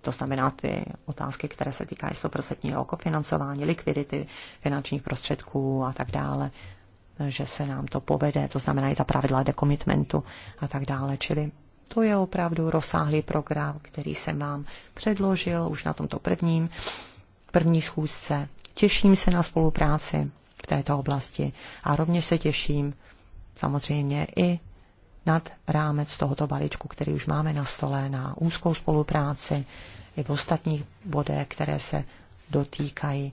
To znamená ty otázky, které se týkají 100% kofinancování, likvidity finančních prostředků a tak dále, že se nám to povede, to znamená i ta pravidla dekomitmentu a tak dále. Čili to je opravdu rozsáhlý program, který jsem vám předložil už na tomto prvním, první schůzce. Těším se na spolupráci v této oblasti a rovněž se těším samozřejmě i nad rámec tohoto balíčku, který už máme na stole, na úzkou spolupráci i v ostatních bodech, které se dotýkají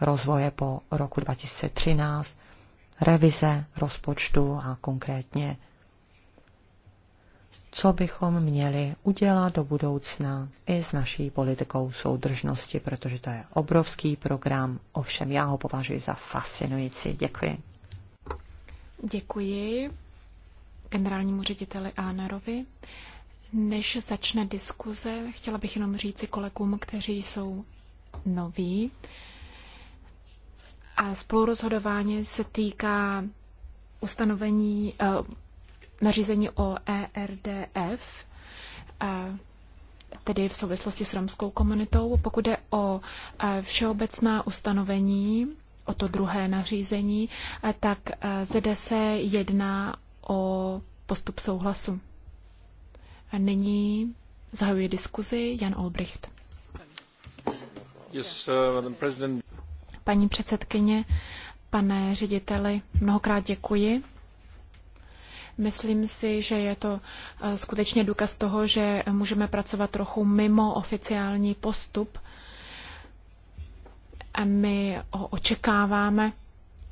rozvoje po roku 2013, revize rozpočtu a konkrétně co bychom měli udělat do budoucna i s naší politikou soudržnosti, protože to je obrovský program, ovšem já ho považuji za fascinující. Děkuji. Děkuji generálnímu řediteli Ánerovi. Než začne diskuze, chtěla bych jenom říci kolegům, kteří jsou noví. A spolurozhodování se týká ustanovení eh, nařízení o ERDF, tedy v souvislosti s romskou komunitou. Pokud je o všeobecná ustanovení, o to druhé nařízení, tak zde se jedná o postup souhlasu. A nyní zahajuje diskuzi Jan Olbricht. Yes, uh, Paní předsedkyně, pane řediteli, mnohokrát děkuji Myslím si, že je to eh, skutečně důkaz toho, že můžeme pracovat trochu mimo oficiální postup. A my očekáváme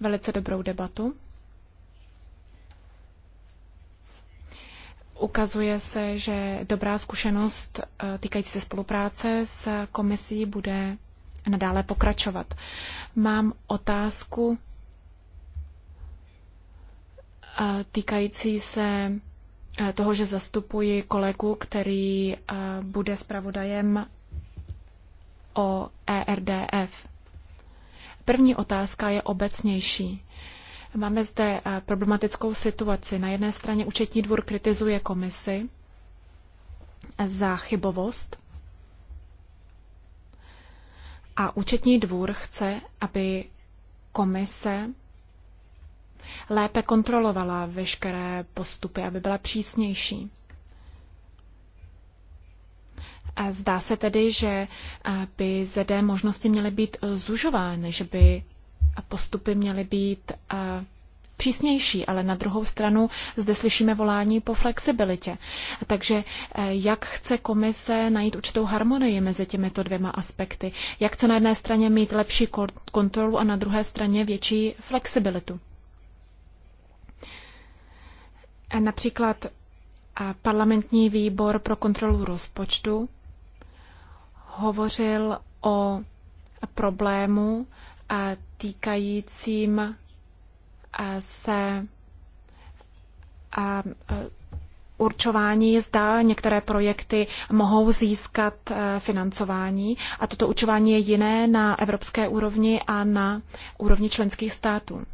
velice dobrou debatu. Ukazuje se, že dobrá zkušenost eh, týkající se spolupráce s komisí bude nadále pokračovat. Mám otázku týkající se e, toho, že zastupuji kolegu, který e, bude zpravodajem o ERDF. První otázka je obecnější. Máme zde e, problematickou situaci. Na jedné straně účetní dvůr kritizuje komisi za chybovost a účetní dvůr chce, aby komise lépe kontrolovala veškeré postupy, aby byla přísnější. A zdá se tedy, že by zde možnosti měly být e, zužovány, že by postupy měly být e, přísnější, ale na druhou stranu zde slyšíme volání po flexibilitě. Takže e, jak chce komise najít určitou harmonii mezi těmito dvěma aspekty? Jak chce na jedné straně mít lepší kontrolu a na druhé straně větší flexibilitu? Například parlamentní výbor pro kontrolu rozpočtu hovořil o problému týkajícím se určování, zda některé projekty mohou získat e, financování. A toto určování je jiné na evropské úrovni a na úrovni členských států.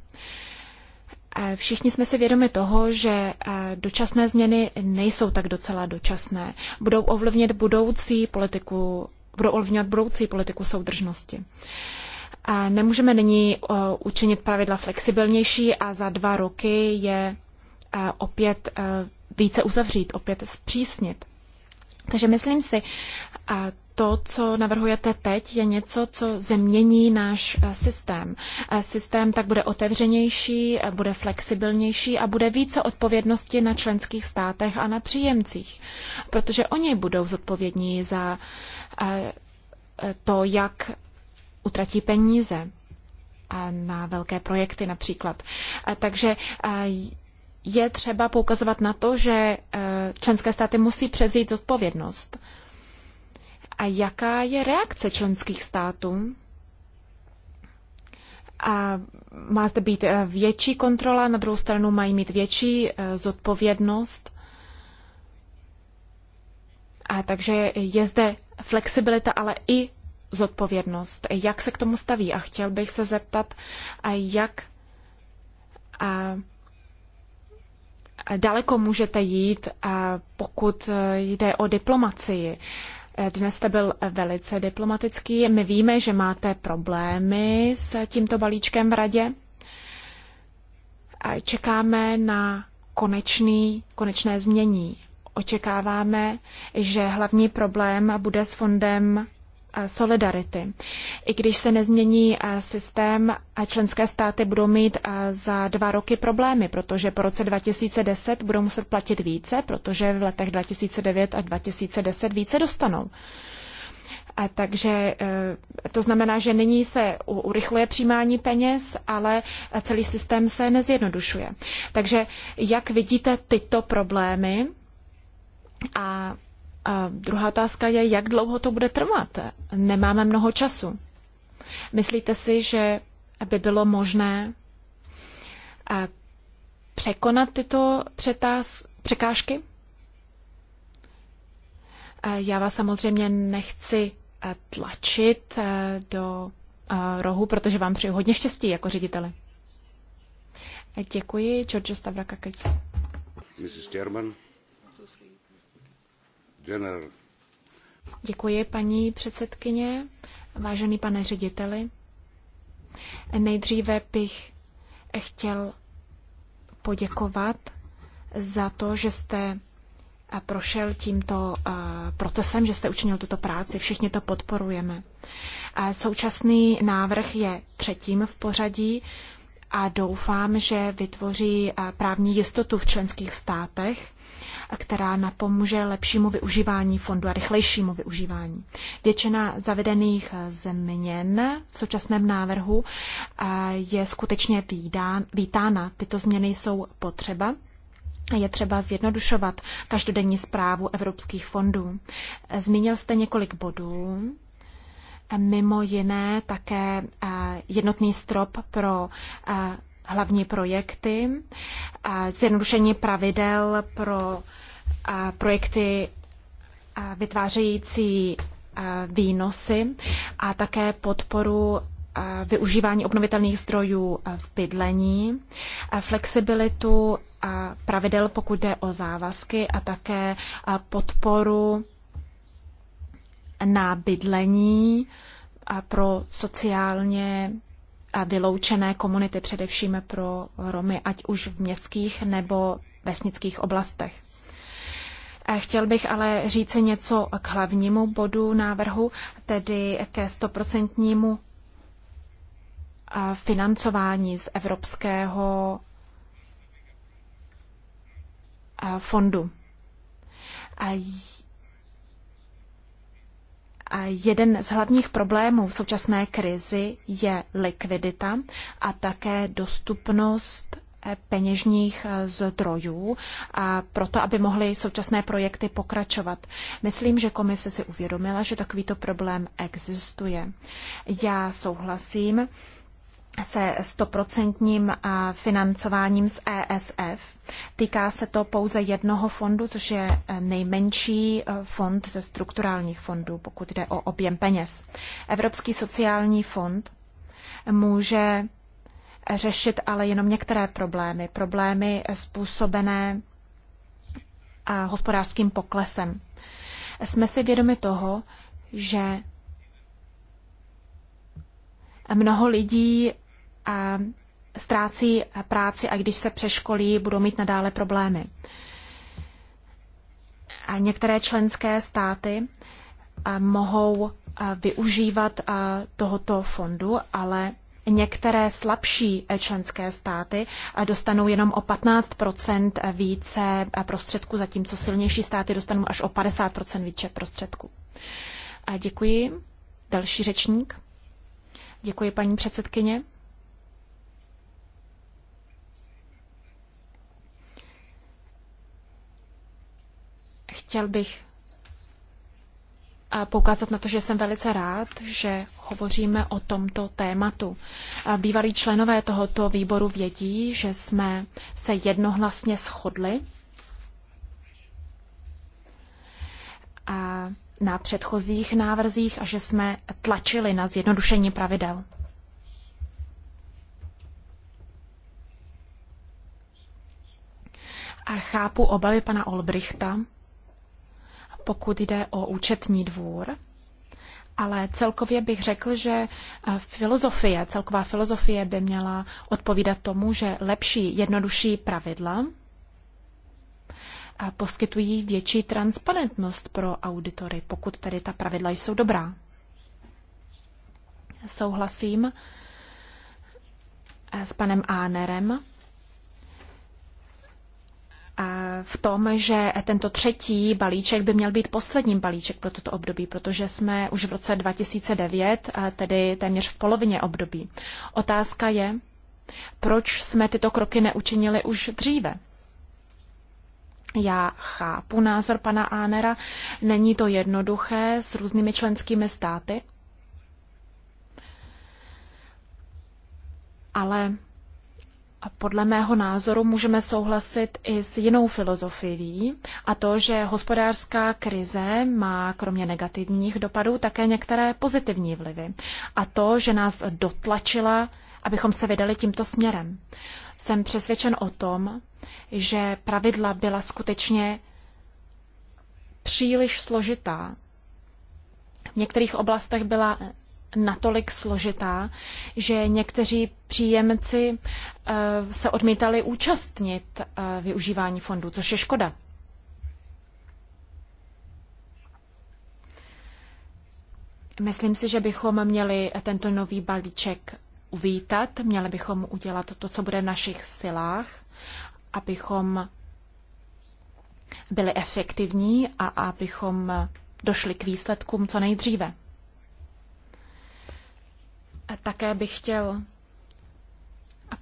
Všichni jsme si vědomi toho, že e, dočasné změny nejsou tak docela dočasné. Budou ovlivnit budoucí politiku, budou ovlivňovat budoucí politiku soudržnosti. A nemůžeme nyní e, učinit pravidla flexibilnější a za dva roky je e, opět více uzavřít, opět zpřísnit. Takže myslím si, to, co navrhujete teď, je něco, co změní náš eh, systém. Eh, systém tak bude otevřenější, eh, bude flexibilnější a bude více odpovědnosti na členských státech a na příjemcích, protože oni budou zodpovědní za to, jak utratí peníze na velké projekty například. Takže je třeba poukazovat na to, že členské státy musí převzít odpovědnost. A jaká je reakce členských států? A má zde být eh, větší kontrola, na druhou stranu mají mít větší eh, zodpovědnost. A takže je zde flexibilita, ale i zodpovědnost. Jak se k tomu staví? A chtěl bych se zeptat, a jak a, daleko můžete jít, a pokud eh, jde o diplomacii. Dnes jste byl velice diplomatický. My víme, že máte problémy s tímto balíčkem v radě. Čekáme na konečný, konečné změní. Očekáváme, že hlavní problém bude s fondem solidarity. I když se nezmění systém, a členské státy budou mít za dva roky problémy, protože po roce 2010 budou muset platit více, protože v letech 2009 a 2010 více dostanou. A takže e, to znamená, že nyní se urychluje přijímání peněz, ale e, celý systém se nezjednodušuje. Takže jak vidíte tyto problémy a a druhá otázka je, jak dlouho to bude trvat. Nemáme mnoho času. Myslíte si, že by bylo možné eh, překonat tyto přetáz, překážky? Eh, já vás samozřejmě nechci eh, tlačit do rohu, protože vám přeju hodně štěstí jako řediteli. Děkuji, George Stavrakakis. Mrs. German. General. Děkuji, paní předsedkyně, vážený pane řediteli. Nejdříve bych chtěl poděkovat za to, že jste prošel tímto eh, procesem, že jste učinil tuto práci. Všichni to podporujeme. Současný návrh je třetím v pořadí a doufám, že vytvoří eh, právní jistotu v členských státech která napomůže lepšímu využívání fondu a rychlejšímu využívání. Většina zavedených eh, změn v současném návrhu eh, je skutečně vítána. Tyto změny jsou potřeba. Je třeba zjednodušovat každodenní zprávu evropských fondů. Eh, zmínil jste několik bodů, mimo jiné také jednotný strop pro hlavní projekty, zjednodušení pravidel pro projekty vytvářející výnosy a také podporu využívání obnovitelných zdrojů v bydlení, flexibilitu pravidel, pokud jde o závazky a také podporu na bydlení pro sociálně vyloučené komunity, především pro Romy, ať už v městských nebo vesnických oblastech. Eh, chtěl bych ale říct něco k hlavnímu bodu návrhu, tedy ke stoprocentnímu eh, financování z Evropského eh, fondu. A jeden z hlavních problémů v současné krizi je likvidita a také dostupnost peněžních eh, zdrojů, a proto aby mohly současné projekty pokračovat. Myslím, že komise si uvědomila, že takovýto problém existuje. Já souhlasím se stoprocentním eh, financováním z ESF. Týká se to pouze jednoho fondu, což je eh, nejmenší fond ze strukturálních fondů, pokud jde o objem peněz. Evropský sociální fond může řešit ale jenom některé problémy, problémy způsobené eh, hospodářským poklesem. Jsme si vědomi toho, že mnoho lidí eh, ztrácí práci a když se přeškolí, budou mít nadále problémy. A některé členské státy eh, mohou využívat tohoto fondu, ale některé slabší eh, členské státy dostanou jenom o 15 eh, více eh, prostředků, zatímco silnější státy dostanou až o 50 více prostředků. A děkuji. Další řečník. Děkuji, paní předsedkyně. Chtěl bych poukázat na to, že jsem velice rád, že hovoříme o tomto tématu. Bývalí členové tohoto výboru vědí, že jsme se jednohlasně shodli a na předchozích návrzích a že jsme tlačili na zjednodušení pravidel. A chápu obavy pana Olbrichta, pokud jde o účetní dvůr, ale celkově bych řekl, že eh, filozofie, celková filozofie by měla odpovídat tomu, že lepší, jednodušší pravidla eh, poskytují větší transparentnost pro auditory, pokud tedy ta pravidla jsou dobrá. Souhlasím eh, s panem Ánerem v tom, že tento třetí balíček by měl být posledním balíček pro toto období, protože jsme už v roce 2009, tedy téměř v polovině období. Otázka je, proč jsme tyto kroky neučinili už dříve? Já chápu názor pana Ánera, není to jednoduché s různými členskými státy, ale a podle mého názoru můžeme souhlasit i s jinou filozofií, a to, že hospodářská krize má kromě negativních dopadů také některé pozitivní vlivy. A to, že nás dotlačila, abychom se vydali tímto směrem. Jsem přesvědčen o tom, že pravidla byla skutečně příliš složitá. V některých oblastech byla natolik složitá, že někteří příjemci eh, se odmítali účastnit eh, využívání fondů, což je škoda. Myslím si, že bychom měli tento nový balíček uvítat, měli bychom udělat to, co bude v našich silách, abychom byli efektivní a abychom došli k výsledkům co nejdříve. A také bych chtěl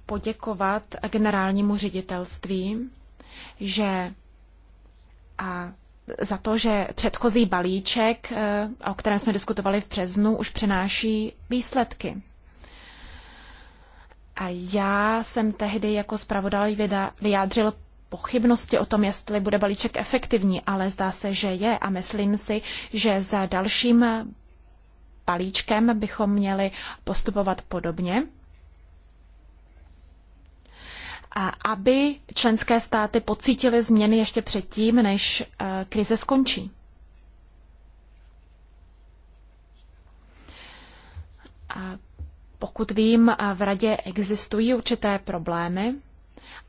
poděkovat generálnímu ředitelství, že a za to, že předchozí balíček, eh, o kterém jsme diskutovali v březnu, už přináší výsledky. A já jsem tehdy jako zpravodaj vyjádřil pochybnosti o tom, jestli bude balíček efektivní, ale zdá se, že je a myslím si, že za dalším palíčkem bychom měli postupovat podobně, aby členské státy pocítily změny ještě předtím, než eh, krize skončí. A pokud vím, eh, v radě existují určité problémy,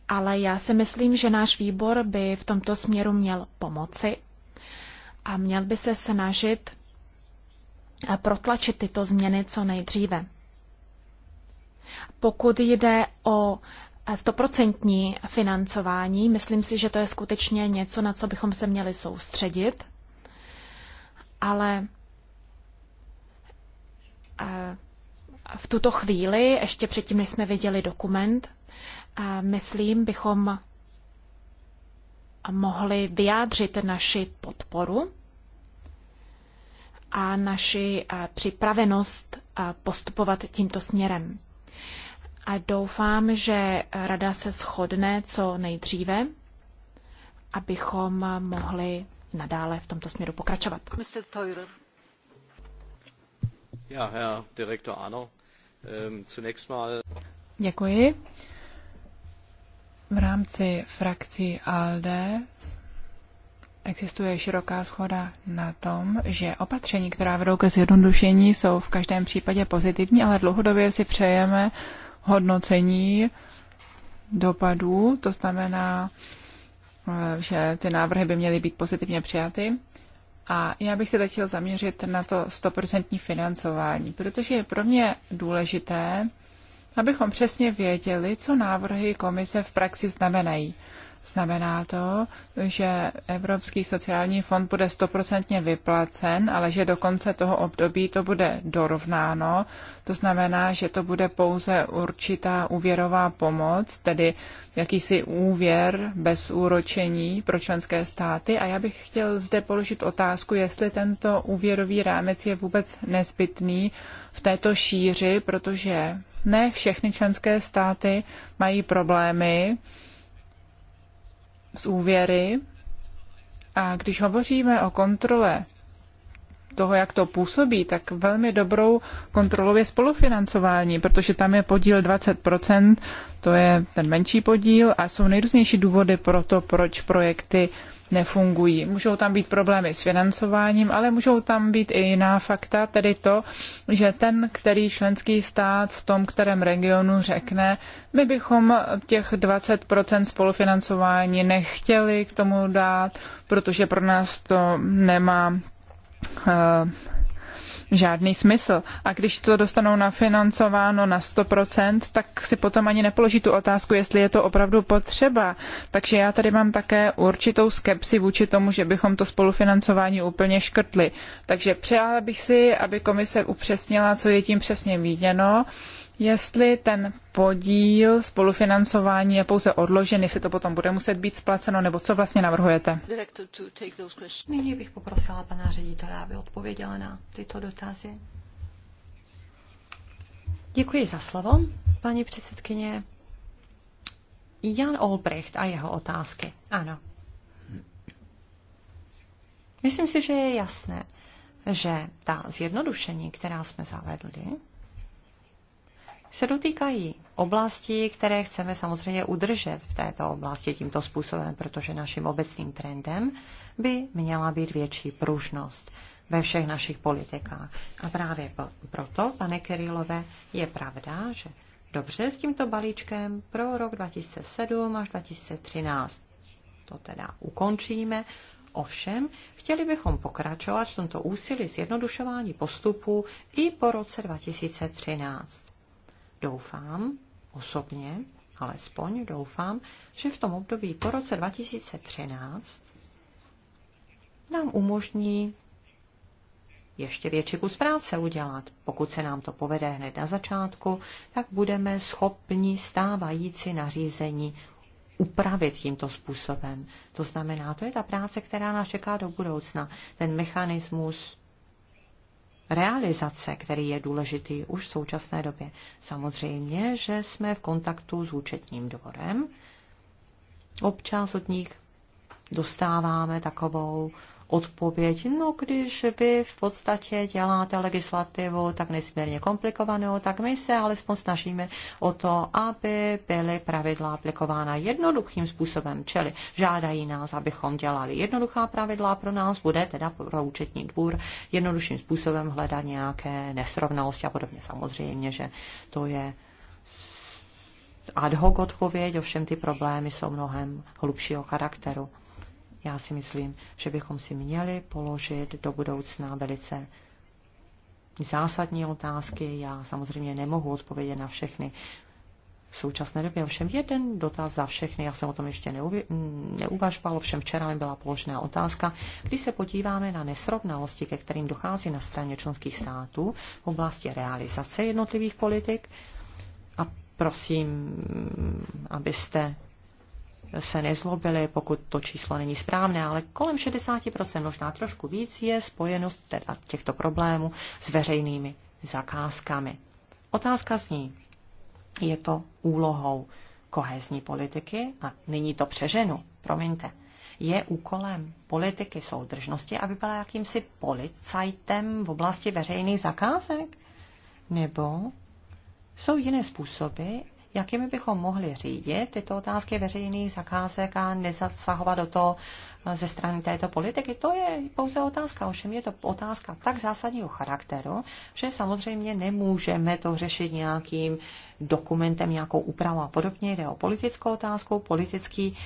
ale já si myslím, že náš výbor by v tomto směru měl pomoci a měl by se snažit protlačit tyto změny co nejdříve. Pokud jde o stoprocentní financování, myslím si, že to je skutečně něco, na co bychom se měli soustředit, ale v tuto chvíli, ještě předtím, než jsme viděli dokument, myslím, bychom mohli vyjádřit naši podporu a naši připravenost postupovat tímto směrem. A doufám, že rada se shodne co nejdříve, abychom mohli nadále v tomto směru pokračovat. Ja, Herr Direktor Ano, ähm, zunächst mal... Děkuji. V rámci frakcí ALDE Existuje široká schoda na tom, že opatření, která vedou ke zjednodušení, jsou v každém případě pozitivní, ale dlouhodobě si přejeme hodnocení dopadů, to znamená, eh, že ty návrhy by měly být pozitivně přijaty. A já bych se teď chtěl zaměřit na to 100% financování, protože je pro mě důležité, abychom přesně věděli, co návrhy komise v praxi znamenají. Znamená to, že Evropský sociální fond bude stoprocentně vyplacen, ale že do konce toho období to bude dorovnáno. To znamená, že to bude pouze určitá úvěrová pomoc, tedy jakýsi úvěr bez úročení pro členské státy. A já bych chtěl zde položit otázku, jestli tento úvěrový rámec je vůbec nezbytný v této šíři, protože ne všechny členské státy mají problémy z úvěry. A když hovoříme o kontrole toho, jak to působí, tak velmi dobrou kontrolou je spolufinancování, protože tam je podíl 20%, to je ten menší podíl a jsou nejrůznější důvody pro to, proč projekty nefungují. Můžou tam být problémy s financováním, ale můžou tam být i jiná fakta, tedy to, že ten, který členský stát v tom, kterém regionu řekne, my bychom těch 20% spolufinancování nechtěli k tomu dát, protože pro nás to nemá eh, žádný smysl. A když to dostanou nafinancováno na 100%, tak si potom ani nepoloží tu otázku, jestli je to opravdu potřeba. Takže já tady mám také určitou skepsi vůči tomu, že bychom to spolufinancování úplně škrtli. Takže přála bych si, aby komise upřesnila, co je tím přesně míněno jestli ten podíl spolufinancování je pouze odložen, jestli to potom bude muset být splaceno, nebo co vlastně navrhujete? Nyní bych poprosila pana ředitele, aby odpověděla na tyto dotazy. Děkuji za slovo, paní předsedkyně. Jan Olbrecht a jeho otázky. Ano. Myslím si, že je jasné, že ta zjednodušení, která jsme zavedli, se dotýkají oblastí, které chceme samozřejmě udržet v této oblasti tímto způsobem, protože naším obecným trendem by měla být větší pružnost ve všech našich politikách. A právě proto, pane Kerilové, je pravda, že dobře s tímto balíčkem pro rok 2007 až 2013 to teda ukončíme. Ovšem, chtěli bychom pokračovat v tomto úsilí zjednodušování postupu i po roce 2013 doufám, osobně, alespoň doufám, že v tom období po roce 2013 nám umožní ještě větší kus práce udělat. Pokud se nám to povede hned na začátku, tak budeme schopni stávající nařízení upravit tímto způsobem. To znamená, to je ta práce, která nás čeká do budoucna. Ten mechanismus realizace, který je důležitý už v současné době. Samozřejmě, že jsme v kontaktu s účetním dvorem. Občas od nich dostáváme takovou odpověď, no když vy v podstatě děláte legislativu tak nesmírně komplikovanou, tak my se alespoň snažíme o to, aby byly pravidla aplikována jednoduchým způsobem, čili žádají nás, abychom dělali jednoduchá pravidla pro nás, bude teda pro účetní dvůr jednodušším způsobem hledat nějaké nesrovnalosti a podobně. Samozřejmě, že to je ad hoc odpověď, ovšem ty problémy jsou mnohem hlubšího charakteru. Já si myslím, že bychom si měli položit do budoucna velice zásadní otázky. Já samozřejmě nemohu odpovědět na všechny v současné době. Ovšem jeden dotaz za všechny, já jsem o tom ještě mm, neuvažoval, ovšem včera mi byla položená otázka. Když se podíváme na nesrovnalosti, ke kterým dochází na straně členských států v oblasti realizace jednotlivých politik, a prosím, mm, abyste se nezlobili, pokud to číslo není správné, ale kolem 60%, možná trošku víc, je spojenost teda těchto problémů s veřejnými zakázkami. Otázka zní, je to úlohou kohezní politiky, a nyní to přeženu, promiňte, je úkolem politiky soudržnosti, aby byla jakýmsi policajtem v oblasti veřejných zakázek? Nebo jsou jiné způsoby, jakými bychom mohli řídit tyto otázky veřejných zakázek a nezasahovat do toho eh, ze strany této politiky. To je pouze otázka, ovšem je to otázka tak zásadního charakteru, že samozřejmě nemůžeme to řešit nějakým dokumentem, nějakou úpravou a podobně. Jde o politickou otázku, politický,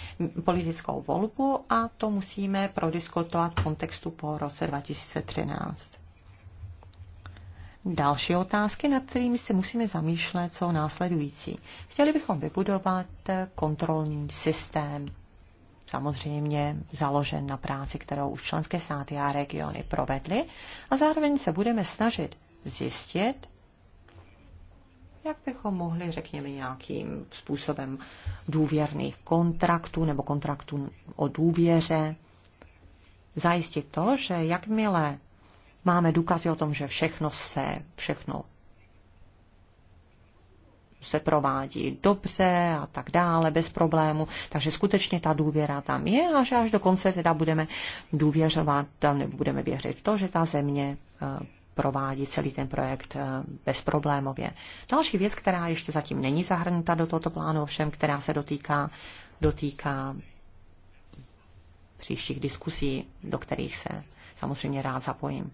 politickou volbu a to musíme prodiskutovat v kontextu po roce 2013 další otázky, nad kterými se musíme zamýšlet, jsou následující. Chtěli bychom vybudovat kontrolní systém, samozřejmě založen na práci, kterou už členské státy a regiony provedly, a zároveň se budeme snažit zjistit, jak bychom mohli, řekněme, nějakým způsobem důvěrných kontraktů nebo kontraktů o důvěře, zajistit to, že jakmile máme důkazy o tom, že všechno se, všechno se provádí dobře a tak dále, bez problému. Takže skutečně ta důvěra tam je a že až do konce teda budeme důvěřovat, nebo budeme věřit v to, že ta země eh, provádí celý ten projekt eh, bezproblémově. Další věc, která ještě zatím není zahrnuta do tohoto plánu, ovšem, která se dotýká, dotýká příštích diskusí, do kterých se samozřejmě rád zapojím.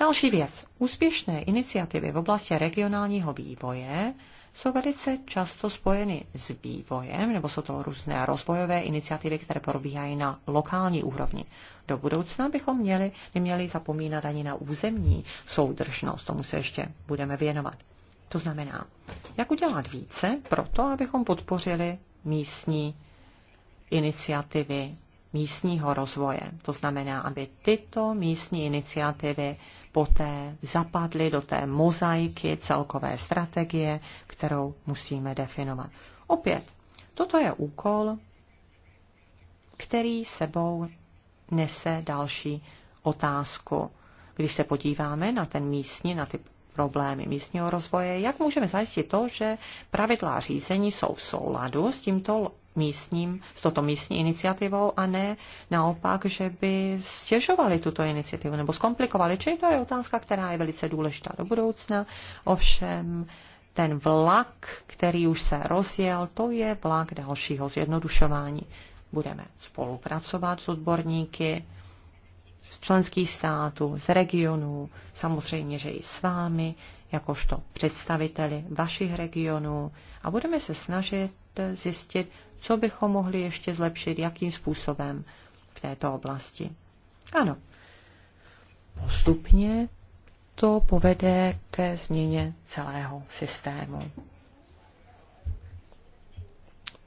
Další věc. Úspěšné iniciativy v oblasti regionálního vývoje jsou velice často spojeny s vývojem, nebo jsou to různé rozvojové iniciativy, které probíhají na lokální úrovni. Do budoucna bychom měli, neměli zapomínat ani na územní soudržnost, tomu se ještě budeme věnovat. To znamená, jak udělat více pro to, abychom podpořili místní iniciativy místního rozvoje. To znamená, aby tyto místní iniciativy poté zapadly do té mozaiky celkové strategie, kterou musíme definovat. Opět, toto je úkol, který sebou nese další otázku. Když se podíváme na ten místní, na ty problémy místního rozvoje, jak můžeme zajistit to, že pravidla řízení jsou v souladu s tímto místním, s touto místní iniciativou a ne naopak, že by stěžovali tuto iniciativu nebo zkomplikovali. Čili to je otázka, která je velice důležitá do budoucna. Ovšem ten vlak, který už se rozjel, to je vlak dalšího zjednodušování. Budeme spolupracovat s odborníky, z členských států, z regionů, samozřejmě, že i s vámi, jakožto představiteli vašich regionů a budeme se snažit zjistit, co bychom mohli ještě zlepšit, jakým způsobem v této oblasti. Ano, postupně to povede ke změně celého systému.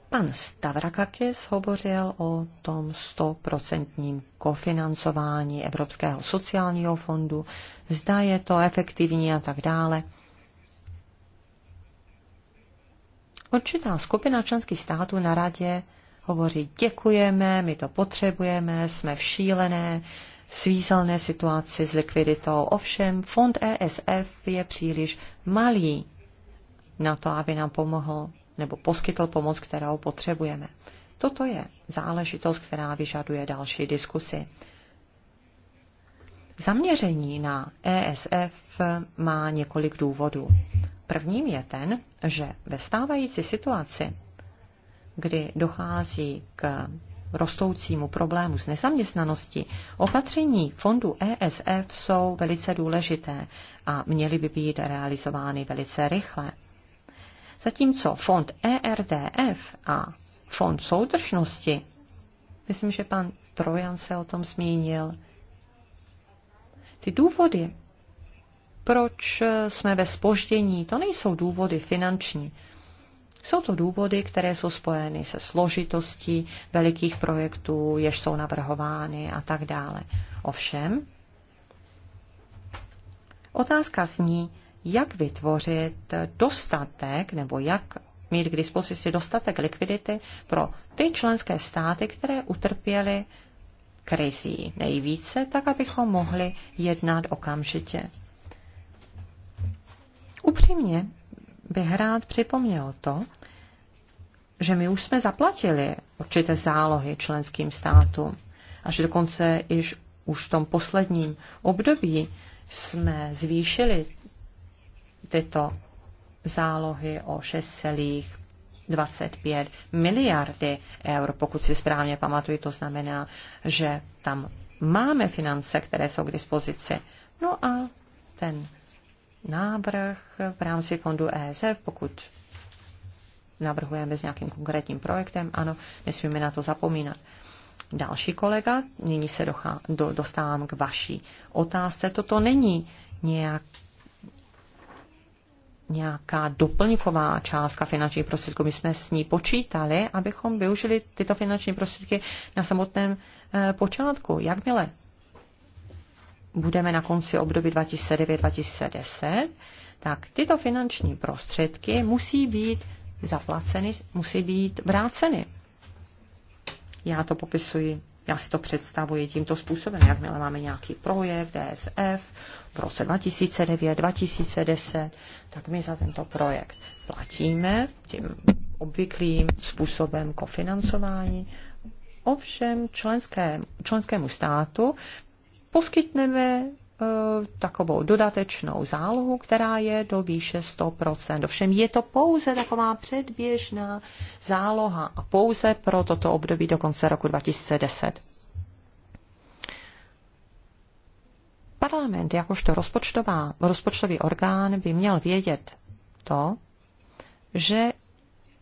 Pan Stavrakakis hovořil o tom 100% kofinancování Evropského sociálního fondu, zda je to efektivní a tak dále. Určitá skupina členských států na radě hovoří, děkujeme, my to potřebujeme, jsme v šílené, svízelné situaci s likviditou. Ovšem, fond ESF je příliš malý na to, aby nám pomohl nebo poskytl pomoc, kterou potřebujeme. Toto je záležitost, která vyžaduje další diskusy. Zaměření na ESF má několik důvodů. Prvním je ten, že ve stávající situaci, kdy dochází k rostoucímu problému s nezaměstnaností, opatření fondu ESF jsou velice důležité a měly by být realizovány velice rychle. Zatímco fond ERDF a fond soudržnosti, myslím, že pan Trojan se o tom zmínil, ty důvody proč eh, jsme ve spoždění. To nejsou důvody finanční. Jsou to důvody, které jsou spojeny se složitostí velikých projektů, jež jsou navrhovány a tak dále. Ovšem, otázka zní, jak vytvořit dostatek nebo jak mít k dispozici dostatek likvidity pro ty členské státy, které utrpěly krizí nejvíce, tak abychom mohli jednat okamžitě. Upřímně bych rád připomněl to, že my už jsme zaplatili určité zálohy členským státům a že dokonce již už v tom posledním období jsme zvýšili tyto zálohy o 6,25 miliardy eur, pokud si správně pamatuju, to znamená, že tam máme finance, které jsou k dispozici. No a ten návrh v rámci fondu ESF, pokud navrhujeme s nějakým konkrétním projektem, ano, nesmíme na to zapomínat. Další kolega, nyní se dochá, do, dostávám k vaší otázce. Toto není nějak nějaká doplňková částka finančních prostředků. My jsme s ní počítali, abychom využili tyto finanční prostředky na samotném eh, počátku. Jakmile budeme na konci období 2009-2010, tak tyto finanční prostředky musí být zaplaceny, musí být vráceny. Já to popisuji, já si to představuji tímto způsobem, jakmile máme nějaký projekt DSF v roce 2009, 2010, tak my za tento projekt platíme tím obvyklým způsobem kofinancování, Ovšem členské, členskému státu poskytneme eh, takovou dodatečnou zálohu, která je do výše 100%. Ovšem je to pouze taková předběžná záloha a pouze pro toto období do konce roku 2010. Parlament jakožto rozpočtová, rozpočtový orgán by měl vědět to, že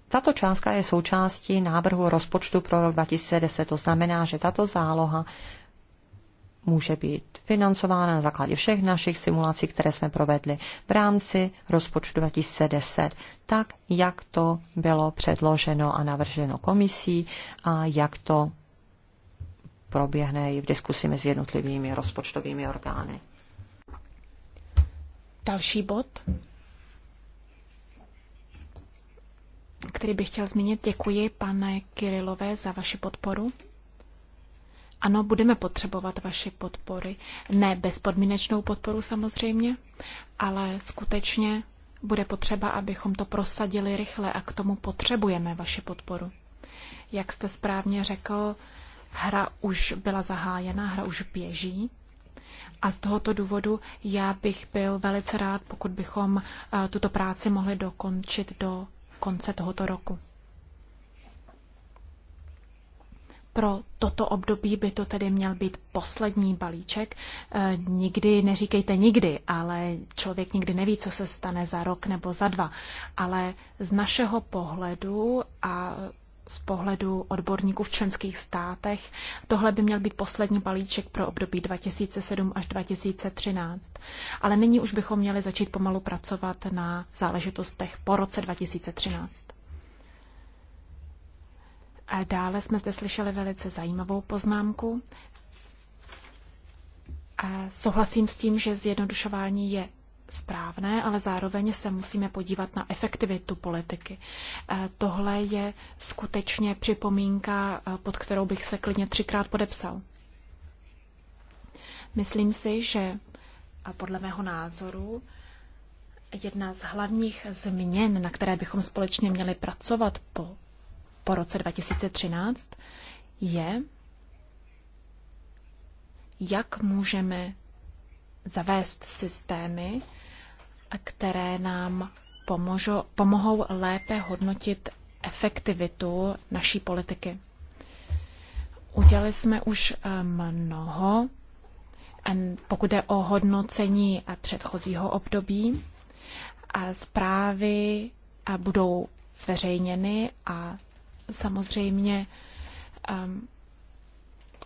tato částka je součástí návrhu rozpočtu pro rok 2010. To znamená, že tato záloha může být financována na základě všech našich simulací, které jsme provedli v rámci rozpočtu 2010, tak jak to bylo předloženo a navrženo komisí a jak to proběhne i v diskusi mezi jednotlivými rozpočtovými orgány. Další bod, který bych chtěl zmínit, děkuji pane Kirilové za vaši podporu. Ano, budeme potřebovat vaši podpory. Ne bezpodmínečnou podporu samozřejmě, ale skutečně bude potřeba, abychom to prosadili rychle a k tomu potřebujeme vaši podporu. Jak jste správně řekl, hra už byla zahájena, hra už běží. A z tohoto důvodu já bych byl velice rád, pokud bychom eh, tuto práci mohli dokončit do konce tohoto roku. Pro toto období by to tedy měl být poslední balíček. E, nikdy neříkejte nikdy, ale člověk nikdy neví, co se stane za rok nebo za dva. Ale z našeho pohledu a z pohledu odborníků v členských státech. Tohle by měl být poslední balíček pro období 2007 až 2013. Ale nyní už bychom měli začít pomalu pracovat na záležitostech po roce 2013. Dále jsme zde slyšeli velice zajímavou poznámku. Souhlasím s tím, že zjednodušování je správné, ale zároveň se musíme podívat na efektivitu politiky. Tohle je skutečně připomínka, e, pod kterou bych se klidně třikrát podepsal. Myslím si, že a podle mého názoru jedna z hlavních změn, na které bychom společně měli pracovat po po roce 2013 je, jak můžeme zavést systémy, které nám pomožou, pomohou lépe hodnotit efektivitu naší politiky. Udělali jsme už eh, mnoho, pokud jde o hodnocení eh, předchozího období. Zprávy eh, budou zveřejněny a samozřejmě ehm,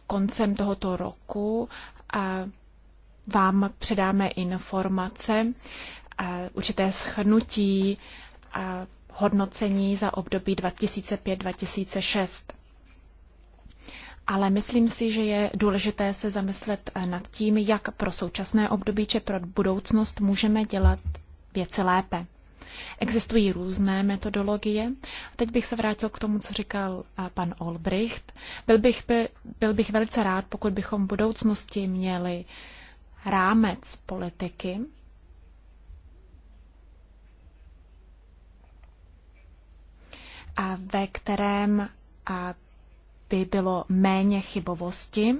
koncem tohoto roku vám předáme informace, určité a hodnocení za období 2005-2006. Ale myslím si, že je důležité se zamyslet nad tím, jak pro současné období či pro budoucnost můžeme dělat věci lépe. Existují různé metodologie. Teď bych se vrátil k tomu, co říkal pan Olbricht. Byl bych, by, byl bych velice rád, pokud bychom v budoucnosti měli rámec politiky, a ve kterém by bylo méně chybovosti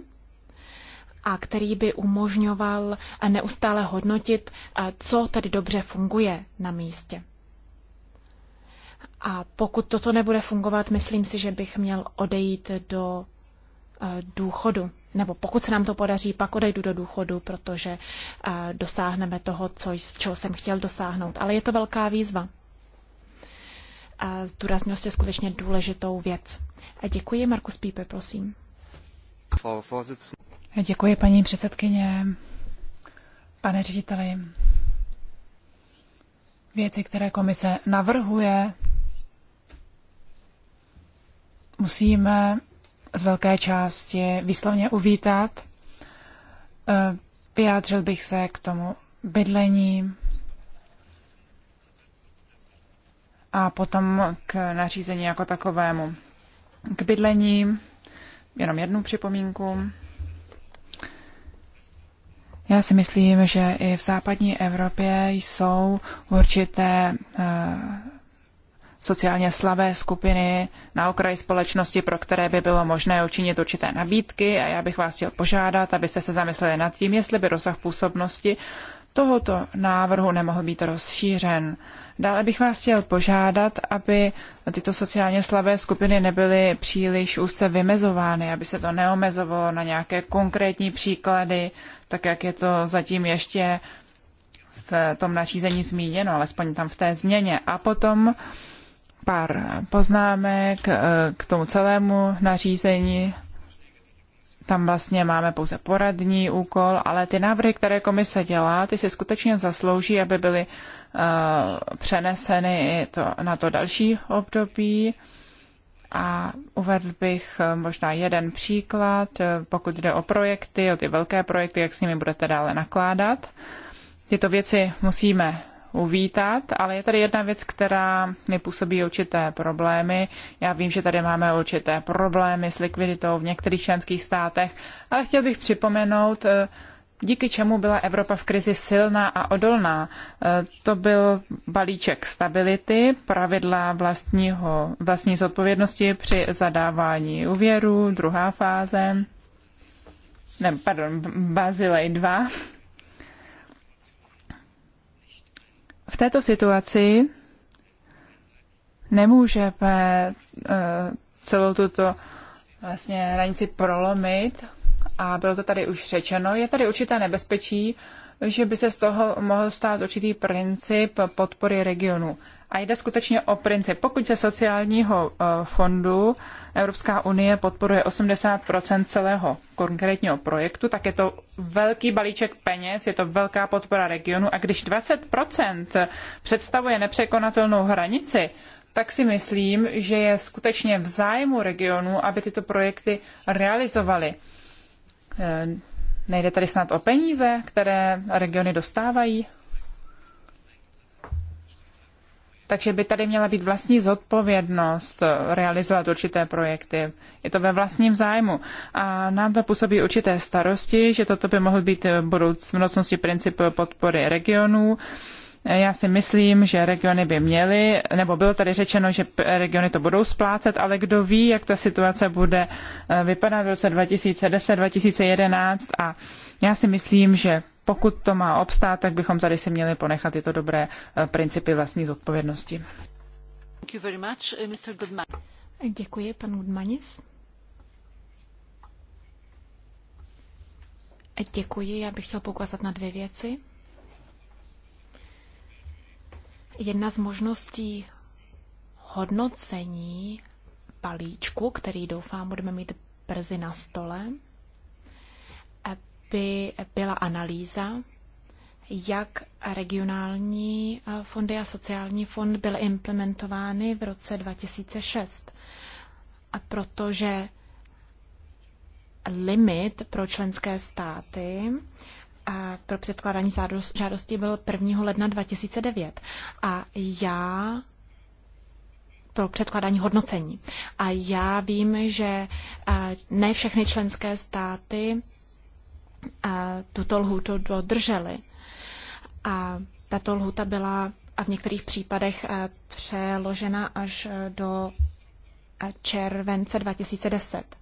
a který by umožňoval neustále hodnotit, co tedy dobře funguje na místě. A pokud toto nebude fungovat, myslím si, že bych měl odejít do důchodu. Nebo pokud se nám to podaří, pak odejdu do důchodu, protože dosáhneme toho, co, čeho jsem chtěl dosáhnout. Ale je to velká výzva. A zdůraznil jste skutečně důležitou věc. A děkuji, Markus Pípe, prosím. Děkuji, paní předsedkyně. Pane řediteli, věci, které komise navrhuje, musíme z velké části výslovně uvítat. Eh, vyjádřil bych se k tomu bydlení a potom k nařízení jako takovému. K bydlení jenom jednu připomínku. Já si myslím, že i v západní Evropě jsou určité eh, sociálně slabé skupiny na okraji společnosti, pro které by bylo možné učinit určité nabídky a já bych vás chtěl požádat, abyste se zamysleli nad tím, jestli by rozsah působnosti tohoto návrhu nemohl být rozšířen. Uh, Dále bych vás chtěl požádat, aby tyto sociálně slabé skupiny nebyly příliš úzce vymezovány, aby se to neomezovalo na nějaké konkrétní příklady, tak jak je to zatím ještě v tom nařízení zmíněno, alespoň tam v té změně. A potom pár poznámek eh, k tomu celému nařízení. Tam vlastně máme pouze poradní úkol, ale ty návrhy, které komise dělá, ty si skutečně zaslouží, aby byly Eh, přeneseny to, na to další období. A uvedl bych eh, možná jeden příklad, eh, pokud jde o projekty, o ty velké projekty, jak s nimi budete dále nakládat. Tyto věci musíme uvítat, ale je tady jedna věc, která mi působí určité problémy. Já vím, že tady máme určité problémy s likviditou v některých členských státech, ale chtěl bych připomenout díky čemu byla Evropa v krizi silná a odolná. E, to byl balíček stability, pravidla vlastního, vlastní zodpovědnosti při zadávání úvěru, druhá fáze, ne, pardon, Bazilej 2. V této situaci nemůžeme e, celou tuto vlastně hranici prolomit, a bylo to tady už řečeno, je tady určité nebezpečí, že by se z toho mohl stát určitý princip podpory regionu. A jde skutečně o princip. Pokud se sociálního eh, fondu Evropská unie podporuje 80 celého konkrétního projektu, tak je to velký balíček peněz, je to velká podpora regionu. A když 20 představuje nepřekonatelnou hranici, tak si myslím, že je skutečně v zájmu regionu, aby tyto projekty realizovaly. Nejde tady snad o peníze, které regiony dostávají? Takže by tady měla být vlastní zodpovědnost realizovat určité projekty. Je to ve vlastním zájmu. A nám to působí určité starosti, že toto by mohl být budoucnosti princip podpory regionů. Já si myslím, že regiony by měly, nebo bylo tady řečeno, že regiony to budou splácet, ale kdo ví, jak ta situace bude eh, vypadat v roce 2010, 2011 a já si myslím, že pokud to má obstát, tak bychom tady si měli ponechat tyto dobré eh, principy vlastní zodpovědnosti. Eh, Děkuji, pan Goodmanis. Děkuji, já bych chtěl poukázat na dvě věci. Jedna z možností hodnocení palíčku, který doufám budeme mít brzy na stole, by byla analýza, jak regionální eh, fondy a sociální fond byly implementovány v roce 2006. A protože limit pro členské státy pro předkládání žádosti byl 1. ledna 2009 a já pro předkládání hodnocení. A já vím, že ne všechny členské státy tuto lhůtu dodržely. A tato lhůta byla a v některých případech přeložena až do července 2010.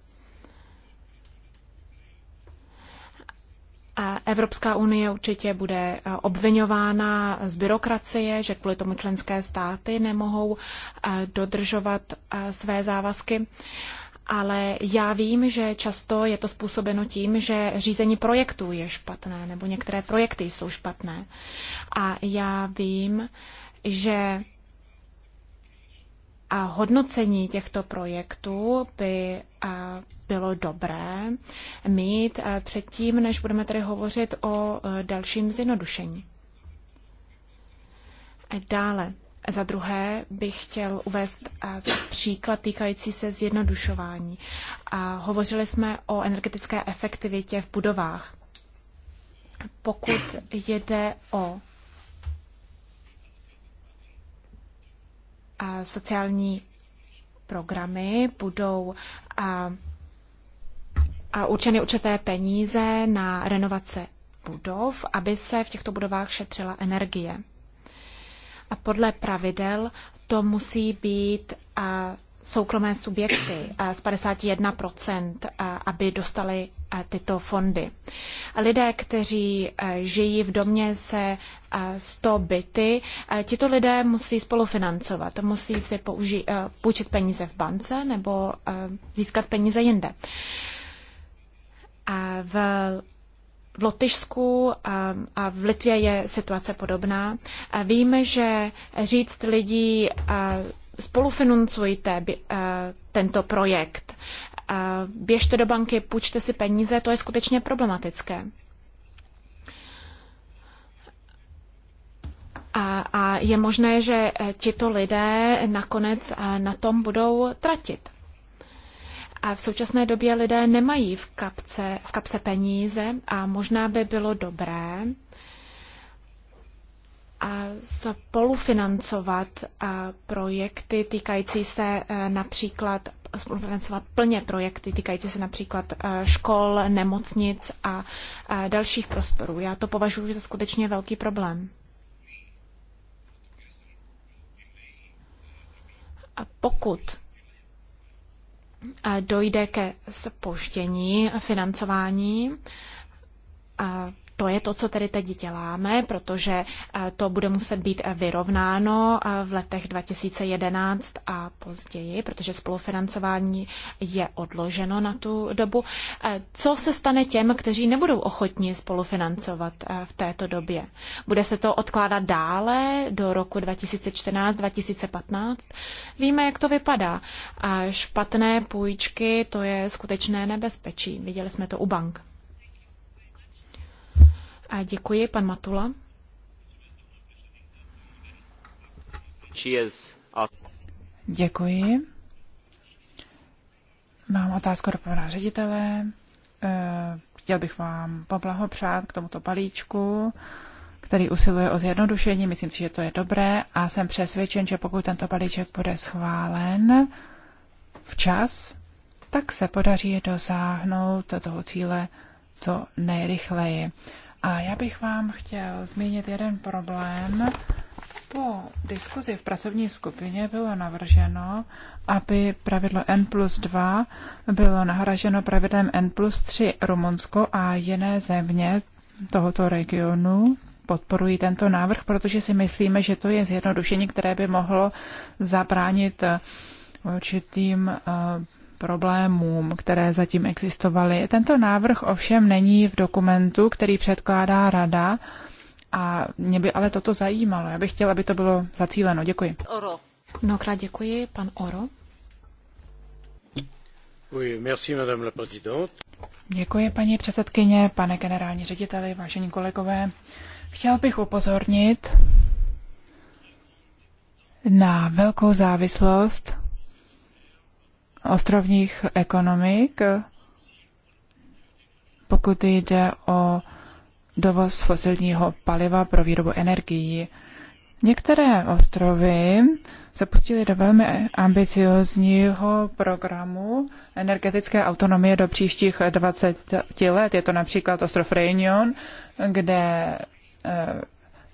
Evropská unie určitě bude eh, obvinována z byrokracie, že kvůli tomu členské státy nemohou eh, dodržovat eh, své závazky. Ale já vím, že často je to způsobeno tím, že řízení projektů je špatné, nebo některé projekty jsou špatné. A já vím, že a hodnocení těchto projektů by bylo dobré mít předtím, než budeme tady hovořit o e, dalším zjednodušení. Dále, za druhé bych chtěl uvést příklad týkající se zjednodušování. A hovořili jsme o energetické efektivitě v budovách. Pokud jde o sociální programy budou určeny určité peníze na renovace budov, aby se v těchto budovách šetřila energie. A podle pravidel to musí být soukromé subjekty z 51%, aby dostali tyto fondy. Lidé, kteří e, žijí v domě se 100 byty, tito lidé musí spolufinancovat, musí si použi- e, půjčit peníze v bance nebo e, získat peníze jinde. A v v Lotyšsku a, v Litvě je situace podobná. víme, že říct lidí spolufinancujte eh, tento projekt, eh, běžte do banky, půjčte si peníze, to je skutečně problematické. A, a je možné, že eh, tito lidé nakonec na tom budou tratit. A v současné době lidé nemají v kapce, v kapse peníze a možná by bylo dobré, spolufinancovat projekty týkající se e, například spolufinancovat plně projekty týkající se například e, škol, nemocnic a e, dalších prostorů. Já to považuji za skutečně velký problém. A pokud dojde ke spoždění financování, to je to, co tedy teď děláme, protože eh, to bude muset být eh, vyrovnáno eh, v letech 2011 a později, protože spolufinancování je odloženo na tu dobu. Co se stane těm, kteří nebudou ochotní spolufinancovat v této době? Bude se to odkládat dále do roku 2014-2015? Víme, jak to vypadá. A špatné půjčky, to je skutečné nebezpečí. Viděli jsme to u bank. A děkuji, pan Matula. Děkuji. Mám otázku do pana ředitele. Eh, chtěl bych vám poblahopřát k tomuto balíčku, který usiluje o zjednodušení. Myslím si, že to je dobré a jsem přesvědčen, že pokud tento balíček bude schválen včas, tak se podaří dosáhnout toho cíle co nejrychleji. A já bych vám chtěl zmínit jeden problém. Po diskuzi v pracovní skupině bylo navrženo, aby pravidlo N plus 2 bylo nahraženo pravidlem N plus 3 Rumunsko a jiné země tohoto regionu podporují tento návrh, protože si myslíme, že to je zjednodušení, které by mohlo zabránit určitým eh, problémům, které zatím existovaly. Tento návrh ovšem není v dokumentu, který předkládá rada, a mě by ale toto zajímalo. Já bych chtěla, aby to bylo zacíleno. Děkuji. Oro. Mnohokrát děkuji, pan Oro. Oui, merci, madame la présidente. Děkuji, paní předsedkyně, pane generální řediteli, vážení kolegové. Chtěl bych upozornit na velkou závislost ostrovních ekonomik, pokud jde o dovoz fosilního paliva pro výrobu energií. Některé ostrovy se pustily do velmi ambiciozního programu energetické autonomie do příštích 20 let. Je to například ostrov Reunion, kde eh,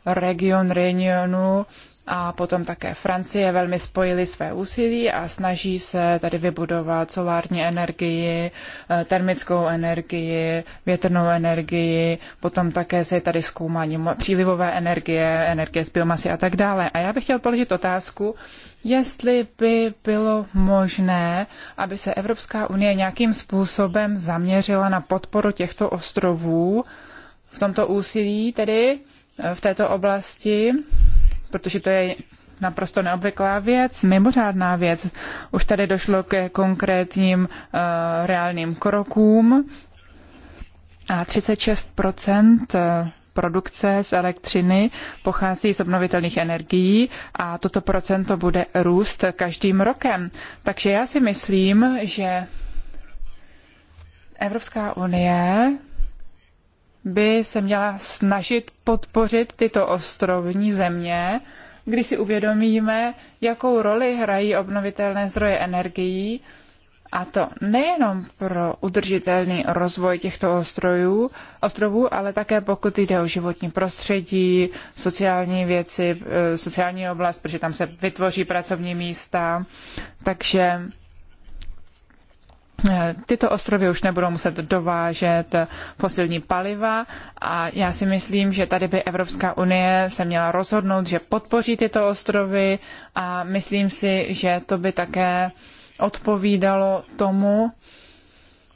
region Reunionu a potom také Francie velmi spojili své úsilí a snaží se tady vybudovat solární energii, eh, termickou energii, větrnou energii, potom také se je tady zkoumání přílivové energie, energie z biomasy a tak dále. A já bych chtěl položit otázku, jestli by bylo možné, aby se Evropská unie nějakým způsobem zaměřila na podporu těchto ostrovů v tomto úsilí, tedy eh, v této oblasti protože to je naprosto neobvyklá věc, mimořádná věc. Už tady došlo ke konkrétním uh, reálným krokům a 36 eh, produkce z elektřiny pochází z obnovitelných energií a toto procento bude růst každým rokem. Takže já si myslím, že Evropská unie by se měla snažit podpořit tyto ostrovní země, když si uvědomíme, jakou roli hrají obnovitelné zdroje energií, a to nejenom pro udržitelný rozvoj těchto ostrojů, ostrovů, ale také pokud jde o životní prostředí, sociální věci, eh, sociální oblast, protože tam se vytvoří pracovní místa. Takže Eh, tyto ostrovy už nebudou muset dovážet fosilní paliva a já si myslím, že tady by Evropská unie se měla rozhodnout, že podpoří tyto ostrovy a myslím si, že to by také odpovídalo tomu,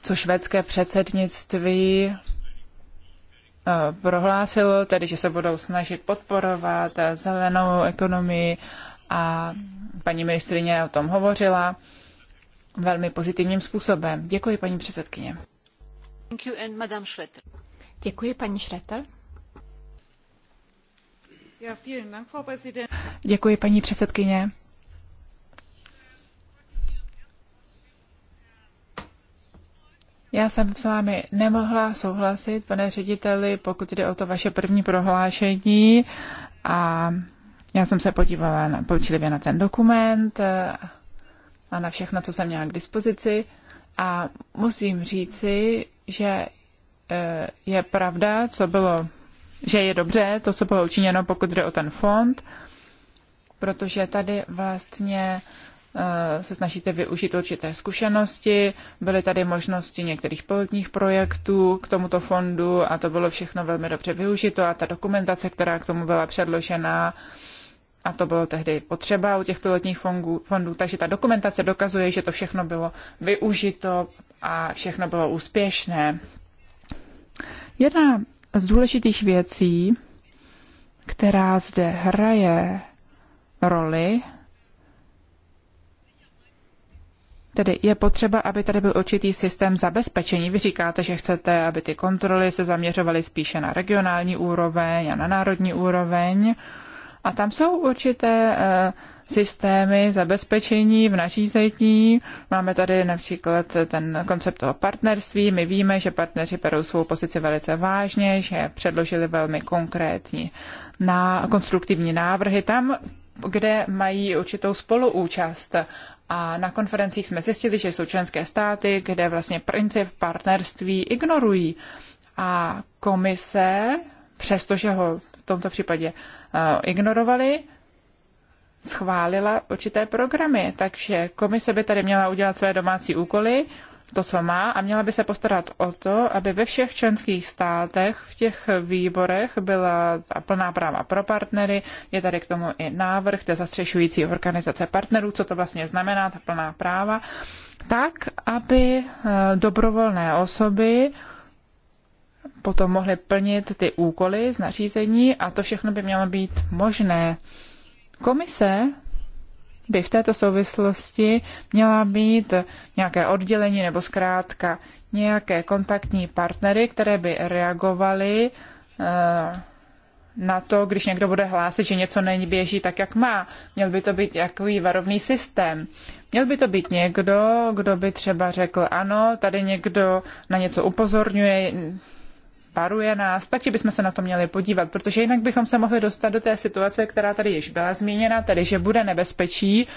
co švédské předsednictví eh, prohlásilo, tedy že se budou snažit podporovat zelenou ekonomii a paní ministrině o tom hovořila velmi pozitivním způsobem. Děkuji, paní předsedkyně. Děkuji, paní Schretter. Děkuji, paní předsedkyně. Já jsem s vámi nemohla souhlasit, pane řediteli, pokud jde o to vaše první prohlášení. A já jsem se podívala na, na ten dokument na všechno, co jsem měla k dispozici. A musím říci, že e, je pravda, co bylo, že je dobře to, co bylo učiněno, pokud jde o ten fond, protože tady vlastně e, se snažíte využít určité zkušenosti. Byly tady možnosti některých pilotních projektů k tomuto fondu a to bylo všechno velmi dobře využito a ta dokumentace, která k tomu byla předložena, a to bylo tehdy potřeba u těch pilotních fondů, fondů, takže ta dokumentace dokazuje, že to všechno bylo využito a všechno bylo úspěšné. Jedna z důležitých věcí, která zde hraje roli, Tedy je potřeba, aby tady byl určitý systém zabezpečení. Vy říkáte, že chcete, aby ty kontroly se zaměřovaly spíše na regionální úroveň a na národní úroveň. A tam jsou určité eh, systémy zabezpečení v nařízení. Máme tady například ten koncept toho partnerství. My víme, že partneři berou svou pozici velice vážně, že předložili velmi konkrétní na konstruktivní návrhy tam, kde mají určitou spoluúčast. A na konferencích jsme zjistili, že jsou členské státy, kde vlastně princip partnerství ignorují. A komise, přestože ho v tomto případě eh, ignorovali, schválila určité programy. Takže komise by tady měla udělat své domácí úkoly, to, co má, a měla by se postarat o to, aby ve všech členských státech, v těch výborech byla plná práva pro partnery. Je tady k tomu i návrh té zastřešující organizace partnerů, co to vlastně znamená, ta plná práva, tak, aby eh, dobrovolné osoby potom mohli plnit ty úkoly z nařízení a to všechno by mělo být možné. Komise by v této souvislosti měla být nějaké oddělení nebo zkrátka nějaké kontaktní partnery, které by reagovaly eh, na to, když někdo bude hlásit, že něco není běží tak, jak má. Měl by to být jaký varovný systém. Měl by to být někdo, kdo by třeba řekl, ano, tady někdo na něco upozorňuje, paruje nás, takže bychom se na to měli podívat, protože jinak bychom se mohli dostat do té situace, která tady již byla zmíněna, tedy že bude nebezpečí,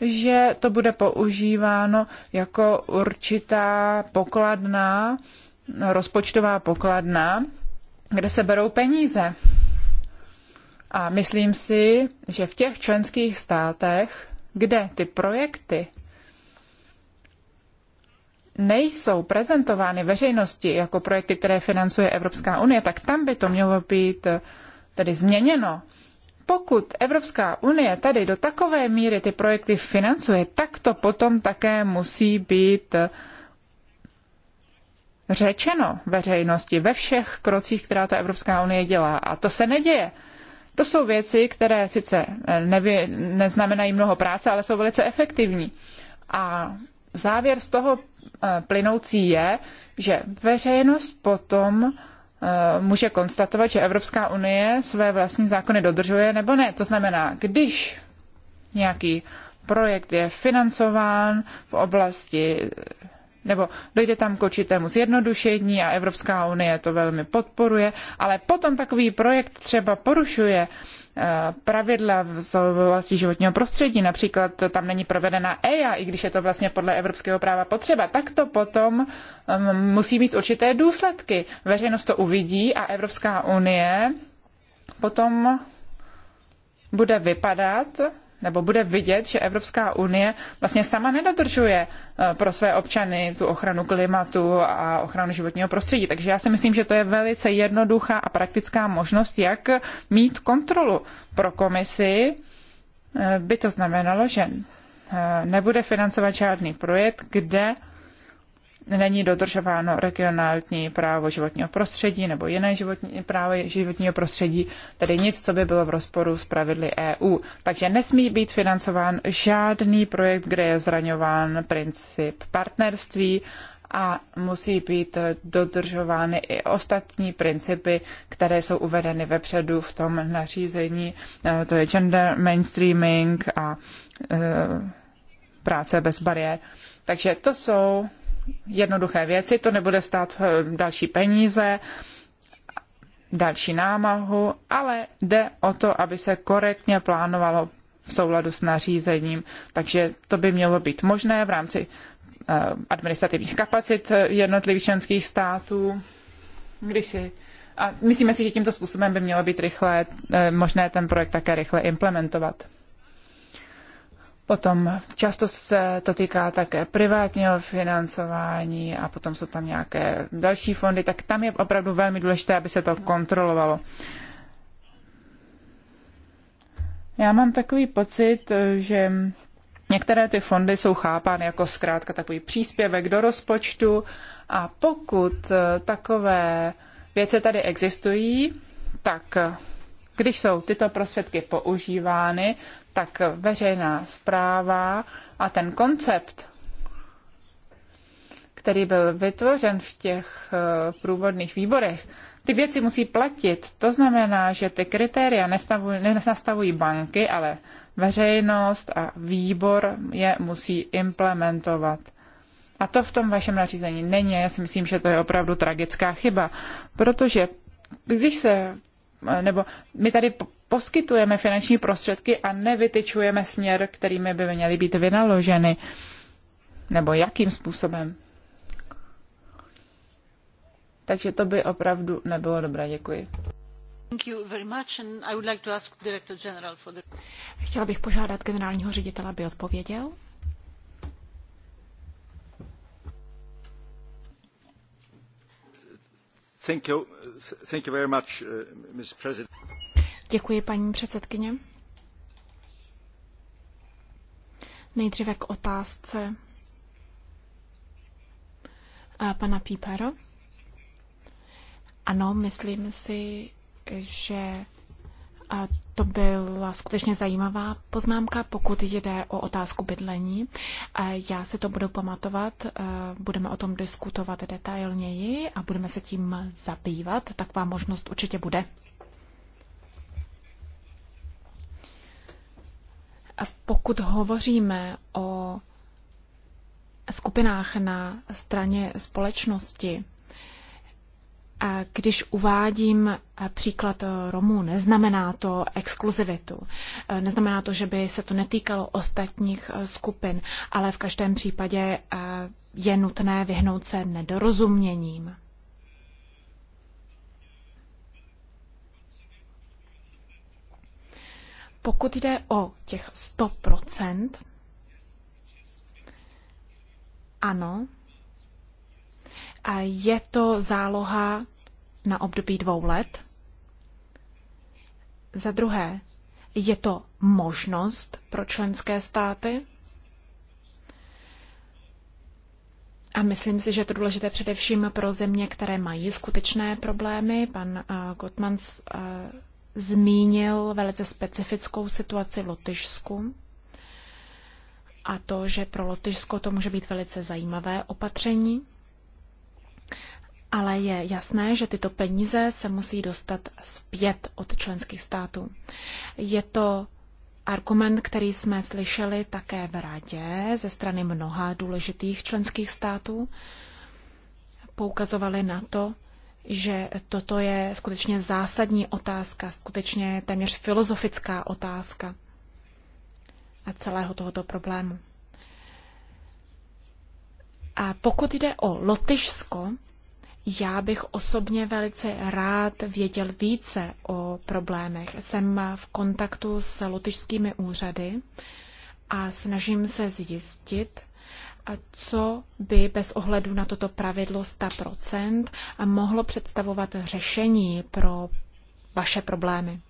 že to bude používáno jako určitá pokladná, rozpočtová pokladna, kde se berou peníze. A myslím si, že v těch členských státech, kde ty projekty nejsou prezentovány veřejnosti jako projekty, které financuje Evropská unie, tak tam by to mělo být eh, tedy změněno. Pokud Evropská unie tady do takové míry ty projekty financuje, tak to potom také musí být eh, řečeno veřejnosti ve všech krocích, která ta Evropská unie dělá. A to se neděje. To jsou věci, které sice eh, nevě, neznamenají mnoho práce, ale jsou velice efektivní. A závěr z toho eh, plynoucí je, že veřejnost potom eh, může konstatovat, že Evropská unie své vlastní zákony dodržuje nebo ne. To znamená, když nějaký projekt je financován v oblasti nebo dojde tam k určitému zjednodušení a Evropská unie to velmi podporuje, ale potom takový projekt třeba porušuje Eh, pravidla z oblasti životního prostředí, například tam není provedena EIA, i když je to vlastně podle evropského práva potřeba, tak to potom musí mít určité důsledky. Veřejnost to uvidí a Evropská unie potom bude vypadat nebo bude vidět, že Evropská unie vlastně sama nedodržuje eh, pro své občany tu ochranu klimatu a ochranu životního prostředí. Takže já si myslím, že to je velice jednoduchá a praktická možnost, jak mít kontrolu pro komisi. Eh, by to znamenalo, že eh, nebude financovat žádný projekt, kde není dodržováno regionální právo životního prostředí nebo jiné životní, právo životního prostředí, tedy nic, co by bylo v rozporu s pravidly EU. Takže nesmí být financován žádný projekt, kde je zraňován princip partnerství a musí být dodržovány i ostatní principy, které jsou uvedeny vepředu v tom nařízení, eh, to je gender mainstreaming a eh, práce bez bariér. Takže to jsou jednoduché věci, to nebude stát eh, další peníze, další námahu, ale jde o to, aby se korektně plánovalo v souladu s nařízením, takže to by mělo být možné v rámci eh, administrativních kapacit jednotlivých členských států. Když si, a myslíme si, že tímto způsobem by mělo být rychle eh, možné ten projekt také rychle implementovat. Potom často se to týká také privátního financování a potom jsou tam nějaké další fondy, tak tam je opravdu velmi důležité, aby se to kontrolovalo. Já mám takový pocit, že některé ty fondy jsou chápány jako zkrátka takový příspěvek do rozpočtu a pokud takové věci tady existují, tak když jsou tyto prostředky používány, tak veřejná zpráva a ten koncept, který byl vytvořen v těch eh, průvodných výborech, ty věci musí platit. To znamená, že ty kritéria nenastavují banky, ale veřejnost a výbor je musí implementovat. A to v tom vašem nařízení není. Já si myslím, že to je opravdu tragická chyba, protože když se Eh, nebo my tady poskytujeme finanční prostředky a nevytyčujeme směr, kterými by měly být vynaloženy, nebo jakým způsobem. Takže to by opravdu nebylo dobré. Děkuji. Chtěla bych požádat generálního ředitele, aby odpověděl. Thank you. Thank you very much, uh, Ms. President. Děkuji, paní předsedkyně. Nejdříve k otázce eh, pana Pípera. Ano, myslím si, že a to byla skutečně zajímavá poznámka, pokud jde o otázku bydlení. Já se to budu pamatovat, eh, budeme o tom diskutovat detailněji a budeme se tím zabývat. Taková možnost určitě bude. A pokud hovoříme o skupinách na straně společnosti, když uvádím eh, příklad eh, Romů, neznamená to exkluzivitu. Eh, neznamená to, že by se to netýkalo ostatních skupin, ale v každém případě je nutné vyhnout se nedorozuměním. Pokud jde o těch 100%, ano, a je to záloha na období dvou let. Za druhé, je to možnost pro členské státy. A myslím si, že je to důležité především pro země, které mají skutečné problémy. Pan uh, Gottmans uh, zmínil velice specifickou situaci v Lotyšsku a to, že pro Lotyšsko to může být velice zajímavé opatření ale je jasné, že tyto peníze se musí dostat zpět od členských států. Je to argument, který jsme slyšeli také v Radě ze strany mnoha důležitých členských států. Poukazovali na to, že toto je skutečně zásadní otázka, skutečně téměř filozofická otázka a celého tohoto problému. A pokud jde o Lotyšsko, já bych osobně velice rád věděl více o problémech. Jsem v kontaktu s lotyšskými úřady a snažím se zjistit, co by bez ohledu na toto pravidlo 100% mohlo představovat řešení pro vaše problémy.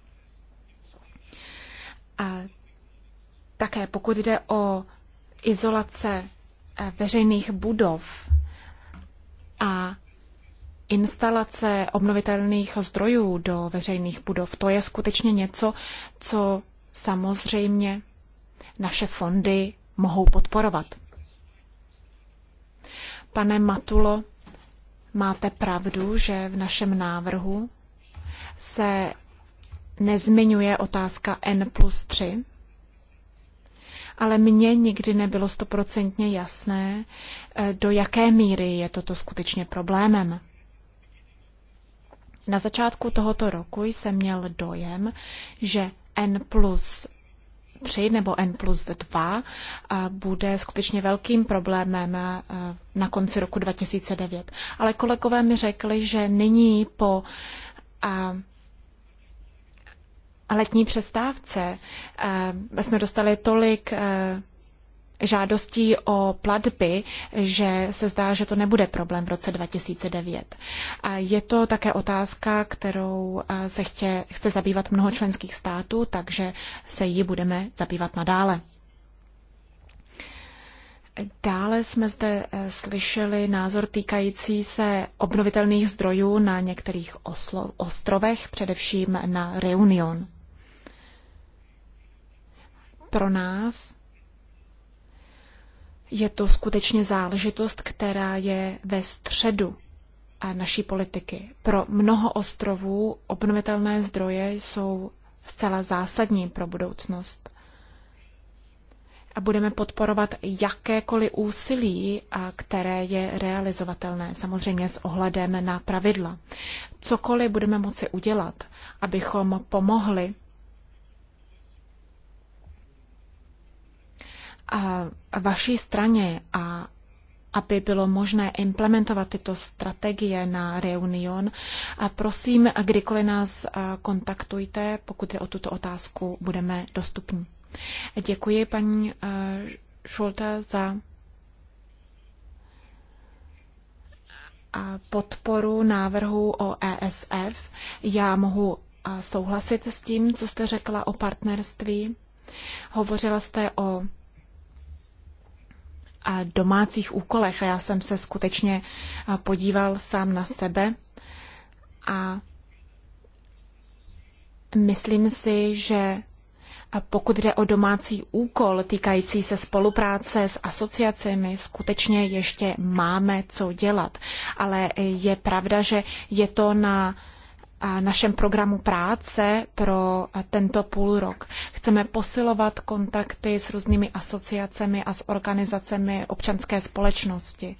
A také pokud jde o izolace eh, veřejných budov a instalace obnovitelných zdrojů do veřejných budov, to je skutečně něco, co samozřejmě naše fondy mohou podporovat. Pane Matulo, máte pravdu, že v našem návrhu se nezmiňuje otázka N plus 3, ale mně nikdy nebylo stoprocentně jasné, do jaké míry je toto skutečně problémem na začátku tohoto roku jsem měl dojem, že N plus 3 nebo N plus 2 bude skutečně velkým problémem na konci roku 2009. Ale kolegové mi řekli, že nyní po letní přestávce jsme dostali tolik žádostí o platby, že se zdá, že to nebude problém v roce 2009. A je to také otázka, kterou se chtě, chce zabývat mnoho členských států, takže se ji budeme zabývat nadále. Dále jsme zde e, slyšeli názor týkající se obnovitelných zdrojů na některých oslo, ostrovech, především na Reunion. Pro nás je to skutečně záležitost, která je ve středu naší politiky. Pro mnoho ostrovů obnovitelné zdroje jsou zcela zásadní pro budoucnost. A budeme podporovat jakékoliv úsilí, které je realizovatelné, samozřejmě s ohledem na pravidla. Cokoliv budeme moci udělat, abychom pomohli vaší straně a aby bylo možné implementovat tyto strategie na Reunion. A prosím, kdykoliv nás kontaktujte, pokud je o tuto otázku, budeme dostupní. Děkuji paní Šulte za podporu návrhu o ESF. Já mohu souhlasit s tím, co jste řekla o partnerství. Hovořila jste o a domácích úkolech a já jsem se skutečně podíval sám na sebe a myslím si, že pokud jde o domácí úkol týkající se spolupráce s asociacemi, skutečně ještě máme co dělat. Ale je pravda, že je to na našem programu práce pro tento půl rok. Chceme posilovat kontakty s různými asociacemi a s organizacemi občanské společnosti.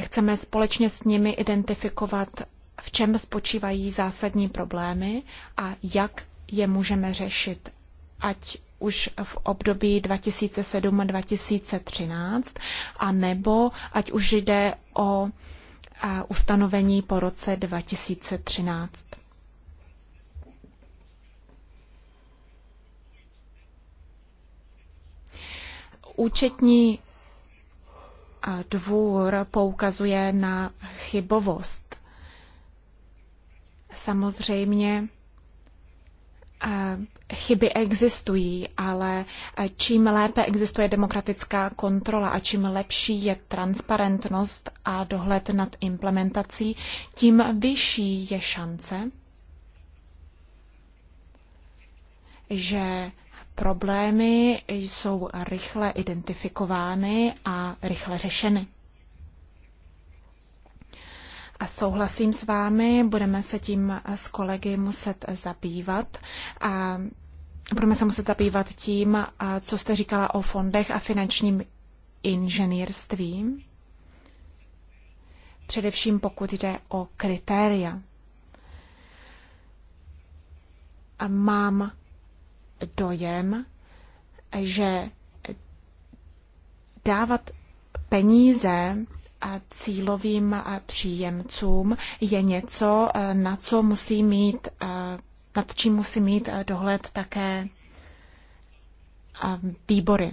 Chceme společně s nimi identifikovat, v čem spočívají zásadní problémy a jak je můžeme řešit, ať už v období 2007-2013, a nebo ať už jde o ustanovení po roce 2013. Účetní dvůr poukazuje na chybovost. Samozřejmě Eh, chyby existují, ale eh, čím lépe existuje demokratická kontrola a čím lepší je transparentnost a dohled nad implementací, tím vyšší je šance, že problémy jsou rychle identifikovány a rychle řešeny. A souhlasím s vámi, budeme se tím s kolegy muset zabývat. A budeme se muset zabývat tím, co jste říkala o fondech a finančním inženýrství. Především pokud jde o kritéria. A mám dojem, že dávat peníze cílovým příjemcům je něco, na co musí mít, nad čím musí mít dohled také výbory.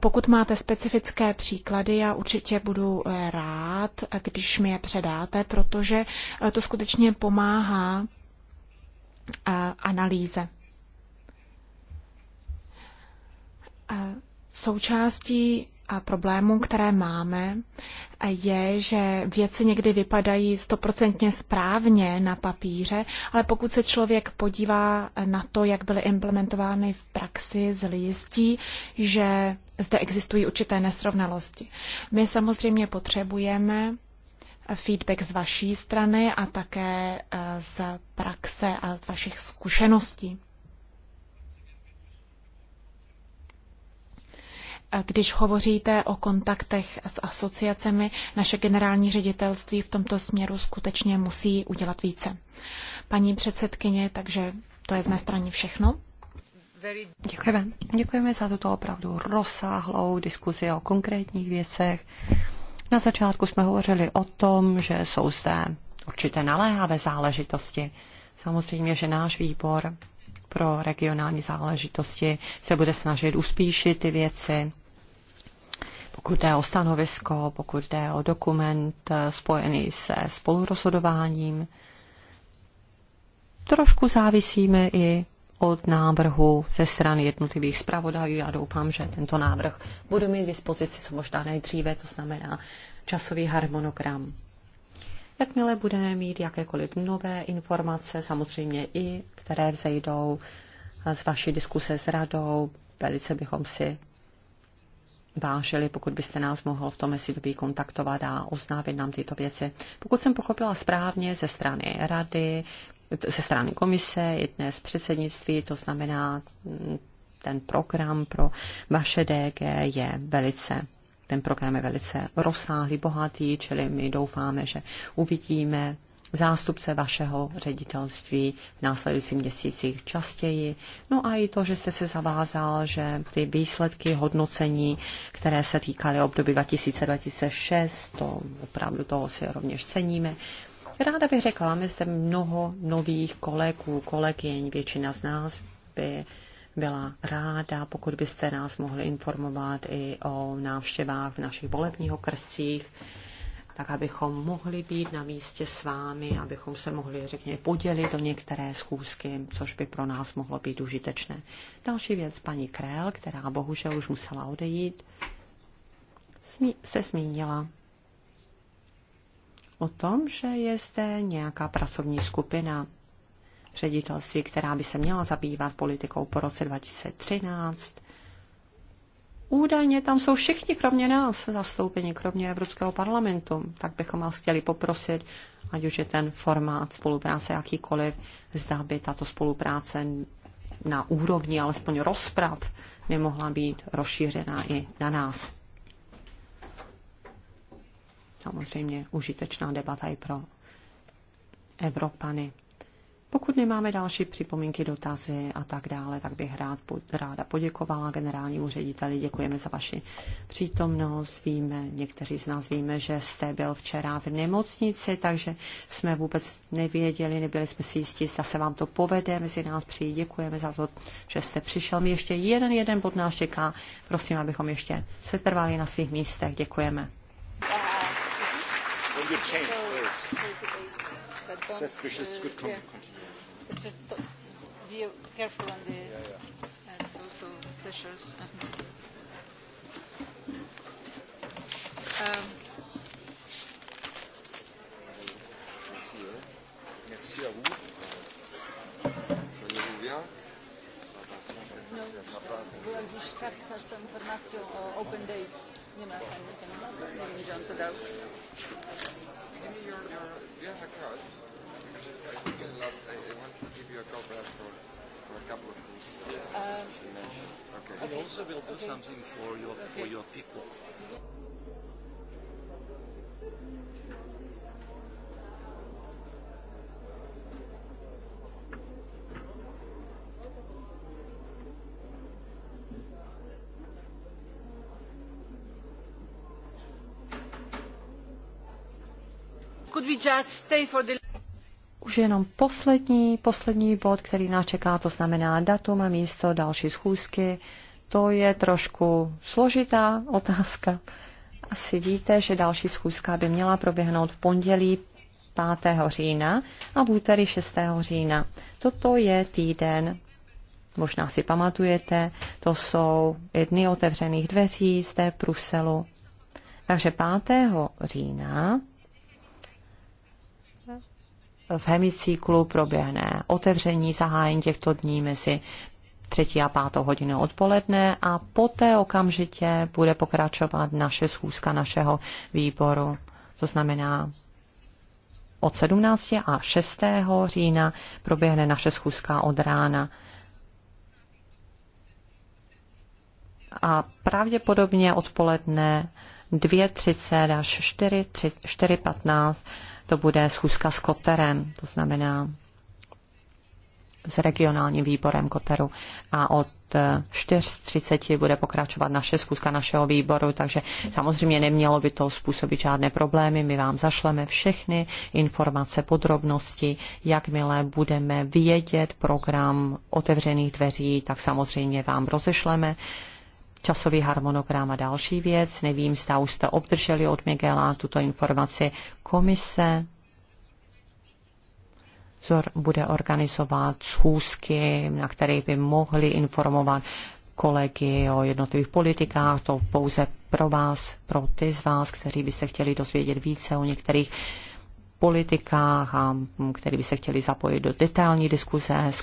Pokud máte specifické příklady, já určitě budu e, rád, když mi je předáte, protože e, to skutečně pomáhá analýze. Součástí problémů, které máme, je, že věci někdy vypadají stoprocentně správně na papíře, ale pokud se člověk podívá na to, jak byly implementovány v praxi, zjistí, že zde existují určité nesrovnalosti. My samozřejmě potřebujeme feedback z vaší strany a také eh, z praxe a z vašich zkušeností. Když hovoříte o kontaktech s asociacemi, naše generální ředitelství v tomto směru skutečně musí udělat více. Paní předsedkyně, takže to je z mé strany všechno. Děkujeme. Děkujeme za tuto opravdu rozsáhlou diskuzi o konkrétních věcech. Na začátku jsme hovořili o tom, že jsou zde určité naléhavé záležitosti. Samozřejmě, že náš výbor pro regionální záležitosti se bude snažit uspíšit ty věci, pokud jde o stanovisko, pokud jde o dokument eh, spojený se spolurozhodováním. Trošku závisíme i od návrhu ze strany jednotlivých zpravodajů. Já doufám, že tento návrh budu mít v dispozici co možná nejdříve, to znamená časový harmonogram. Jakmile budeme mít jakékoliv nové informace, samozřejmě i které vzejdou z vaší diskuse s radou, velice bychom si vážili, pokud byste nás mohl v tom mezidobí kontaktovat a oznávit nám tyto věci. Pokud jsem pochopila správně ze strany rady, ze strany komise, i dnes předsednictví, to znamená, ten program pro vaše DG je velice ten program je velice rozsáhlý, bohatý, čili my doufáme, že uvidíme zástupce vašeho ředitelství v následujících měsících častěji. No a i to, že jste se zavázal, že ty výsledky hodnocení, které se týkaly období 2000-2006, to opravdu toho si rovněž ceníme. Ráda bych řekla, máme zde mnoho nových kolegů, kolegyň, většina z nás by byla ráda, pokud byste nás mohli informovat i o návštěvách v našich volebních okrscích tak abychom mohli být na místě s vámi, abychom se mohli, řekněme, podělit o některé schůzky, což by pro nás mohlo být užitečné. Další věc, paní Krell, která bohužel už musela odejít, se zmínila o tom, že je zde nějaká pracovní skupina ředitelství, která by se měla zabývat politikou po roce 2013. Údajně tam jsou všichni, kromě nás, zastoupeni, kromě Evropského parlamentu. Tak bychom vás chtěli poprosit, ať už je ten formát spolupráce jakýkoliv, zda by tato spolupráce na úrovni alespoň rozprav mohla být rozšířena i na nás. Samozřejmě užitečná debata i pro Evropany. Pokud nemáme další připomínky, dotazy a tak dále, tak bych rád, ráda poděkovala generálnímu řediteli. Děkujeme za vaši přítomnost. Víme, někteří z nás víme, že jste byl včera v nemocnici, takže jsme vůbec nevěděli, nebyli jsme si jistí, zda se vám to povede mezi nás přijít. Děkujeme za to, že jste přišel. My ještě jeden, jeden bod nás čeká. Prosím, abychom ještě setrvali na svých místech. Děkujeme. Uh, don't. That's vicious. Uh, Good yeah. continue. Just be careful on the. Yeah, yeah. That's also pressures. Uh -huh. um, Merci, hein. Merci à vous. Soyez-vous bien. No, byłem dziś kartka z tą informacją o Open Days. Nie ma pani, nie wiem, gdzie on to dał. Give me your, your, do you have a card? I want to give you a couple of things. Yes. I also will do something for your, for your people. could we just stay for the už jenom poslední, poslední bod, který nás čeká, to znamená datum a místo další schůzky. To je trošku složitá otázka. Asi víte, že další schůzka by měla proběhnout v pondělí 5. října a v úterý 6. října. Toto je týden, možná si pamatujete, to jsou dny otevřených dveří zde v Bruselu. Takže 5. října v hemicyklu proběhne otevření zahájení těchto dní mezi třetí a pátou hodinu odpoledne a poté okamžitě bude pokračovat naše schůzka našeho výboru. To znamená od 17. a 6. října proběhne naše schůzka od rána. A pravděpodobně odpoledne 2.30 až 4.15 to bude schůzka s Koterem, to znamená s regionálním výborem Koteru. A od 4.30 eh, bude pokračovat naše schůzka našeho výboru, takže samozřejmě nemělo by to způsobit žádné problémy. My vám zašleme všechny informace, podrobnosti. Jakmile budeme vědět program otevřených dveří, tak samozřejmě vám rozešleme časový harmonogram a další věc. Nevím, zda už jste obdrželi od Miguela tuto informaci. Komise bude organizovat schůzky, na kterých by mohli informovat kolegy o jednotlivých politikách. To pouze pro vás, pro ty z vás, kteří by se chtěli dozvědět více o některých politikách a který by se chtěli zapojit do detailní diskuze s